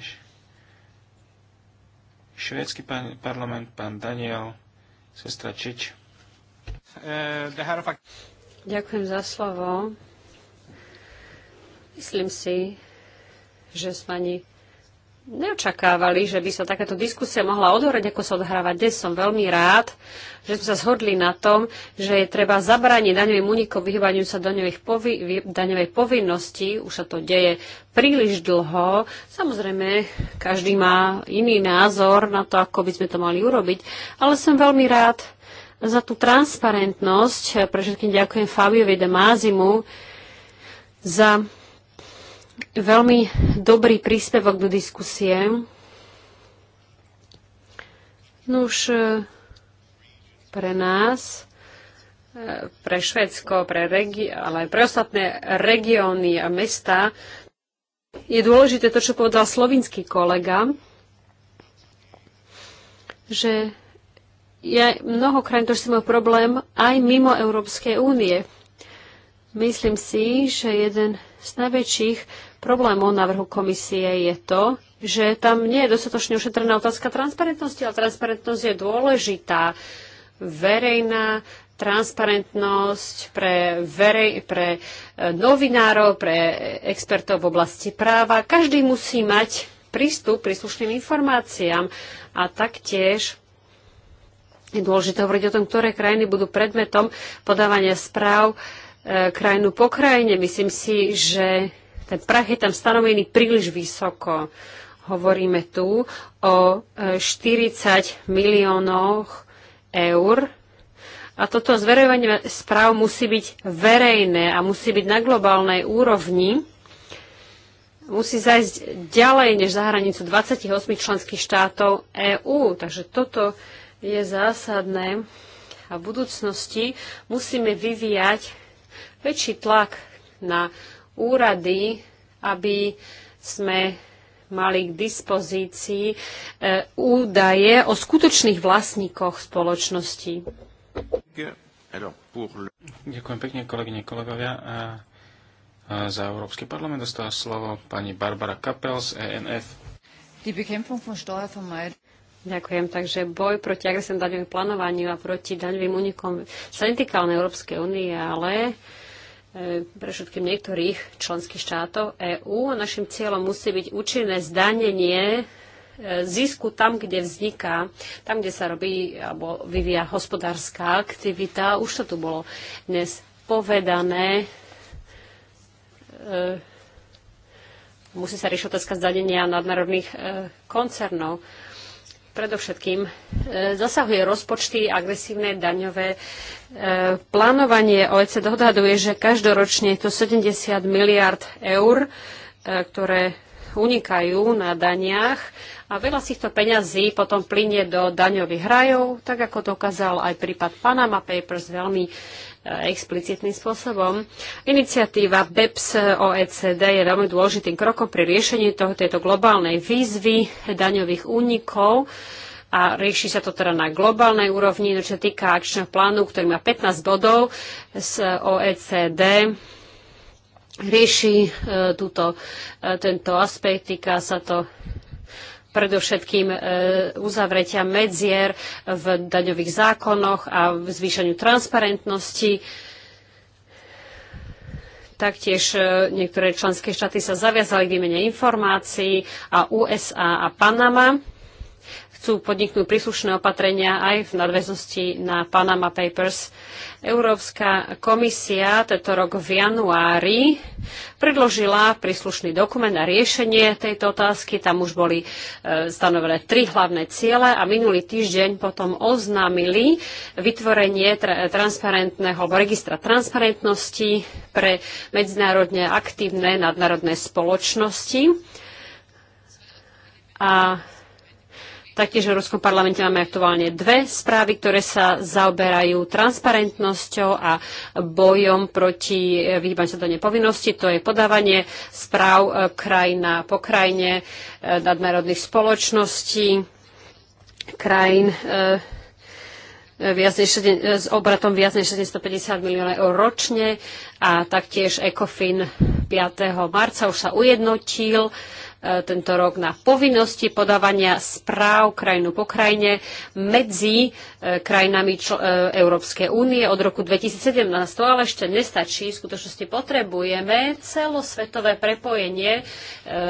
švédsky parlament, pán Daniel, sestra Čič. E, Ďakujem za slovo. Myslím si, že sme ani neočakávali, že by sa takáto diskusia mohla odhorať, ako sa odhrávať dnes. Som veľmi rád, že sme sa zhodli na tom, že je treba zabrániť daňovým únikom vyhýbaniu sa daňovej povinnosti. Už sa to deje príliš dlho. Samozrejme, každý má iný názor na to, ako by sme to mali urobiť, ale som veľmi rád za tú transparentnosť. Pre všetkým ďakujem Fabiovi de Mázimu za veľmi dobrý príspevok do diskusie. Už e, pre nás, e, pre Švedsko, pre regi- ale aj pre ostatné regióny a mesta je dôležité to, čo povedal slovinský kolega, že je mnohokrát to, si problém aj mimo Európskej únie. Myslím si, že jeden z najväčších Problémom návrhu komisie je to, že tam nie je dostatočne ušetrená otázka transparentnosti, ale transparentnosť je dôležitá. Verejná transparentnosť pre, verej, pre e, novinárov, pre expertov v oblasti práva. Každý musí mať prístup príslušným informáciám a taktiež je dôležité hovoriť o tom, ktoré krajiny budú predmetom podávania správ e, krajinu po krajine. Myslím si, že ten prach je tam stanovený príliš vysoko. Hovoríme tu o 40 e, miliónoch eur. A toto zverejovanie správ musí byť verejné a musí byť na globálnej úrovni. Musí zajsť ďalej než za hranicu 28 členských štátov EÚ. Takže toto je zásadné a v budúcnosti musíme vyvíjať väčší tlak na úrady, aby sme mali k dispozícii e, údaje o skutočných vlastníkoch spoločnosti. Ďakujem pekne, kolegyne, kolegovia. A za Európsky parlament dostala slovo pani Barbara Kapel z ENF. Ďakujem. Takže boj proti agresívnym daňovým plánovaniu a proti daňovým únikom sa netýka len Európskej únie, ale E, pre všetkým niektorých členských štátov EÚ. Našim cieľom musí byť účinné zdanenie e, zisku tam, kde vzniká, tam, kde sa robí alebo vyvíja hospodárska aktivita. Už to tu bolo dnes povedané. E, musí sa riešiť otázka zdanenia nadnárodných koncernov predovšetkým e, zasahuje rozpočty, agresívne daňové e, plánovanie. OECD odhaduje, že každoročne je to 70 miliard eur, e, ktoré unikajú na daniach a veľa z týchto peňazí potom plynie do daňových rajov, tak ako dokázal aj prípad Panama Papers veľmi explicitným spôsobom. Iniciatíva BEPS OECD je veľmi dôležitým krokom pri riešení toho, tejto globálnej výzvy daňových únikov a rieši sa to teda na globálnej úrovni, čo sa týka akčného plánu, ktorý má 15 bodov z OECD rieši e, túto, e, tento aspekt, týka sa to predovšetkým e, uzavretia medzier v daňových zákonoch a v zvýšeniu transparentnosti. Taktiež e, niektoré členské štáty sa zaviazali k výmene informácií a USA a Panama chcú podniknúť príslušné opatrenia aj v nadväznosti na Panama Papers. Európska komisia tento rok v januári predložila príslušný dokument na riešenie tejto otázky. Tam už boli e, stanovené tri hlavné ciele a minulý týždeň potom oznámili vytvorenie tra transparentného alebo registra transparentnosti pre medzinárodne aktívne nadnárodné spoločnosti. A Taktiež v Európskom parlamente máme aktuálne dve správy, ktoré sa zaoberajú transparentnosťou a bojom proti vyhýbaniu sa do nepovinnosti. To je podávanie správ e, krajina po krajine e, nadnárodných spoločností, krajín e, s obratom viac než 750 miliónov eur ročne a taktiež ECOFIN 5. marca už sa ujednotil E, tento rok na povinnosti podávania správ krajinu po krajine medzi e, krajinami e, Európskej únie od roku 2017. To ale ešte nestačí. V skutočnosti potrebujeme celosvetové prepojenie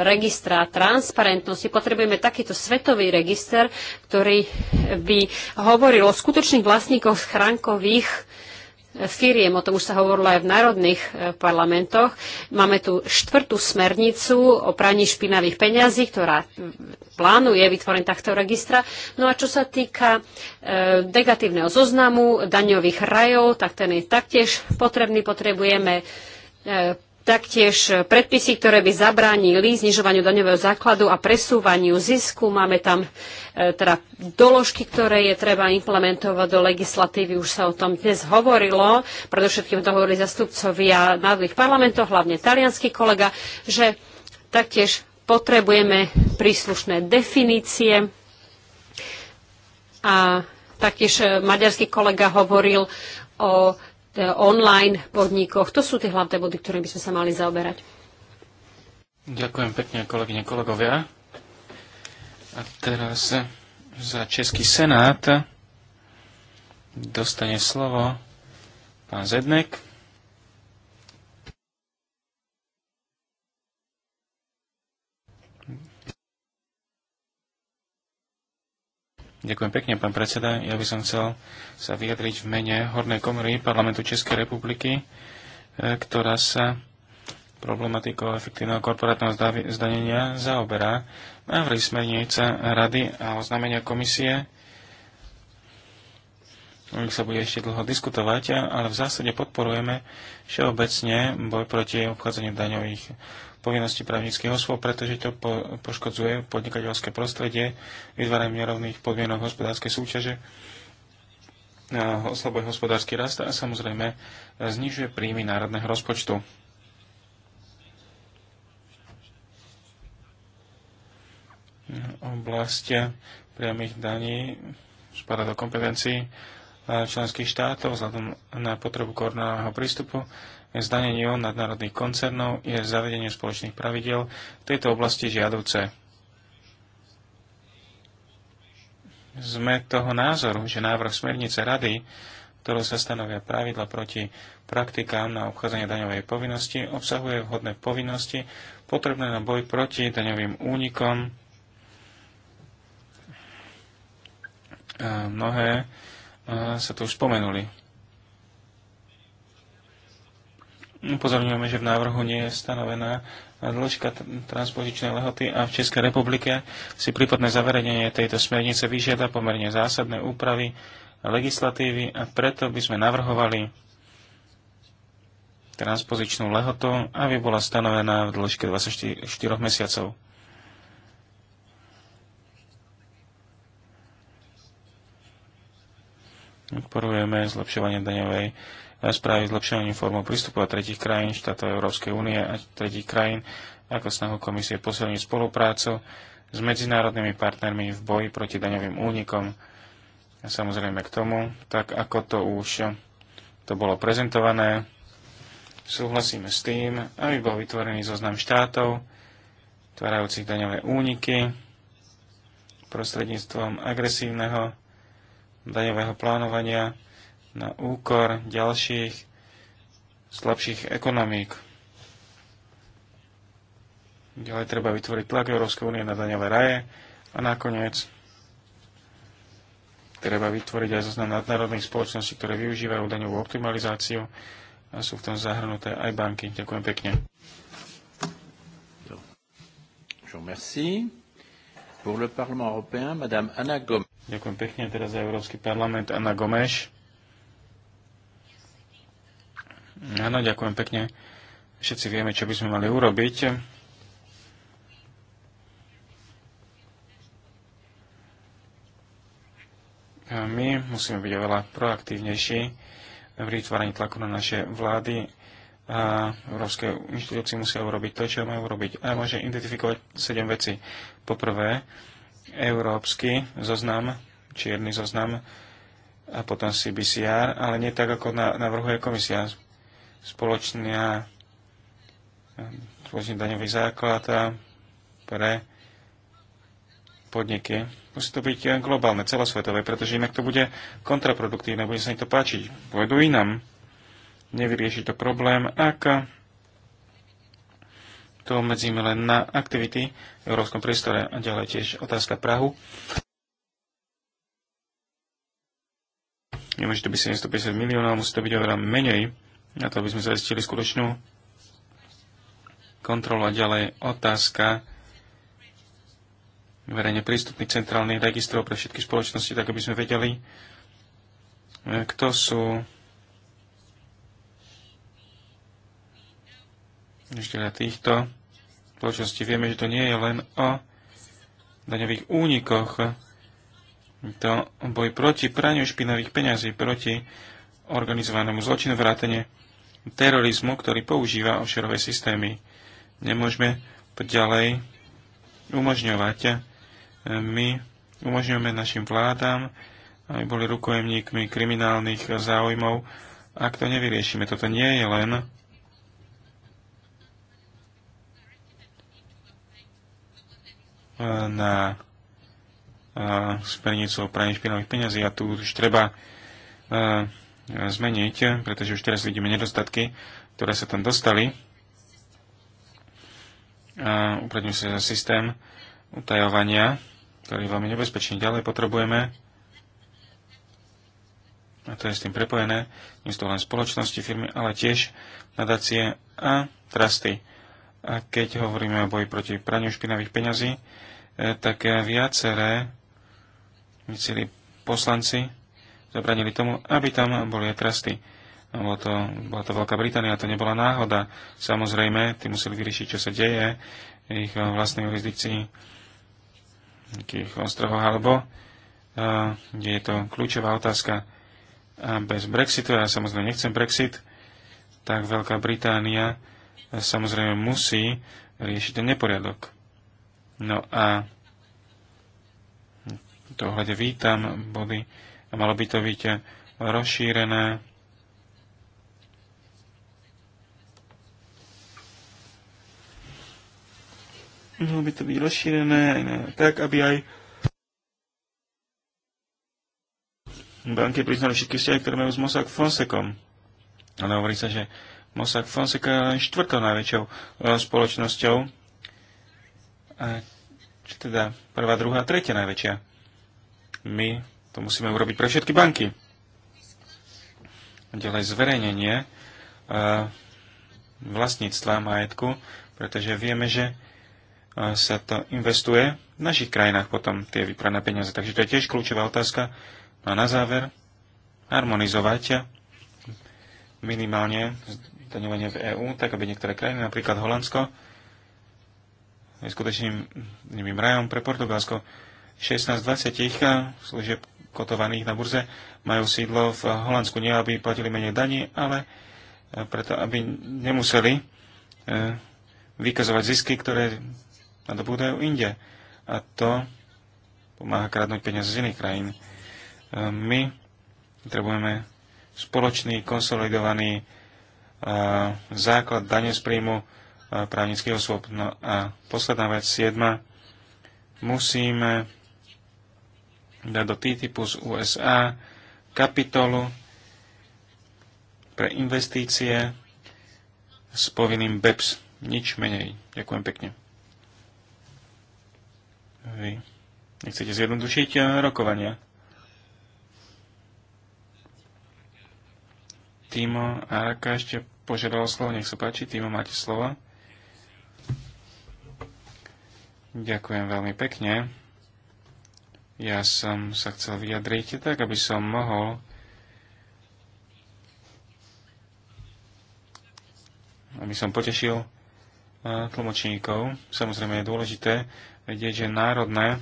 registra transparentnosti. Potrebujeme takýto svetový register, ktorý by hovoril o skutočných vlastníkoch schránkových firiem, o tom už sa hovorilo aj v národných e, parlamentoch. Máme tu štvrtú smernicu o praní špinavých peňazí, ktorá plánuje vytvorenie takto registra. No a čo sa týka e, negatívneho zoznamu daňových rajov, tak ten je taktiež potrebný. Potrebujeme e, taktiež e, predpisy, ktoré by zabránili znižovaniu daňového základu a presúvaniu zisku. Máme tam e, teda doložky, ktoré je treba implementovať do legislatívy. Už sa o tom dnes hovorilo, predovšetkým to hovorili zastupcovia národných parlamentov, hlavne talianský kolega, že taktiež potrebujeme príslušné definície a taktiež e, maďarský kolega hovoril o E, online podnikoch. To sú tie hlavné body, ktoré by sme sa mali zaoberať. Ďakujem pekne, kolegyne, kolegovia. A teraz za Český senát dostane slovo pán Zednek. Ďakujem pekne, pán predseda. Ja by som chcel sa vyjadriť v mene Hornej komory parlamentu Českej republiky, e, ktorá sa problematikou efektívneho korporátneho zdanenia zaoberá. Návrhy smernice Rady a oznámenia komisie o nich sa bude ešte dlho diskutovať, ale v zásade podporujeme všeobecne boj proti obchádzaniu daňových povinnosti právnických osôb, pretože to po, poškodzuje podnikateľské prostredie, vytváranie nerovných podmienok hospodárskej súťaže, oslabuje hospodársky rast a samozrejme znižuje príjmy národného rozpočtu. Oblasť priamých daní spada do kompetencií členských štátov vzhľadom na potrebu koordinálneho prístupu zdaneniu nadnárodných koncernov je zavedenie spoločných pravidel v tejto oblasti žiaduce. Sme toho názoru, že návrh smernice Rady, ktorou sa stanovia pravidla proti praktikám na obchádzanie daňovej povinnosti, obsahuje vhodné povinnosti potrebné na boj proti daňovým únikom. Mnohé sa tu už spomenuli Upozorňujeme, že v návrhu nie je stanovená dĺžka transpozičnej lehoty a v Českej republike si prípadné zaverejnenie tejto smernice vyžiada pomerne zásadné úpravy legislatívy a preto by sme navrhovali transpozičnú lehotu, aby bola stanovená v dĺžke 24 mesiacov. Podporujeme zlepšovanie daňovej správy zlepšením formou prístupu a tretich krajín, štátov Európskej únie a tretich krajín, ako snahu komisie posilniť spoluprácu s medzinárodnými partnermi v boji proti daňovým únikom. A samozrejme k tomu, tak ako to už to bolo prezentované, súhlasíme s tým, aby bol vytvorený zoznam štátov, tvárajúcich daňové úniky prostredníctvom agresívneho daňového plánovania na úkor ďalších slabších ekonomík. Ďalej treba vytvoriť tlak Európskej únie na daňové raje a nakoniec treba vytvoriť aj zoznam nadnárodných spoločností, ktoré využívajú daňovú optimalizáciu a sú v tom zahrnuté aj banky. Ďakujem pekne. Ďakujem pekne. Teraz za Európsky parlament Anna Gomes. Áno, ďakujem pekne. Všetci vieme, čo by sme mali urobiť. A my musíme byť oveľa proaktívnejší v vytváraní tlaku na naše vlády a európske inštitúcie musia urobiť to, čo majú urobiť. A môže identifikovať sedem vecí. Poprvé, európsky zoznam, čierny zoznam a potom CBCR, ale nie tak, ako navrhuje komisia spoločná spoločný daňový základ pre podniky. Musí to byť globálne, celosvetové, pretože inak to bude kontraproduktívne, bude sa im to páčiť. Pôjdu inám. Nevyrieši to problém, ak to obmedzíme len na aktivity v európskom priestore. A ďalej tiež otázka Prahu. Nemôže to byť 750 miliónov, musí to byť oveľa menej na to, aby sme zaistili skutočnú kontrolu a ďalej otázka verejne prístupných centrálnych registrov pre všetky spoločnosti, tak aby sme vedeli, e, kto sú na týchto spoločnosti Vieme, že to nie je len o daňových únikoch, to boj proti praniu špinavých peňazí, proti organizovanému zločinu vrátane terorizmu, ktorý používa offshore systémy. Nemôžeme to ďalej umožňovať. My umožňujeme našim vládám, aby boli rukojemníkmi kriminálnych záujmov, ak to nevyriešime. Toto nie je len na smernicu o praní špinavých peniazí. a tu už treba zmeniť, pretože už teraz vidíme nedostatky, ktoré sa tam dostali. A upredňuje sa za systém utajovania, ktorý je veľmi nebezpečný. Ďalej potrebujeme, a to je s tým prepojené, nie sú to len spoločnosti, firmy, ale tiež nadácie a trusty. A keď hovoríme o boji proti praniu špinavých peňazí, eh, tak eh, viaceré cíli poslanci zabranili tomu, aby tam boli aj trasty. No, bolo to, bola to Veľká Británia, to nebola náhoda. Samozrejme, tí museli vyriešiť, čo sa deje v ich eh, vlastnej jurisdikcii, nejakých ostrovoch alebo eh, kde je to kľúčová otázka. A bez Brexitu, ja samozrejme nechcem Brexit, tak Veľká Británia eh, samozrejme musí riešiť ten neporiadok. No a v tohľade vítam body a malo by to byť rozšírené Mohlo by to byť rozšírené tak, aby aj banky priznali všetky vzťahy, ktoré majú s Mossack Fonsecom. Ale hovorí sa, že Mossack Fonseca je len štvrtou najväčšou e, spoločnosťou. A, či teda prvá, druhá, tretia najväčšia. My to musíme urobiť pre všetky banky. Ďalej zverejnenie eh, vlastníctva majetku, pretože vieme, že eh, sa to investuje v našich krajinách potom tie vyprané peniaze. Takže to je tiež kľúčová otázka. No a na záver, harmonizovať minimálne zdaňovanie v EÚ, tak aby niektoré krajiny, napríklad Holandsko, je skutočným rajom pre Portugalsko, 16 20 eh, služieb kotovaných na burze majú sídlo v Holandsku. Nie, aby platili menej daní, ale eh, preto, aby nemuseli eh, vykazovať zisky, ktoré nadobúdajú inde. A to pomáha kradnúť peniaze z iných krajín. Eh, my potrebujeme spoločný, konsolidovaný základ dane z príjmu právnických osôb. No a posledná vec, siedma, musíme dá do USA kapitolu pre investície s povinným BEPS. Nič menej. Ďakujem pekne. Vy nechcete zjednodušiť eh, rokovania? Timo Araka ešte požiadal slovo, nech sa páči. Timo, máte slovo. Ďakujem veľmi pekne. Ja som sa chcel vyjadriť tak, aby som mohol aby som potešil e, tlmočníkov. Samozrejme je dôležité vedieť, že národné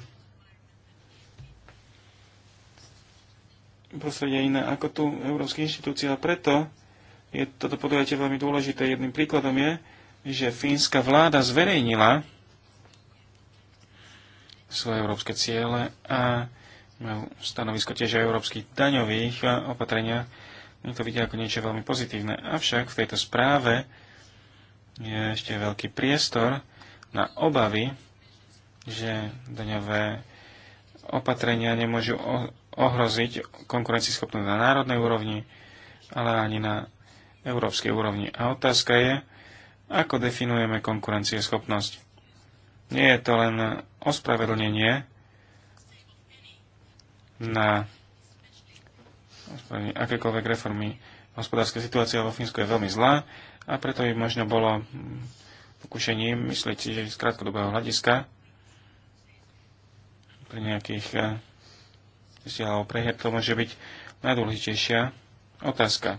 prostredie iné ako tu Európske inštitúcie a preto je toto podujatie veľmi dôležité. Jedným príkladom je, že fínska vláda zverejnila svoje európske ciele a majú stanovisko tiež aj európskych daňových opatrenia. Oni to vidia ako niečo veľmi pozitívne. Avšak v tejto správe je ešte veľký priestor na obavy, že daňové opatrenia nemôžu ohroziť konkurencieschopnosť na národnej úrovni, ale ani na európskej úrovni. A otázka je, ako definujeme konkurencieschopnosť. Nie je to len ospravedlnenie na akékoľvek reformy. Hospodárska situácia vo Fínsku je veľmi zlá a preto by možno bolo pokušením myslieť, si, že z krátkodobého hľadiska pri nejakých vzdialov eh, prehľad, to môže byť najdôležitejšia otázka.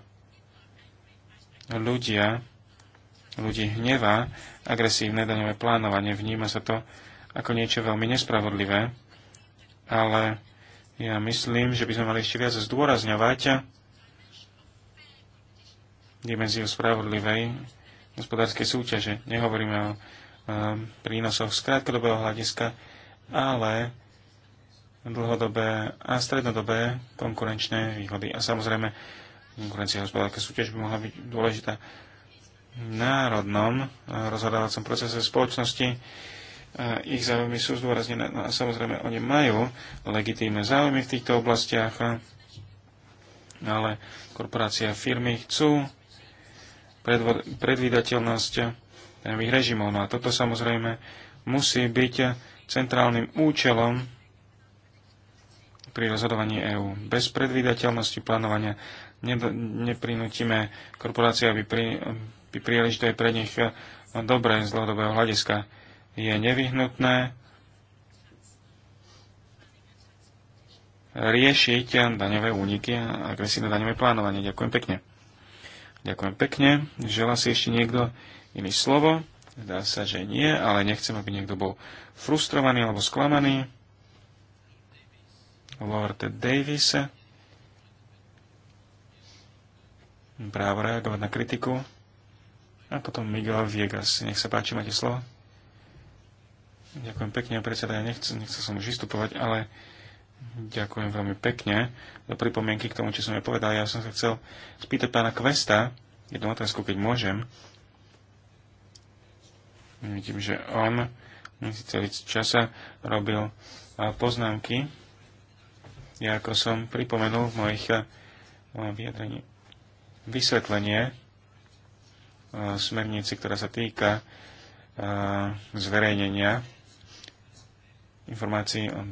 Ľudia ľudí hnevá agresívne daňové plánovanie. Vníma sa to ako niečo veľmi nespravodlivé, ale ja myslím, že by sme mali ešte viac zdôrazňovať dimenziu spravodlivej hospodárskej súťaže. Nehovoríme o prínosoch z krátkodobého hľadiska, ale dlhodobé a strednodobé konkurenčné výhody. A samozrejme, konkurencia hospodárska súťaž by mohla byť dôležitá národnom eh, rozhodovacom procese spoločnosti. Eh, ich záujmy sú zdôraznené no a samozrejme oni majú legitímne záujmy v týchto oblastiach, ale korporácia firmy chcú predvídateľnosť daňových režimov. No a toto samozrejme musí byť centrálnym účelom pri rozhodovaní EÚ. Bez predvídateľnosti plánovania neprinútime korporácie, aby pri, by príliš to je pre nich eh, dobré z dlhodobého hľadiska. Je nevyhnutné riešiť daňové úniky a agresívne daňové plánovanie. Ďakujem pekne. Ďakujem pekne. Želá si ešte niekto iný slovo? Zdá sa, že nie, ale nechcem, aby niekto bol frustrovaný alebo sklamaný. Lord Davis právo reagovať na kritiku. A potom Miguel Viegas. Nech sa páči, máte slovo. Ďakujem pekne, predseda. Ja nechcel, nechcel som už vystupovať, ale ďakujem veľmi pekne za pripomienky k tomu, čo som ja povedal. Ja som sa chcel spýtať pána Kvesta jednu otázku, keď môžem. Vidím, že on celý časa robil poznámky. Ja ako som pripomenul v mojich vyjadrení vysvetlenie smernici, ktorá sa týka zverejnenia informácií o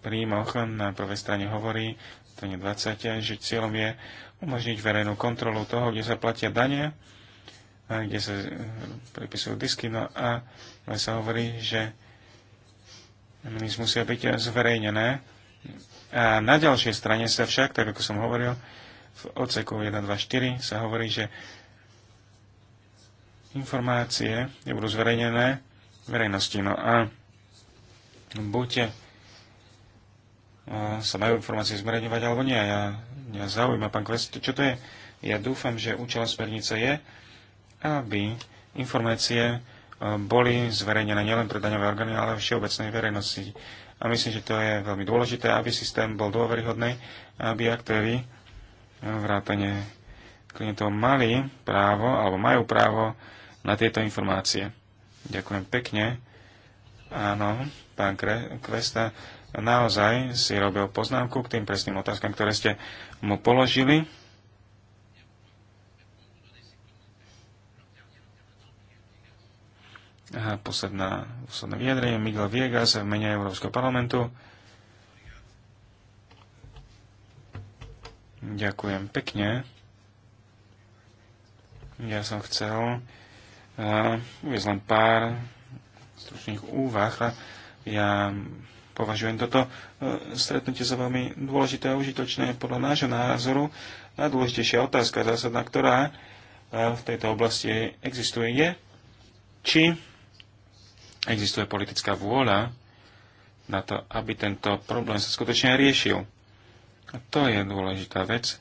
príjmoch na prvej strane hovorí, to nie 20, že cieľom je umožniť verejnú kontrolu toho, kde sa platia dane, kde sa e, pripisujú disky, no a ale sa hovorí, že mechanizmy musia byť zverejnené. A na ďalšej strane sa však, tak ako som hovoril, v oceku 1.2.4 sa hovorí, že informácie nebudú zverejnené verejnosti. No a buď eh, sa majú informácie zverejňovať alebo nie. Ja, mňa zaujíma, pán Kles, čo to je? Ja dúfam, že účel smernice je, aby informácie eh, boli zverejnené nielen pre daňové orgány, ale aj všeobecnej verejnosti. A myslím, že to je veľmi dôležité, aby systém bol dôveryhodný, aby aktéry eh, vrátane klientov mali právo, alebo majú právo na tieto informácie. Ďakujem pekne. Áno, pán Kvesta naozaj si robil poznámku k tým presným otázkam, ktoré ste mu položili. Aha, posledná, posledné vyjadrenie Miguel Viegas v mene Európskeho parlamentu. Ďakujem pekne. Ja som chcel je len pár stručných úvah. Ja považujem toto e, stretnutie za veľmi dôležité a užitočné podľa nášho názoru. Najdôležitejšia otázka zásadná, ktorá e, v tejto oblasti existuje, je, či existuje politická vôľa na to, aby tento problém sa skutočne riešil. A to je dôležitá vec.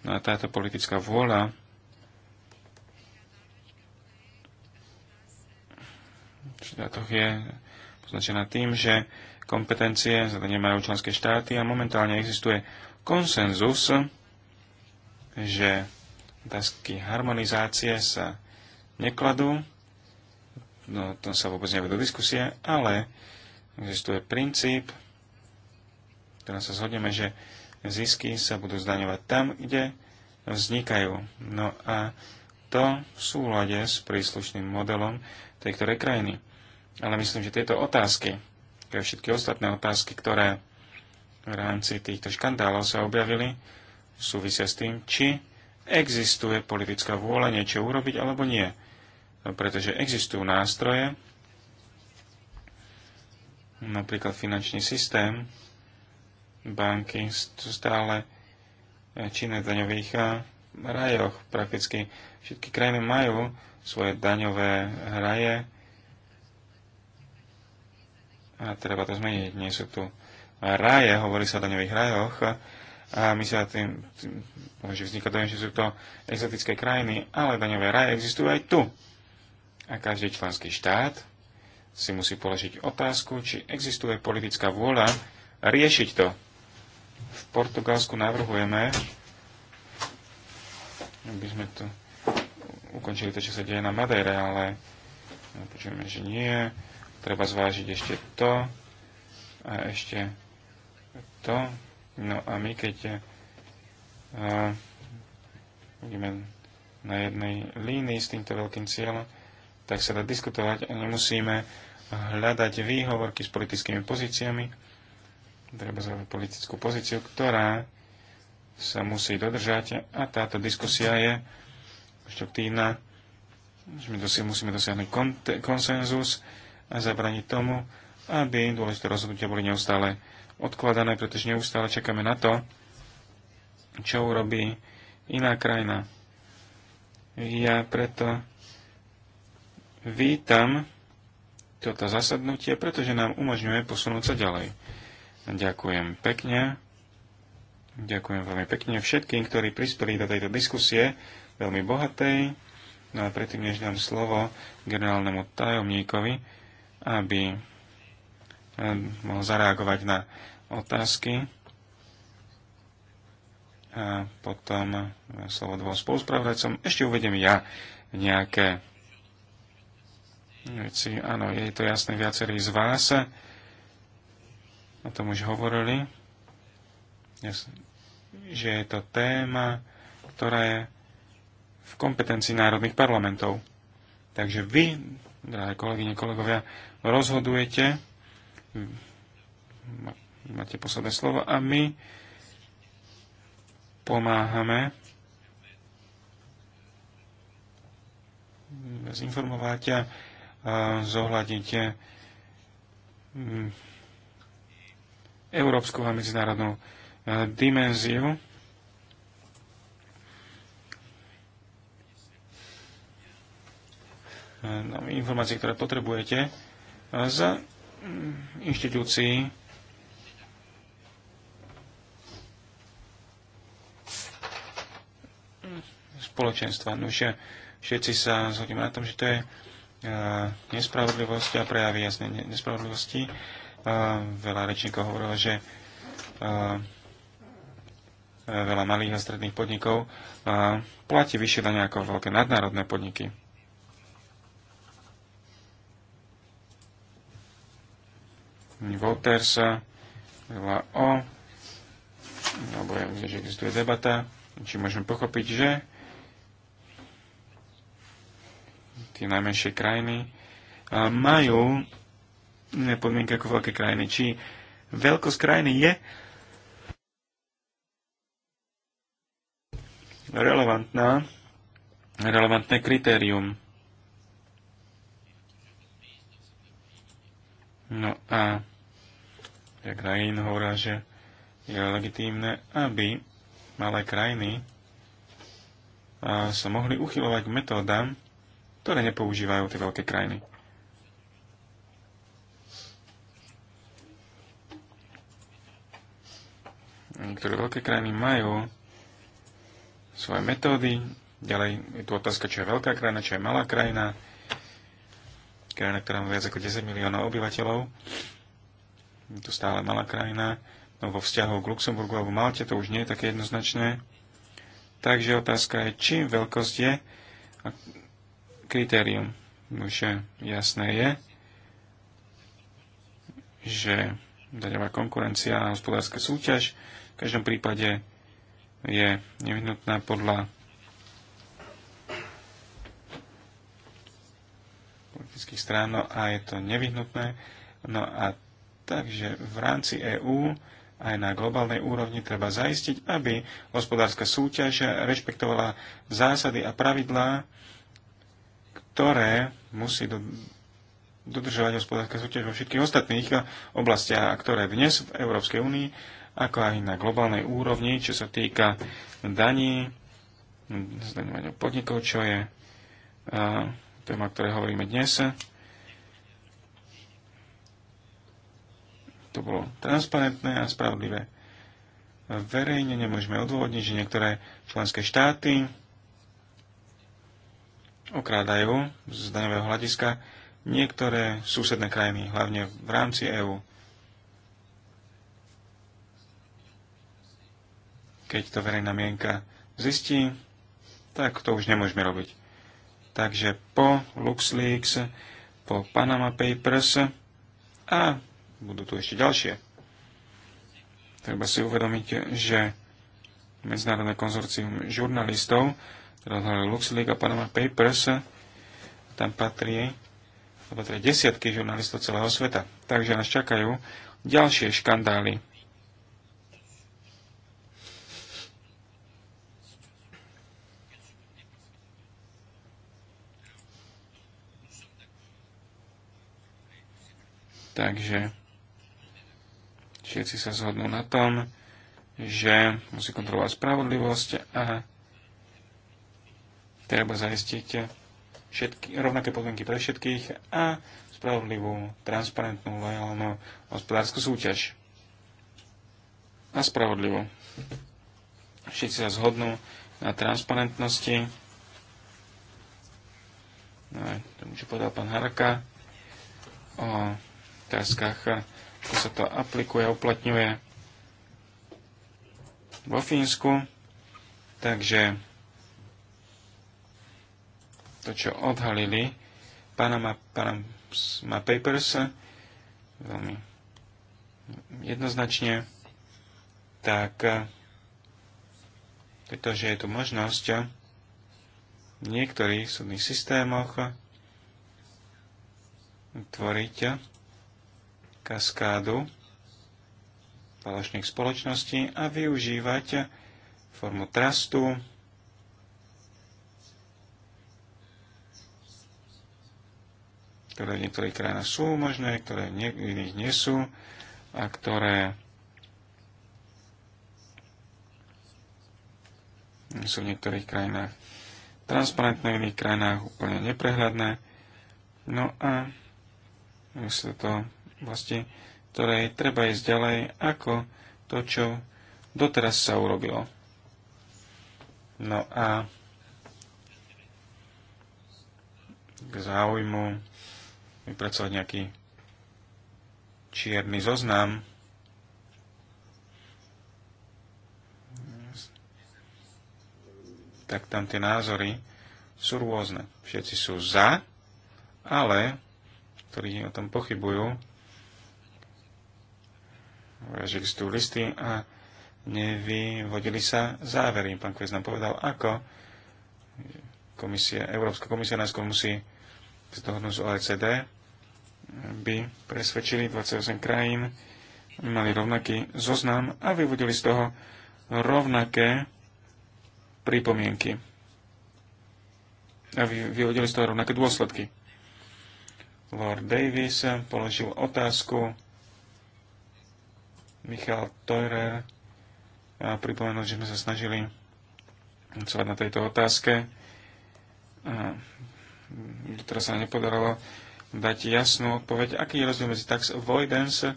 No a táto politická vôľa štátoch je poznačená tým, že kompetencie za to nemajú členské štáty a momentálne existuje konsenzus, že otázky harmonizácie sa nekladú, no to sa vôbec nevedú diskusie, ale existuje princíp, ktorom sa zhodneme, že zisky sa budú zdaňovať tam, kde vznikajú. No a to v súlade s príslušným modelom tej ktorej krajiny. Ale myslím, že tieto otázky, ako všetky ostatné otázky, ktoré v rámci týchto škandálov sa objavili, súvisia s tým, či existuje politická vôľa niečo urobiť alebo nie. No, pretože existujú nástroje, napríklad finančný systém, banky stále činné v daňových eh, rajoch. Prakticky všetky krajiny majú svoje daňové raje, a treba to zmeniť. Nie sú tu ráje, hovorí sa o daňových rajoch a my sa tým, tým že vzniká dojem, že sú to exotické krajiny, ale daňové raje existujú aj tu. A každý členský štát si musí položiť otázku, či existuje politická vôľa riešiť to. V Portugalsku navrhujeme, aby sme to ukončili to, čo sa deje na Madeire, ale počujeme, že nie treba zvážiť ešte to a ešte to. No a my keď uh, budeme na jednej línii s týmto veľkým cieľom, tak sa dá diskutovať a nemusíme hľadať výhovorky s politickými pozíciami. Treba zvážiť politickú pozíciu, ktorá sa musí dodržať a táto diskusia je konštruktívna. Musíme dosiahnuť konsenzus a zabraniť tomu, aby dôležité rozhodnutia boli neustále odkladané, pretože neustále čakáme na to, čo urobí iná krajina. Ja preto vítam toto zasadnutie, pretože nám umožňuje posunúť sa ďalej. Ďakujem pekne. Ďakujem veľmi pekne všetkým, ktorí prispeli do tejto diskusie, veľmi bohatej. No a predtým, než dám slovo generálnemu tajomníkovi, aby eh, mohol zareagovať na otázky. A potom eh, slovo dvom spoluspravodajcom. Ešte uvedem ja nejaké veci. Áno, je to jasné viacerí z vás. O tom už hovorili. Že je to téma, ktorá je v kompetencii národných parlamentov. Takže vy drahé kolegyne, kolegovia, rozhodujete, máte posledné slovo a my pomáhame vás informovať a zohľadniť e, európsku a medzinárodnú e, dimenziu. No, informácie, ktoré potrebujete e, z mm, inštitúcií spoločenstva. No, že všetci sa zhodneme na tom, že to je e, nespravodlivosť a prejavy jasnej nespravodlivosti. E, veľa rečníkov hovorilo, že veľa malých a stredných podnikov platí vyššie dane ako veľké nadnárodné podniky. Voltersa veľa o alebo ja že existuje debata, či môžeme pochopiť, že tie najmenšie krajiny majú iné podmienky ako veľké krajiny. Či veľkosť krajiny je relevantná, relevantné kritérium. No a krajín hovorí, že je legitímne, aby malé krajiny sa mohli uchylovať k metódam, ktoré nepoužívajú tie veľké krajiny. Ktoré veľké krajiny majú svoje metódy, ďalej je tu otázka, čo je veľká krajina, čo je malá krajina, krajina, ktorá má viac ako 10 miliónov obyvateľov, je to stále malá krajina, no vo vzťahu k Luxemburgu alebo Malte to už nie je také jednoznačné. Takže otázka je, čím veľkosť je kritérium. Už jasné je, že daňová konkurencia a hospodárska súťaž v každom prípade je nevyhnutná podľa politických strán no a je to nevyhnutné. No a Takže v rámci EÚ aj na globálnej úrovni treba zaistiť, aby hospodárska súťaž rešpektovala zásady a pravidlá, ktoré musí do, dodržovať hospodárska súťaž vo všetkých ostatných oblastiach, a ktoré dnes v Európskej únii, ako aj na globálnej úrovni, čo sa týka daní, zdaňovania podnikov, čo je téma, ktoré hovoríme dnes, to bolo transparentné a spravodlivé. Verejne nemôžeme odôvodniť, že niektoré členské štáty okrádajú z daňového hľadiska niektoré susedné krajiny, hlavne v rámci EÚ. Keď to verejná mienka zistí, tak to už nemôžeme robiť. Takže po LuxLeaks, po Panama Papers a budú tu ešte ďalšie. Treba si uvedomiť, že Medzinárodné konzorcium žurnalistov, teda LuxLeaks a Panama Papers, tam patrí, patrí desiatky žurnalistov celého sveta. Takže nás čakajú ďalšie škandály. Takže všetci sa zhodnú na tom, že musí kontrolovať spravodlivosť a treba zaistiť všetky, rovnaké podmienky pre všetkých a spravodlivú, transparentnú, lojálnu hospodárskú súťaž. A spravodlivú. Všetci sa zhodnú na transparentnosti. No, to čo povedal pán Haraka o otázkach tu sa to aplikuje a uplatňuje vo Fínsku. Takže to, čo odhalili Panama, Panama Papers, veľmi jednoznačne, tak pretože je tu možnosť v niektorých súdnych systémoch tvoriť kaskádu falošných spoločností a využívať formu trastu, ktoré v niektorých krajinách sú možné, ktoré v iných nie sú a ktoré sú v niektorých krajinách transparentné, v iných krajinách úplne neprehľadné. No a musí to vlastne, ktoré treba ísť ďalej ako to, čo doteraz sa urobilo. No a k záujmu vypracovať nejaký čierny zoznam tak tam tie názory sú rôzne. Všetci sú za, ale ktorí o tom pochybujú, že existujú listy a nevyvodili sa závery. Pán Kvez nám povedal, ako komisia, Európska komisia nás musí zdohodnúť z OECD, by presvedčili 28 krajín, mali rovnaký zoznam a vyvodili z toho rovnaké pripomienky. A vyvodili z toho rovnaké dôsledky. Lord Davis položil otázku Michal Teurer pripomenúť, že sme sa snažili pracovať na tejto otázke. Teraz sa nepodarilo dať jasnú odpoveď, aký je rozdiel medzi tax avoidance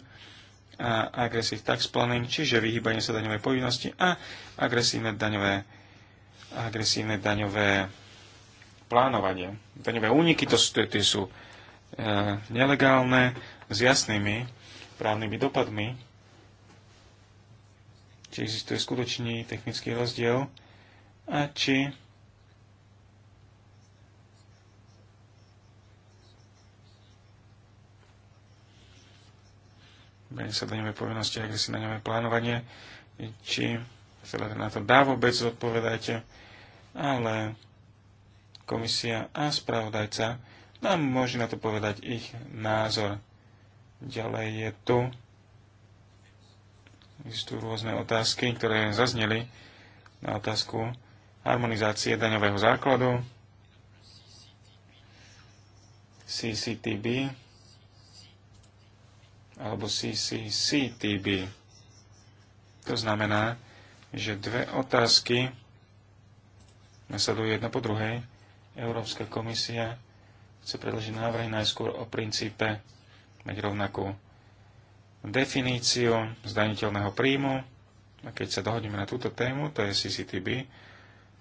a agresív tax planning, čiže vyhýbanie sa daňovej povinnosti a agresívne daňové, agresívne daňové plánovanie. Daňové úniky to, to, to sú e, nelegálne s jasnými právnymi dopadmi či existuje skutočný technický rozdiel a či bere sa daňové povinnosti, ak si daňové plánovanie, či sa na to dá vôbec zodpovedať, ale komisia a spravodajca nám môže na to povedať ich názor. Ďalej je tu existujú rôzne otázky, ktoré zazneli na otázku harmonizácie daňového základu, CCTB alebo CCCTB. To znamená, že dve otázky nasledujú jedna po druhej. Európska komisia chce predložiť návrhy najskôr o princípe mať rovnakú definíciu zdaniteľného príjmu. A keď sa dohodneme na túto tému, to je CCTB,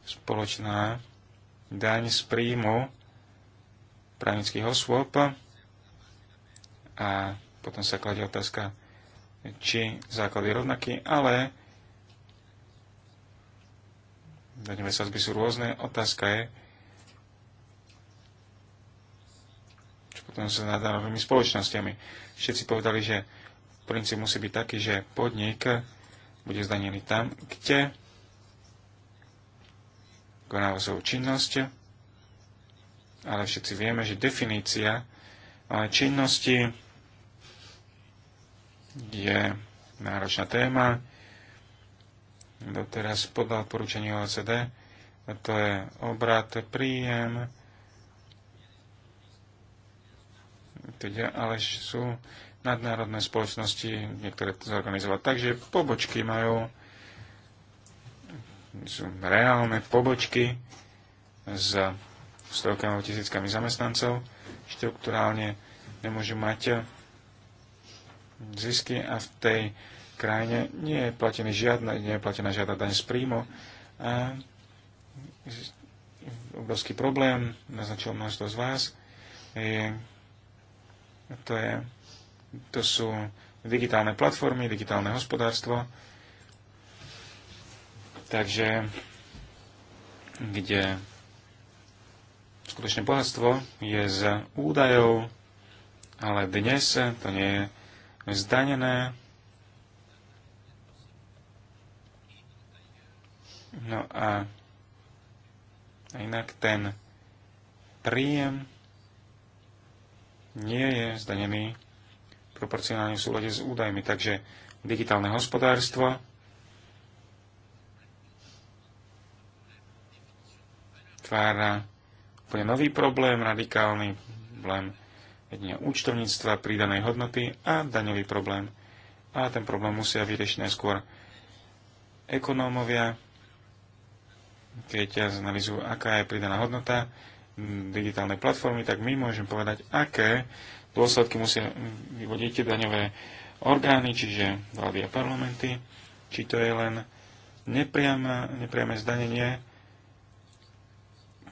spoločná daň z príjmu právnických osôb. A potom sa kladie otázka, či základ je rovnaký, ale daňové sazby sú rôzne. Otázka je, či potom sa nadá novými spoločnosťami. Všetci povedali, že princíp musí byť taký, že podnik bude zdanený tam, kde konáva svoju činnosť, ale všetci vieme, že definícia eh, činnosti je náročná téma. Doteraz podľa odporúčania OECD to je obrat, príjem, ale sú nadnárodné spoločnosti, niektoré to zorganizovať tak, že pobočky majú, sú reálne pobočky s stovkami tisíckami zamestnancov, štruktúrálne nemôžu mať zisky a v tej krajine nie je, platený žiadna, nie je platená žiadna daň z príjmu. A obrovský problém, naznačil množstvo z vás, je, to je to sú digitálne platformy, digitálne hospodárstvo. Takže kde skutočne bohatstvo je z údajov, ale dnes to nie je zdanené. No a inak ten príjem nie je zdanený proporcionálne v súlade s údajmi. Takže digitálne hospodárstvo tvára úplne nový problém, radikálny problém jedine účtovníctva, pridanej hodnoty a daňový problém. A ten problém musia vyriešiť najskôr ekonómovia, keď zanalizujú, aká je pridaná hodnota digitálnej platformy, tak my môžeme povedať, aké dôsledky musia vyvodiť daňové orgány, čiže vlády a parlamenty, či to je len nepriame, nepriame zdanenie,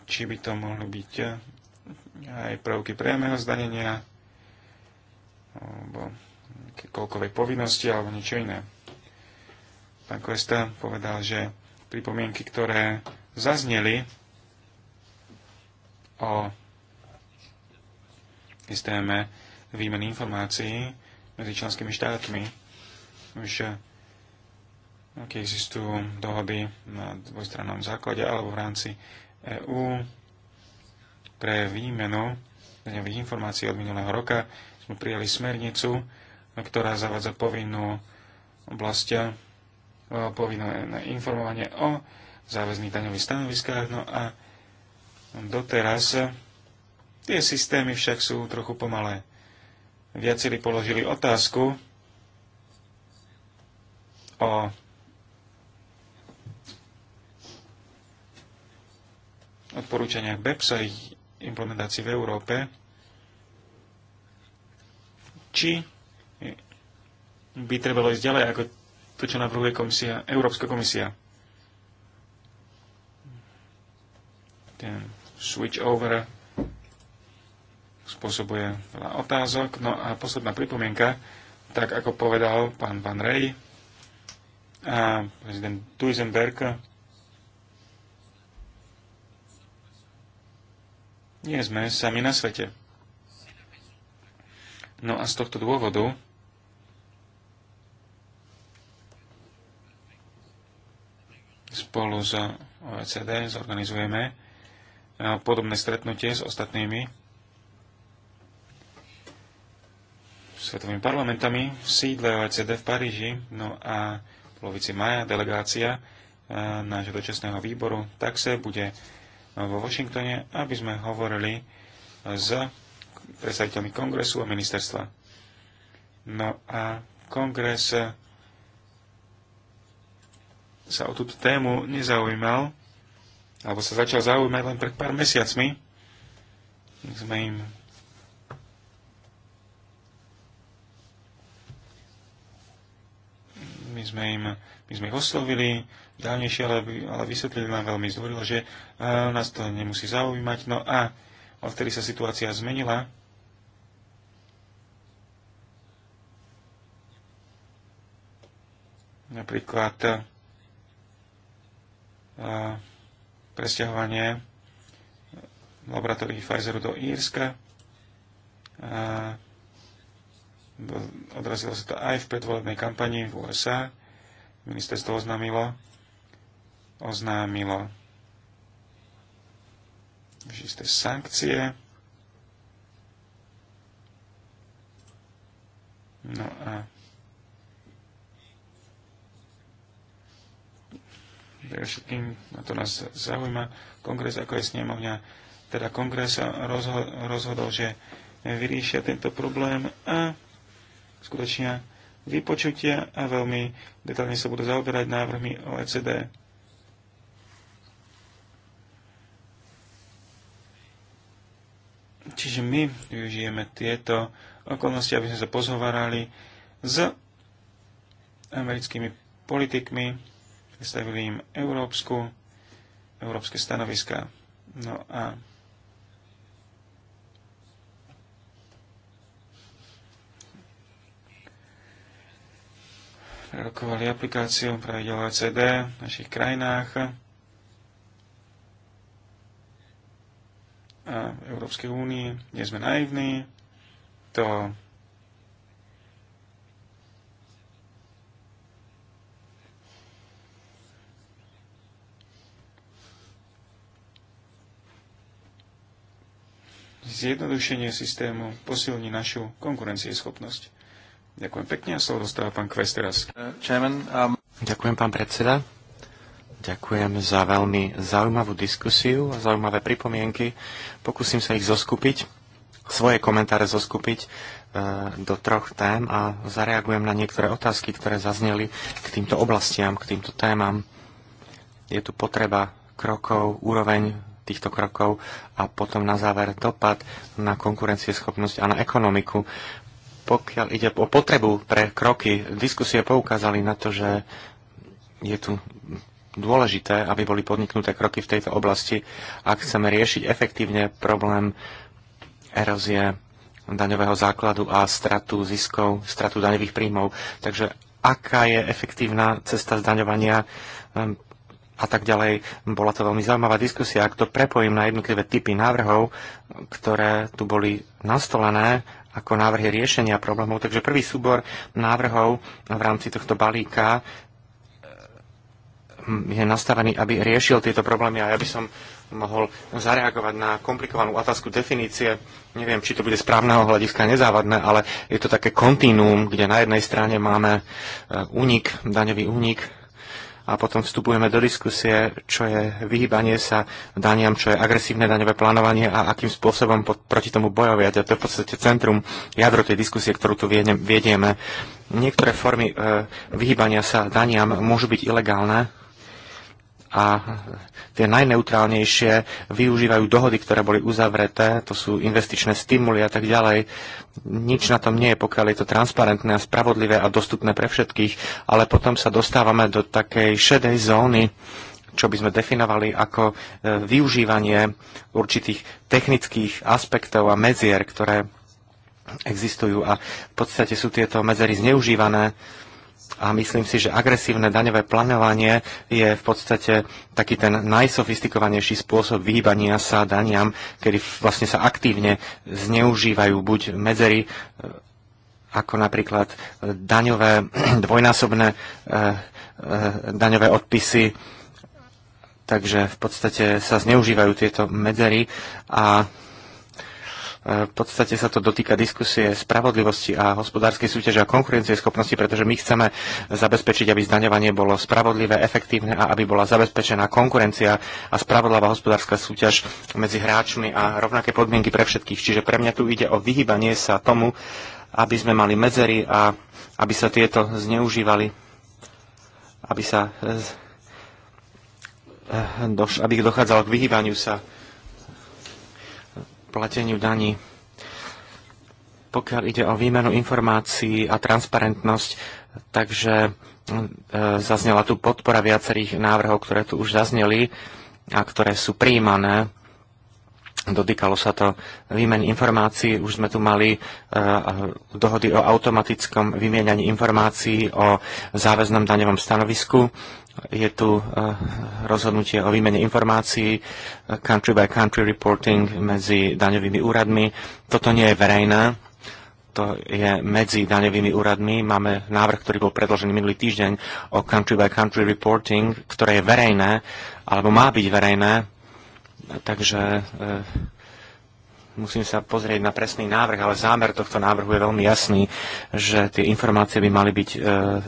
či by to mohli byť eh, aj prvky priamého zdanenia, alebo koľkovej povinnosti, alebo niečo iné. Pán Kvesta povedal, že pripomienky, ktoré zazneli o systéme výmeny informácií medzi členskými štátmi. Už keď existujú dohody na dvojstrannom základe alebo v rámci EÚ pre výmenu daňových informácií od minulého roka sme prijali smernicu, ktorá zavádza povinnú oblasť e, povinné informovanie o záväzných daňových stanoviskách. No a doteraz Tie systémy však sú trochu pomalé. Viacerí položili otázku o odporúčaniach BEPS a ich implementácii v Európe, či by trebalo ísť ďalej ako to, čo navrhuje komisia, Európska komisia. Ten switch over spôsobuje veľa otázok. No a posledná pripomienka, tak ako povedal pán Van Rej a prezident Duisenberg, nie sme sami na svete. No a z tohto dôvodu spolu s OECD zorganizujeme no, podobné stretnutie s ostatnými svetovými parlamentami v sídle OECD v Paríži. No a v polovici maja delegácia e, nášho dočasného výboru taxe bude e, vo Washingtone, aby sme hovorili e, s predstaviteľmi kongresu a ministerstva. No a kongres sa o túto tému nezaujímal, alebo sa začal zaujímať len pred pár mesiacmi. Sme im sme, im, my sme ich oslovili dávnejšie, ale, ale vysvetlili nám veľmi zdvorilo, že a, e, nás to nemusí zaujímať. No a odtedy sa situácia zmenila. Napríklad a, e, presťahovanie laboratórií Pfizeru do Írska. A, e, Odrazilo sa to aj v predvolebnej kampani v USA. Ministerstvo oznámilo, oznámilo že isté sankcie. No a všetkým, na to nás zaujíma, kongres ako je snemovňa, teda kongres rozho- rozhodol, že vyriešia tento problém a skutočne vypočutia a veľmi detálne sa budú zaoberať návrhmi OECD. Čiže my využijeme tieto okolnosti, aby sme sa pozhovarali s americkými politikmi, predstavili im európsku, európske stanoviská. No a prerokovali aplikáciu pravidel OECD v našich krajinách a v Európskej únii. Nie sme naivní. To zjednodušenie systému posilní našu konkurencieschopnosť. Ďakujem pekne a slovo dostáva pán Kvest teraz. Uh, um, Ďakujem, pán predseda. Ďakujem za veľmi zaujímavú diskusiu a zaujímavé pripomienky. Pokúsim sa ich zoskupiť, svoje komentáre zoskupiť uh, do troch tém a zareagujem na niektoré otázky, ktoré zazneli k týmto oblastiam, k týmto témam. Je tu potreba krokov, úroveň týchto krokov a potom na záver dopad na konkurencieschopnosť a na ekonomiku pokiaľ ide o potrebu pre kroky, diskusie poukázali na to, že je tu dôležité, aby boli podniknuté kroky v tejto oblasti, ak chceme riešiť efektívne problém erózie daňového základu a stratu ziskov, stratu daňových príjmov. Takže aká je efektívna cesta zdaňovania ehm, a tak ďalej. Bola to veľmi zaujímavá diskusia. Ak to prepojím na jednotlivé typy návrhov, ktoré tu boli nastolené ako návrhy riešenia problémov. Takže prvý súbor návrhov v rámci tohto balíka eh, je nastavený, aby riešil tieto problémy a ja by som mohol zareagovať na komplikovanú otázku definície. Neviem, či to bude správneho hľadiska nezávadné, ale je to také kontinuum, kde na jednej strane máme eh, únik, daňový únik, a potom vstupujeme do diskusie, čo je vyhýbanie sa daniam, čo je agresívne daňové plánovanie a akým spôsobom pod, proti tomu bojovať. A to je v podstate centrum, jadro tej diskusie, ktorú tu viedieme. Niektoré formy e, vyhýbania sa daniam môžu byť ilegálne, a tie najneutrálnejšie využívajú dohody, ktoré boli uzavreté, to sú investičné stimuly a tak ďalej. Nič na tom nie je, pokiaľ je to transparentné a spravodlivé a dostupné pre všetkých, ale potom sa dostávame do takej šedej zóny, čo by sme definovali ako e, využívanie určitých technických aspektov a medzier, ktoré existujú a v podstate sú tieto medzery zneužívané a myslím si, že agresívne daňové plánovanie je v podstate taký ten najsofistikovanejší spôsob vyhýbania sa daniam, kedy vlastne sa aktívne zneužívajú buď medzery, e, ako napríklad daňové dvojnásobné e, e, daňové odpisy, takže v podstate sa zneužívajú tieto medzery a E, v podstate sa to dotýka diskusie spravodlivosti a hospodárskej súťaže a konkurencie schopnosti, pretože my chceme zabezpečiť, aby zdaňovanie bolo spravodlivé, efektívne a aby bola zabezpečená konkurencia a spravodlivá hospodárska súťaž medzi hráčmi a rovnaké podmienky pre všetkých. Čiže pre mňa tu ide o vyhybanie sa tomu, aby sme mali medzery a aby sa tieto zneužívali, aby sa e, aby dochádzalo k vyhýbaniu sa plateniu daní. Pokiaľ ide o výmenu informácií a transparentnosť, takže e, zaznela tu podpora viacerých návrhov, ktoré tu už zazneli a ktoré sú príjmané. Dotýkalo sa to výmen informácií, už sme tu mali uh, dohody o automatickom vymieňaní informácií o záväznom daňovom stanovisku je tu eh, rozhodnutie o výmene informácií, eh, country by country reporting medzi daňovými úradmi. Toto nie je verejné, to je medzi daňovými úradmi. Máme návrh, ktorý bol predložený minulý týždeň o country by country reporting, ktoré je verejné, alebo má byť verejné. Takže eh, Musím sa pozrieť na presný návrh, ale zámer tohto návrhu je veľmi jasný, že tie informácie by mali byť e,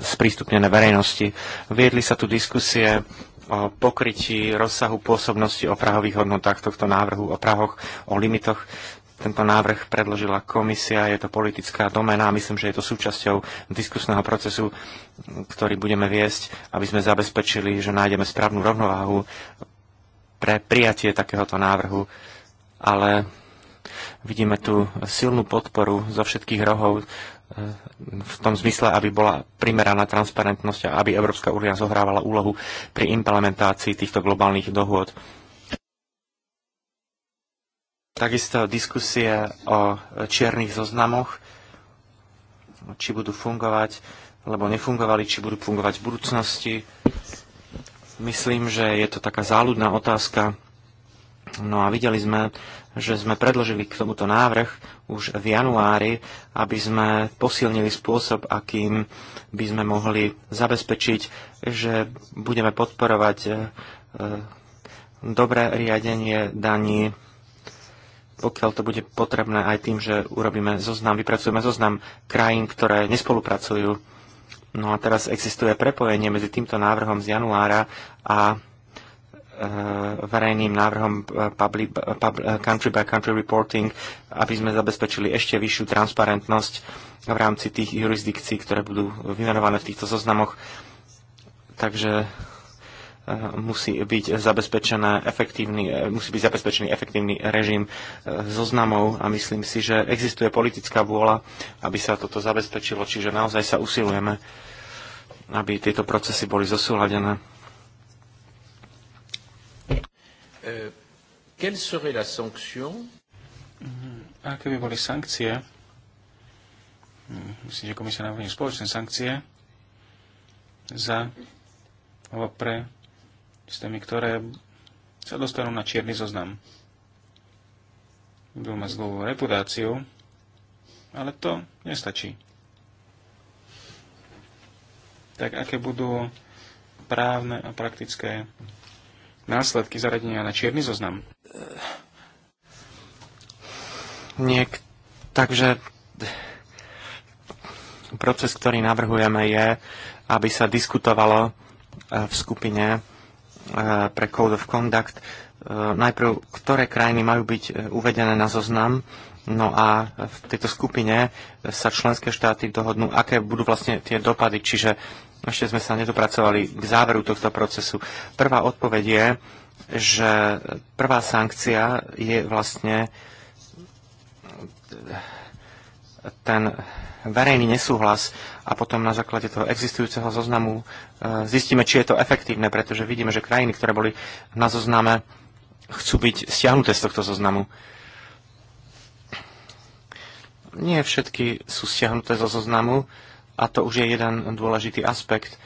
sprístupnené verejnosti. Viedli sa tu diskusie o pokrytí rozsahu pôsobnosti, o prahových hodnotách tohto návrhu, o prahoch, o limitoch. Tento návrh predložila komisia, je to politická domena a myslím, že je to súčasťou diskusného procesu, ktorý budeme viesť, aby sme zabezpečili, že nájdeme správnu rovnováhu pre prijatie takéhoto návrhu. Ale Vidíme tu silnú podporu zo všetkých rohov e, v tom zmysle, aby bola primeraná transparentnosť a aby Európska únia zohrávala úlohu pri implementácii týchto globálnych dohôd. Takisto diskusie o čiernych zoznamoch, či budú fungovať, alebo nefungovali, či budú fungovať v budúcnosti. Myslím, že je to taká záľudná otázka. No a videli sme, že sme predložili k tomuto návrh už v januári, aby sme posilnili spôsob, akým by sme mohli zabezpečiť, že budeme podporovať e, dobré riadenie daní, pokiaľ to bude potrebné aj tým, že urobíme zoznam, vypracujeme zoznam krajín, ktoré nespolupracujú. No a teraz existuje prepojenie medzi týmto návrhom z januára a Eh, verejným návrhom public, eh, public, eh, country by country reporting, aby sme zabezpečili ešte vyššiu transparentnosť v rámci tých jurisdikcií, ktoré budú vymenované v týchto zoznamoch. Takže musí byť zabezpečené efektívny, musí byť zabezpečený efektívny režim zoznamov a myslím si, že existuje politická vôľa, aby sa toto zabezpečilo, čiže naozaj sa usilujeme, aby tieto procesy boli zosúladené Euh, quelle serait la sanction mhm. Aké by boli sankcie? Mhm, myslím, že komisia navrhne spoločné sankcie za alebo pre systémy, ktoré sa dostanú na čierny zoznam. Budú mať zlú reputáciu, ale to nestačí. Tak aké budú právne a praktické následky zaradenia na čierny zoznam? Niek- takže proces, ktorý navrhujeme, je, aby sa diskutovalo e, v skupine e, pre Code of Conduct e, najprv, ktoré krajiny majú byť uvedené na zoznam, no a v tejto skupine sa členské štáty dohodnú, aké budú vlastne tie dopady, čiže ešte sme sa nedopracovali k záveru tohto procesu. Prvá odpoveď je, že prvá sankcia je vlastne ten verejný nesúhlas a potom na základe toho existujúceho zoznamu e, zistíme, či je to efektívne, pretože vidíme, že krajiny, ktoré boli na zozname, chcú byť stiahnuté z tohto zoznamu. Nie všetky sú stiahnuté zo zoznamu, a to už je jeden dôležitý aspekt.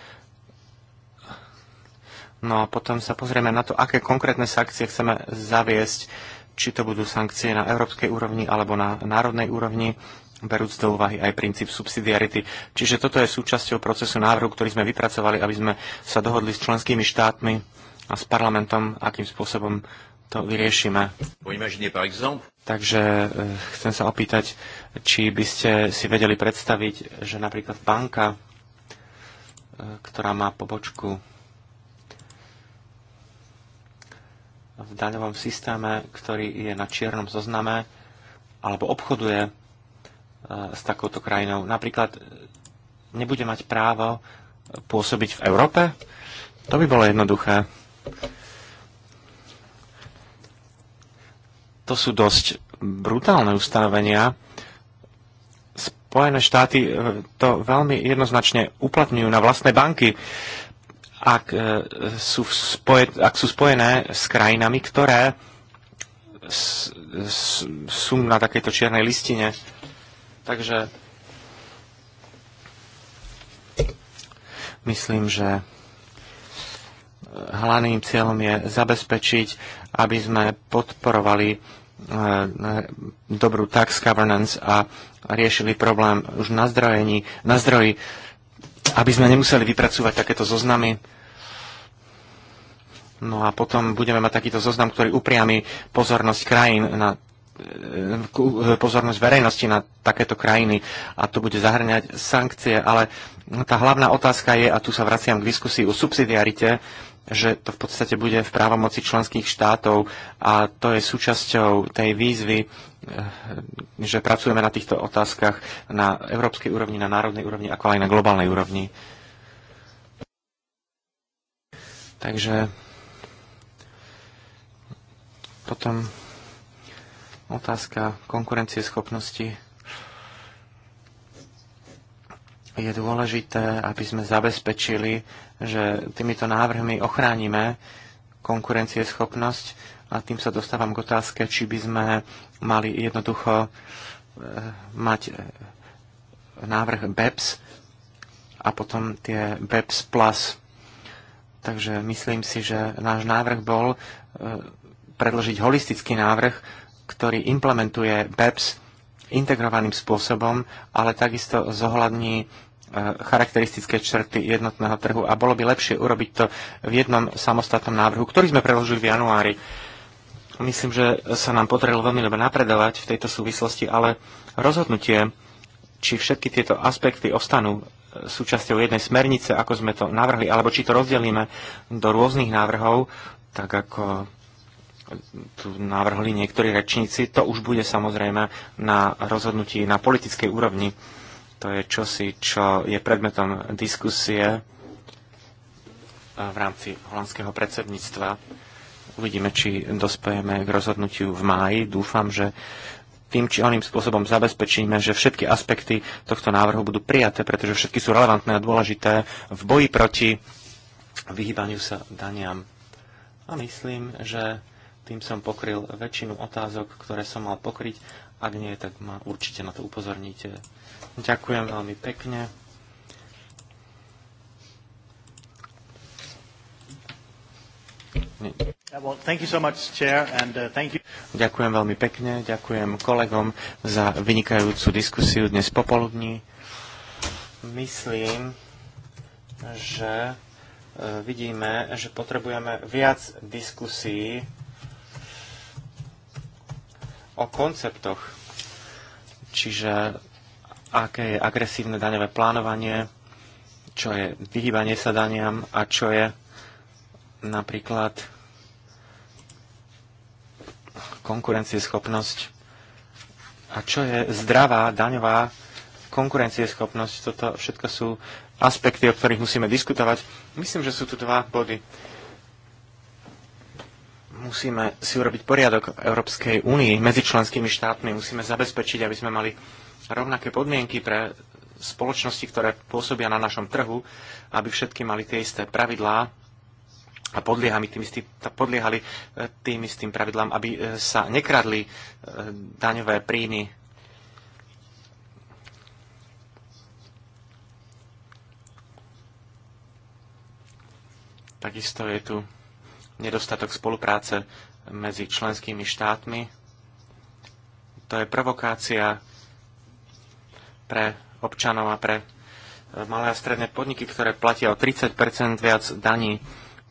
No a potom sa pozrieme na to, aké konkrétne sankcie chceme zaviesť, či to budú sankcie na európskej úrovni alebo na národnej úrovni, berúc do úvahy aj princíp subsidiarity. Čiže toto je súčasťou procesu návrhu, ktorý sme vypracovali, aby sme sa dohodli s členskými štátmi a s parlamentom, akým spôsobom to vyriešime. Takže eh, chcem sa opýtať, či by ste si vedeli predstaviť, že napríklad banka, e, ktorá má pobočku v daňovom systéme, ktorý je na čiernom zozname, alebo obchoduje e, s takouto krajinou, napríklad nebude mať právo pôsobiť v Európe? To by bolo jednoduché. To sú dosť brutálne ustanovenia, Spojené štáty e, to veľmi jednoznačne uplatňujú na vlastné banky, ak e, sú, spoje, ak sú spojené s krajinami, ktoré s, s, sú na takejto čiernej listine. Takže myslím, že hlavným cieľom je zabezpečiť, aby sme podporovali dobrú tax governance a riešili problém už na, zdrojení, na zdroji, aby sme nemuseli vypracovať takéto zoznamy. No a potom budeme mať takýto zoznam, ktorý upriami pozornosť krajín na pozornosť verejnosti na takéto krajiny a to bude zahrňať sankcie, ale tá hlavná otázka je, a tu sa vraciam k diskusii o subsidiarite, že to v podstate bude v právomoci členských štátov a to je súčasťou tej výzvy, eh, že pracujeme na týchto otázkach na európskej úrovni, na národnej úrovni, ako aj na globálnej úrovni. Takže potom otázka konkurencie schopnosti je dôležité, aby sme zabezpečili, že týmito návrhmi ochránime konkurencieschopnosť a tým sa dostávam k otázke, či by sme mali jednoducho e, mať e, návrh BEPS a potom tie BEPS Plus. Takže myslím si, že náš návrh bol e, predložiť holistický návrh, ktorý implementuje BEPS integrovaným spôsobom, ale takisto zohľadní e, charakteristické črty jednotného trhu a bolo by lepšie urobiť to v jednom samostatnom návrhu, ktorý sme preložili v januári. Myslím, že sa nám podarilo veľmi dobre napredovať v tejto súvislosti, ale rozhodnutie, či všetky tieto aspekty ostanú e, súčasťou jednej smernice, ako sme to navrhli, alebo či to rozdelíme do rôznych návrhov, tak ako tu navrhli niektorí rečníci, to už bude samozrejme na rozhodnutí na politickej úrovni. To je čosi, čo je predmetom diskusie e, v rámci holandského predsedníctva. Uvidíme, či dospejeme k rozhodnutiu v máji. Dúfam, že tým či oným spôsobom zabezpečíme, že všetky aspekty tohto návrhu budú prijaté, pretože všetky sú relevantné a dôležité v boji proti vyhýbaniu sa daniam. A myslím, že tým som pokryl väčšinu otázok, ktoré som mal pokryť. Ak nie, tak ma určite na to upozorníte. Ďakujem veľmi pekne. Uh, ďakujem veľmi pekne, ďakujem kolegom za vynikajúcu diskusiu dnes popoludní. Myslím, že e, vidíme, že potrebujeme viac diskusí o konceptoch. Čiže aké je agresívne daňové plánovanie, čo je vyhýbanie sa daniam a čo je napríklad konkurencieschopnosť a čo je zdravá daňová konkurencieschopnosť. Toto všetko sú aspekty, o ktorých musíme diskutovať. Myslím, že sú tu dva body Musíme si urobiť poriadok Európskej únii medzi členskými štátmi. Musíme zabezpečiť, aby sme mali rovnaké podmienky pre spoločnosti, ktoré pôsobia na našom trhu, aby všetky mali tie isté pravidlá a podliehali tým, istým, podliehali e, tým istým pravidlám, aby e, sa nekradli e, daňové príjmy. Takisto je tu nedostatok spolupráce medzi členskými štátmi. To je provokácia pre občanov a pre eh, malé a stredné podniky, ktoré platia o 30 viac daní,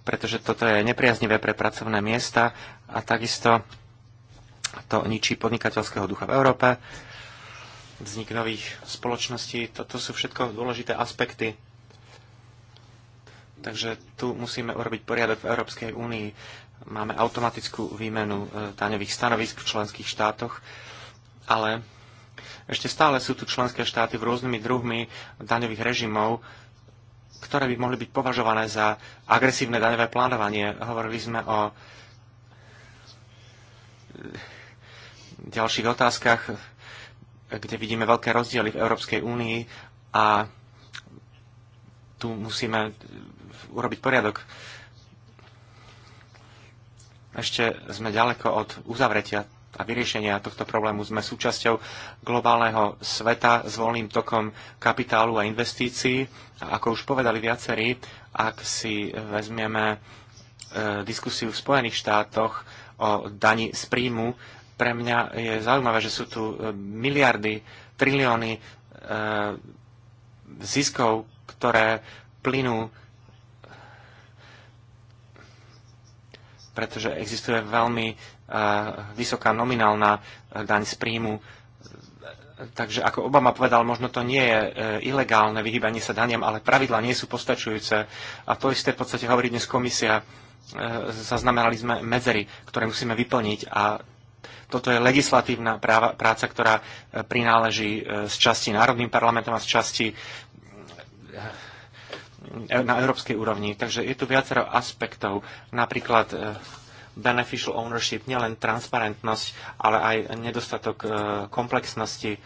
pretože toto je nepriaznivé pre pracovné miesta a takisto to ničí podnikateľského ducha v Európe, vznik nových spoločností. Toto sú všetko dôležité aspekty Takže tu musíme urobiť poriadok v Európskej únii. Máme automatickú výmenu e, daňových stanovisk v členských štátoch, ale ešte stále sú tu členské štáty v rôznymi druhmi daňových režimov, ktoré by mohli byť považované za agresívne daňové plánovanie. Hovorili sme o ďalších otázkach, kde vidíme veľké rozdiely v Európskej únii a tu musíme urobiť poriadok. Ešte sme ďaleko od uzavretia a vyriešenia tohto problému. Sme súčasťou globálneho sveta s voľným tokom kapitálu a investícií. A ako už povedali viacerí, ak si vezmeme e, diskusiu v Spojených štátoch o dani z príjmu, pre mňa je zaujímavé, že sú tu e, miliardy, trilióny e, ziskov, ktoré plynú pretože existuje veľmi e, vysoká nominálna e, daň z príjmu. Takže ako Obama povedal, možno to nie je e, ilegálne vyhýbanie sa daniam, ale pravidlá nie sú postačujúce. A to isté v podstate hovorí dnes komisia. Zaznamenali sme medzery, ktoré musíme vyplniť a toto je legislatívna práva, práca, ktorá prináleží z časti národným parlamentom a z časti na európskej úrovni. Takže je tu viacero aspektov, napríklad e, beneficial ownership, nielen transparentnosť, ale aj nedostatok e, komplexnosti.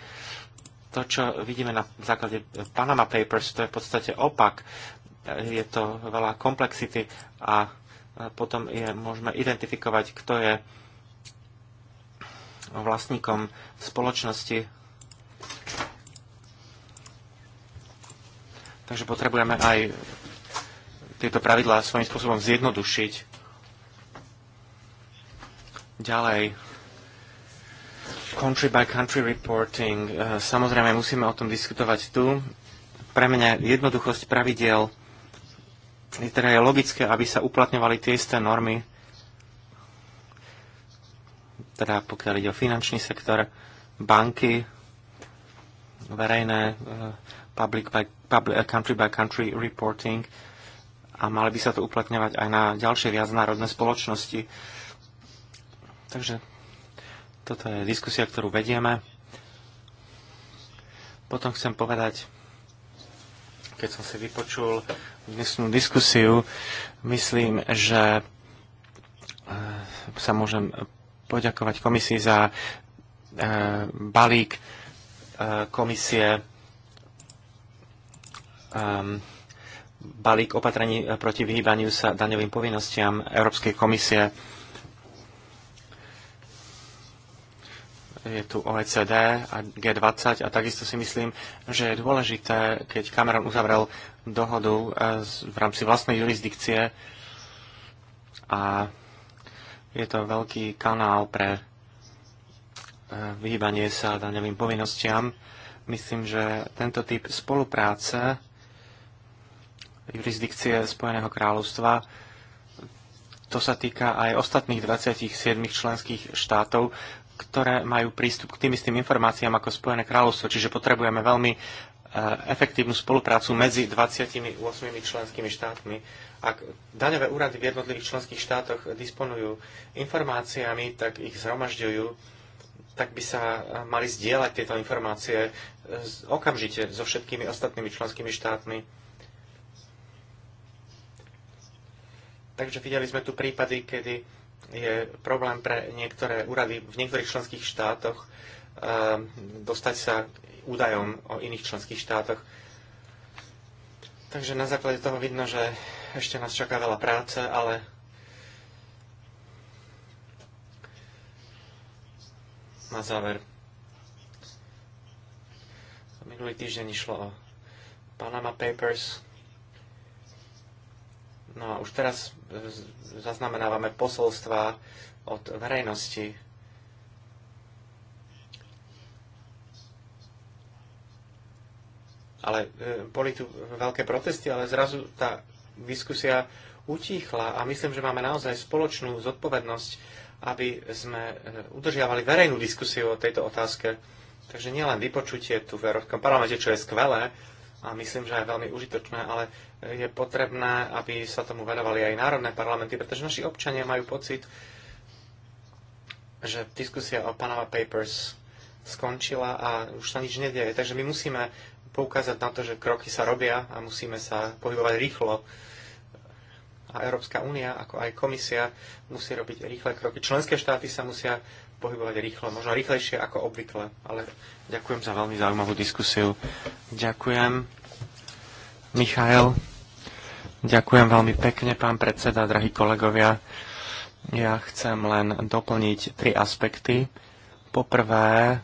To, čo vidíme na základe Panama Papers, to je v podstate opak. Je to veľa komplexity a e, potom je, môžeme identifikovať, kto je vlastníkom spoločnosti Takže potrebujeme aj tieto pravidlá svojím spôsobom zjednodušiť. Ďalej, country by country reporting. E, samozrejme, musíme o tom diskutovať tu. Pre mňa jednoduchosť pravidel je teda je logické, aby sa uplatňovali tie isté normy, teda pokiaľ ide o finančný sektor, banky, verejné e, public by, public, uh, country by country reporting a mali by sa to uplatňovať aj na ďalšie viacnárodné spoločnosti. Takže toto je diskusia, ktorú vedieme. Potom chcem povedať, keď som si vypočul dnešnú diskusiu, myslím, že eh, sa môžem poďakovať komisii za eh, balík eh, komisie Ehm, balík opatrení eh, proti vyhýbaniu sa daňovým povinnostiam Európskej komisie. Je tu OECD a G20 a takisto si myslím, že je dôležité, keď Cameron uzavrel dohodu eh, v rámci vlastnej jurisdikcie a je to veľký kanál pre eh, vyhýbanie sa daňovým povinnostiam. Myslím, že tento typ spolupráce jurisdikcie Spojeného kráľovstva. To sa týka aj ostatných 27 členských štátov, ktoré majú prístup k tým istým informáciám ako Spojené kráľovstvo. Čiže potrebujeme veľmi e, efektívnu spoluprácu medzi 28 členskými štátmi. Ak daňové úrady v jednotlivých členských štátoch disponujú informáciami, tak ich zhromažďujú, tak by sa e, mali zdieľať tieto informácie e, okamžite so všetkými ostatnými členskými štátmi Takže videli sme tu prípady, kedy je problém pre niektoré úrady v niektorých členských štátoch eh, dostať sa údajom o iných členských štátoch. Takže na základe toho vidno, že ešte nás čaká veľa práce, ale na záver. Minulý týždeň išlo o Panama Papers. No a už teraz zaznamenávame posolstva od verejnosti. Ale e, boli tu veľké protesty, ale zrazu tá diskusia utíchla a myslím, že máme naozaj spoločnú zodpovednosť, aby sme e, udržiavali verejnú diskusiu o tejto otázke. Takže nielen vypočutie tu v Európskom parlamente, čo je skvelé, a myslím, že je veľmi užitočné, ale je potrebné, aby sa tomu venovali aj národné parlamenty, pretože naši občania majú pocit, že diskusia o Panama Papers skončila a už sa nič nedieje. Takže my musíme poukázať na to, že kroky sa robia a musíme sa pohybovať rýchlo. A Európska únia, ako aj komisia, musí robiť rýchle kroky. Členské štáty sa musia pohybovať rýchlo, možno rýchlejšie ako obvykle, ale ďakujem za veľmi zaujímavú diskusiu. Ďakujem. Michail. ďakujem veľmi pekne, pán predseda, drahí kolegovia. Ja chcem len doplniť tri aspekty. Poprvé,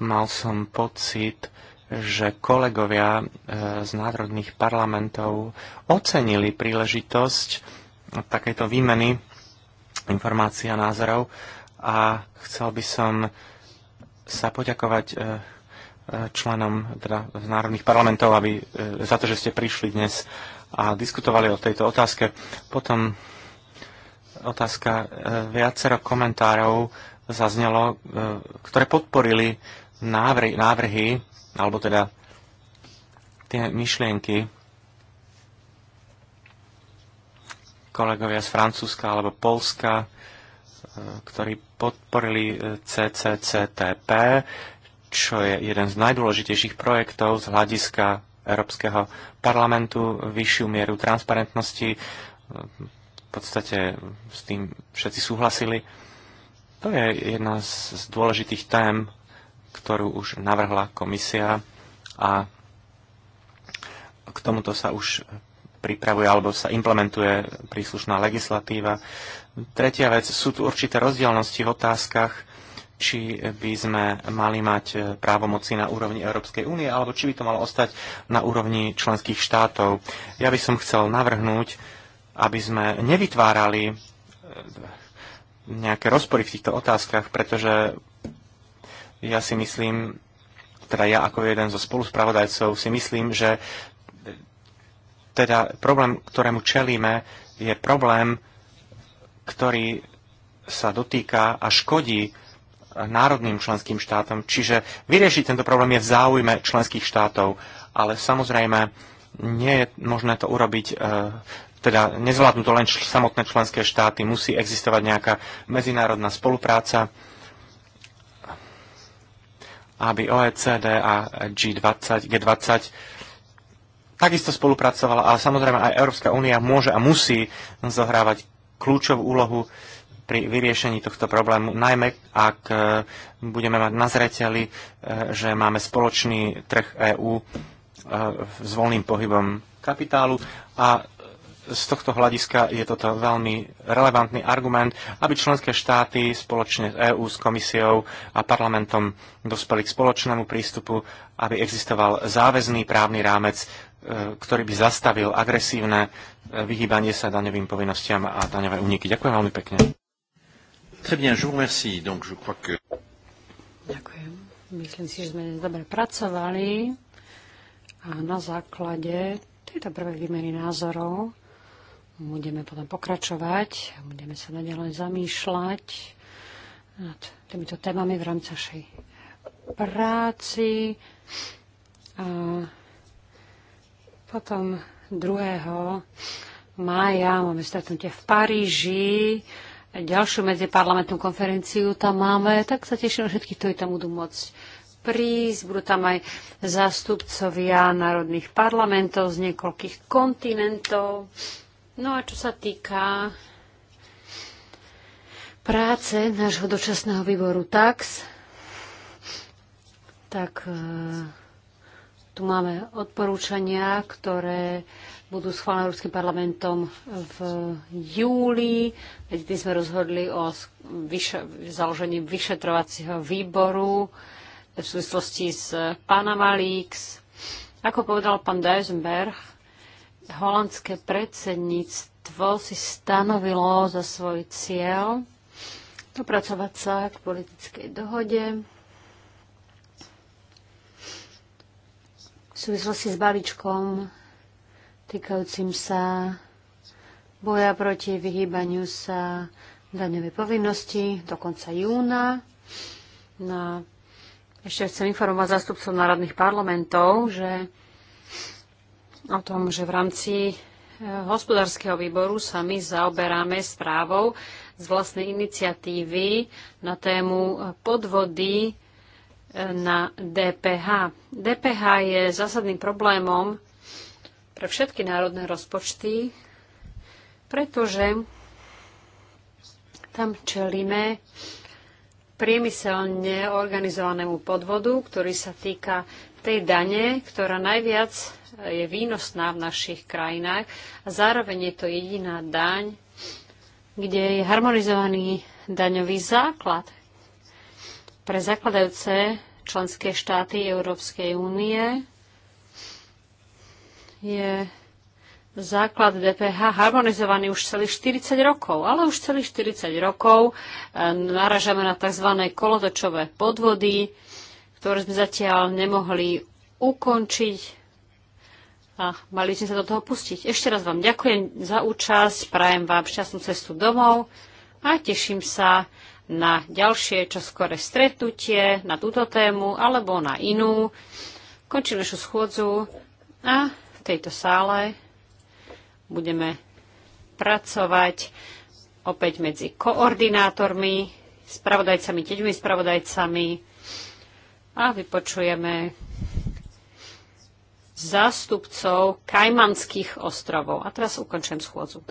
mal som pocit, že kolegovia e, z národných parlamentov ocenili príležitosť takejto výmeny informácií a názorov a chcel by som sa poďakovať e, e, členom teda z národných parlamentov aby, e, za to, že ste prišli dnes a diskutovali o tejto otázke. Potom otázka, viacero komentárov zaznelo, ktoré podporili návrhy, návrhy alebo teda tie myšlienky kolegovia z Francúzska alebo Polska, ktorí podporili e, CCCTP, čo je jeden z najdôležitejších projektov z hľadiska Európskeho parlamentu, vyššiu mieru transparentnosti. E, v podstate s tým všetci súhlasili. To je jedna z dôležitých tém, ktorú už navrhla komisia a k tomuto sa už pripravuje alebo sa implementuje príslušná legislatíva. Tretia vec, sú tu určité rozdielnosti v otázkach, či by sme mali mať e, právomoci na úrovni Európskej únie, alebo či by to malo ostať na úrovni členských štátov. Ja by som chcel navrhnúť, aby sme nevytvárali e, nejaké rozpory v týchto otázkach, pretože ja si myslím, teda ja ako jeden zo spoluspravodajcov si myslím, že teda problém, ktorému čelíme, je problém, ktorý sa dotýka a škodí národným členským štátom. Čiže vyriešiť tento problém je v záujme členských štátov, ale samozrejme nie je možné to urobiť, e, teda nezvládnu to len samotné členské štáty, musí existovať nejaká medzinárodná spolupráca, aby OECD a G20, G20 takisto spolupracovala, ale samozrejme aj Európska únia môže a musí zohrávať kľúčovú úlohu pri vyriešení tohto problému, najmä ak e, budeme mať na zreteli, e, že máme spoločný trh EÚ e, s voľným pohybom kapitálu a z tohto hľadiska je toto veľmi relevantný argument, aby členské štáty spoločne s EÚ, s komisiou a parlamentom dospeli k spoločnému prístupu, aby existoval záväzný právny rámec ktorý by zastavil agresívne e, vyhýbanie sa daňovým povinnostiam a daňové úniky. Ďakujem veľmi pekne. Ďakujem. Myslím si, že sme dobre pracovali a na základe tejto prvej výmeny názorov budeme potom pokračovať a budeme sa naďalej zamýšľať nad týmito témami v rámci našej práci. A potom 2. mája máme stretnutie v Paríži, ďalšiu medziparlamentnú konferenciu tam máme, tak sa teším že všetkých, ktorí tam budú môcť prísť. Budú tam aj zástupcovia národných parlamentov z niekoľkých kontinentov. No a čo sa týka práce nášho dočasného výboru TAX, tak e tu máme odporúčania, ktoré budú schválené Európskym parlamentom v júli. Medzi tým sme rozhodli o založení vyšetrovacieho výboru v súvislosti s Panama Leaks. Ako povedal pán Deisenberg, holandské predsedníctvo si stanovilo za svoj cieľ dopracovať sa k politickej dohode v súvislosti s balíčkom týkajúcim sa boja proti vyhýbaniu sa daňovej povinnosti do konca júna. No, ešte chcem informovať zástupcov národných parlamentov, že o tom, že v rámci e, hospodárskeho výboru sa my zaoberáme správou z vlastnej iniciatívy na tému podvody na DPH. DPH je zásadným problémom pre všetky národné rozpočty, pretože tam čelíme priemyselne organizovanému podvodu, ktorý sa týka tej dane, ktorá najviac je výnosná v našich krajinách a zároveň je to jediná daň, kde je harmonizovaný daňový základ pre zakladajúce členské štáty Európskej únie je základ DPH harmonizovaný už celých 40 rokov, ale už celých 40 rokov e, naražame na tzv. kolotočové podvody, ktoré sme zatiaľ nemohli ukončiť a mali sme sa do toho pustiť. Ešte raz vám ďakujem za účasť, prajem vám šťastnú cestu domov a teším sa na ďalšie čoskore stretnutie na túto tému alebo na inú. Končím našu schôdzu a v tejto sále budeme pracovať opäť medzi koordinátormi, spravodajcami, teďmi spravodajcami a vypočujeme zástupcov Kajmanských ostrovov. A teraz ukončím schôdzu.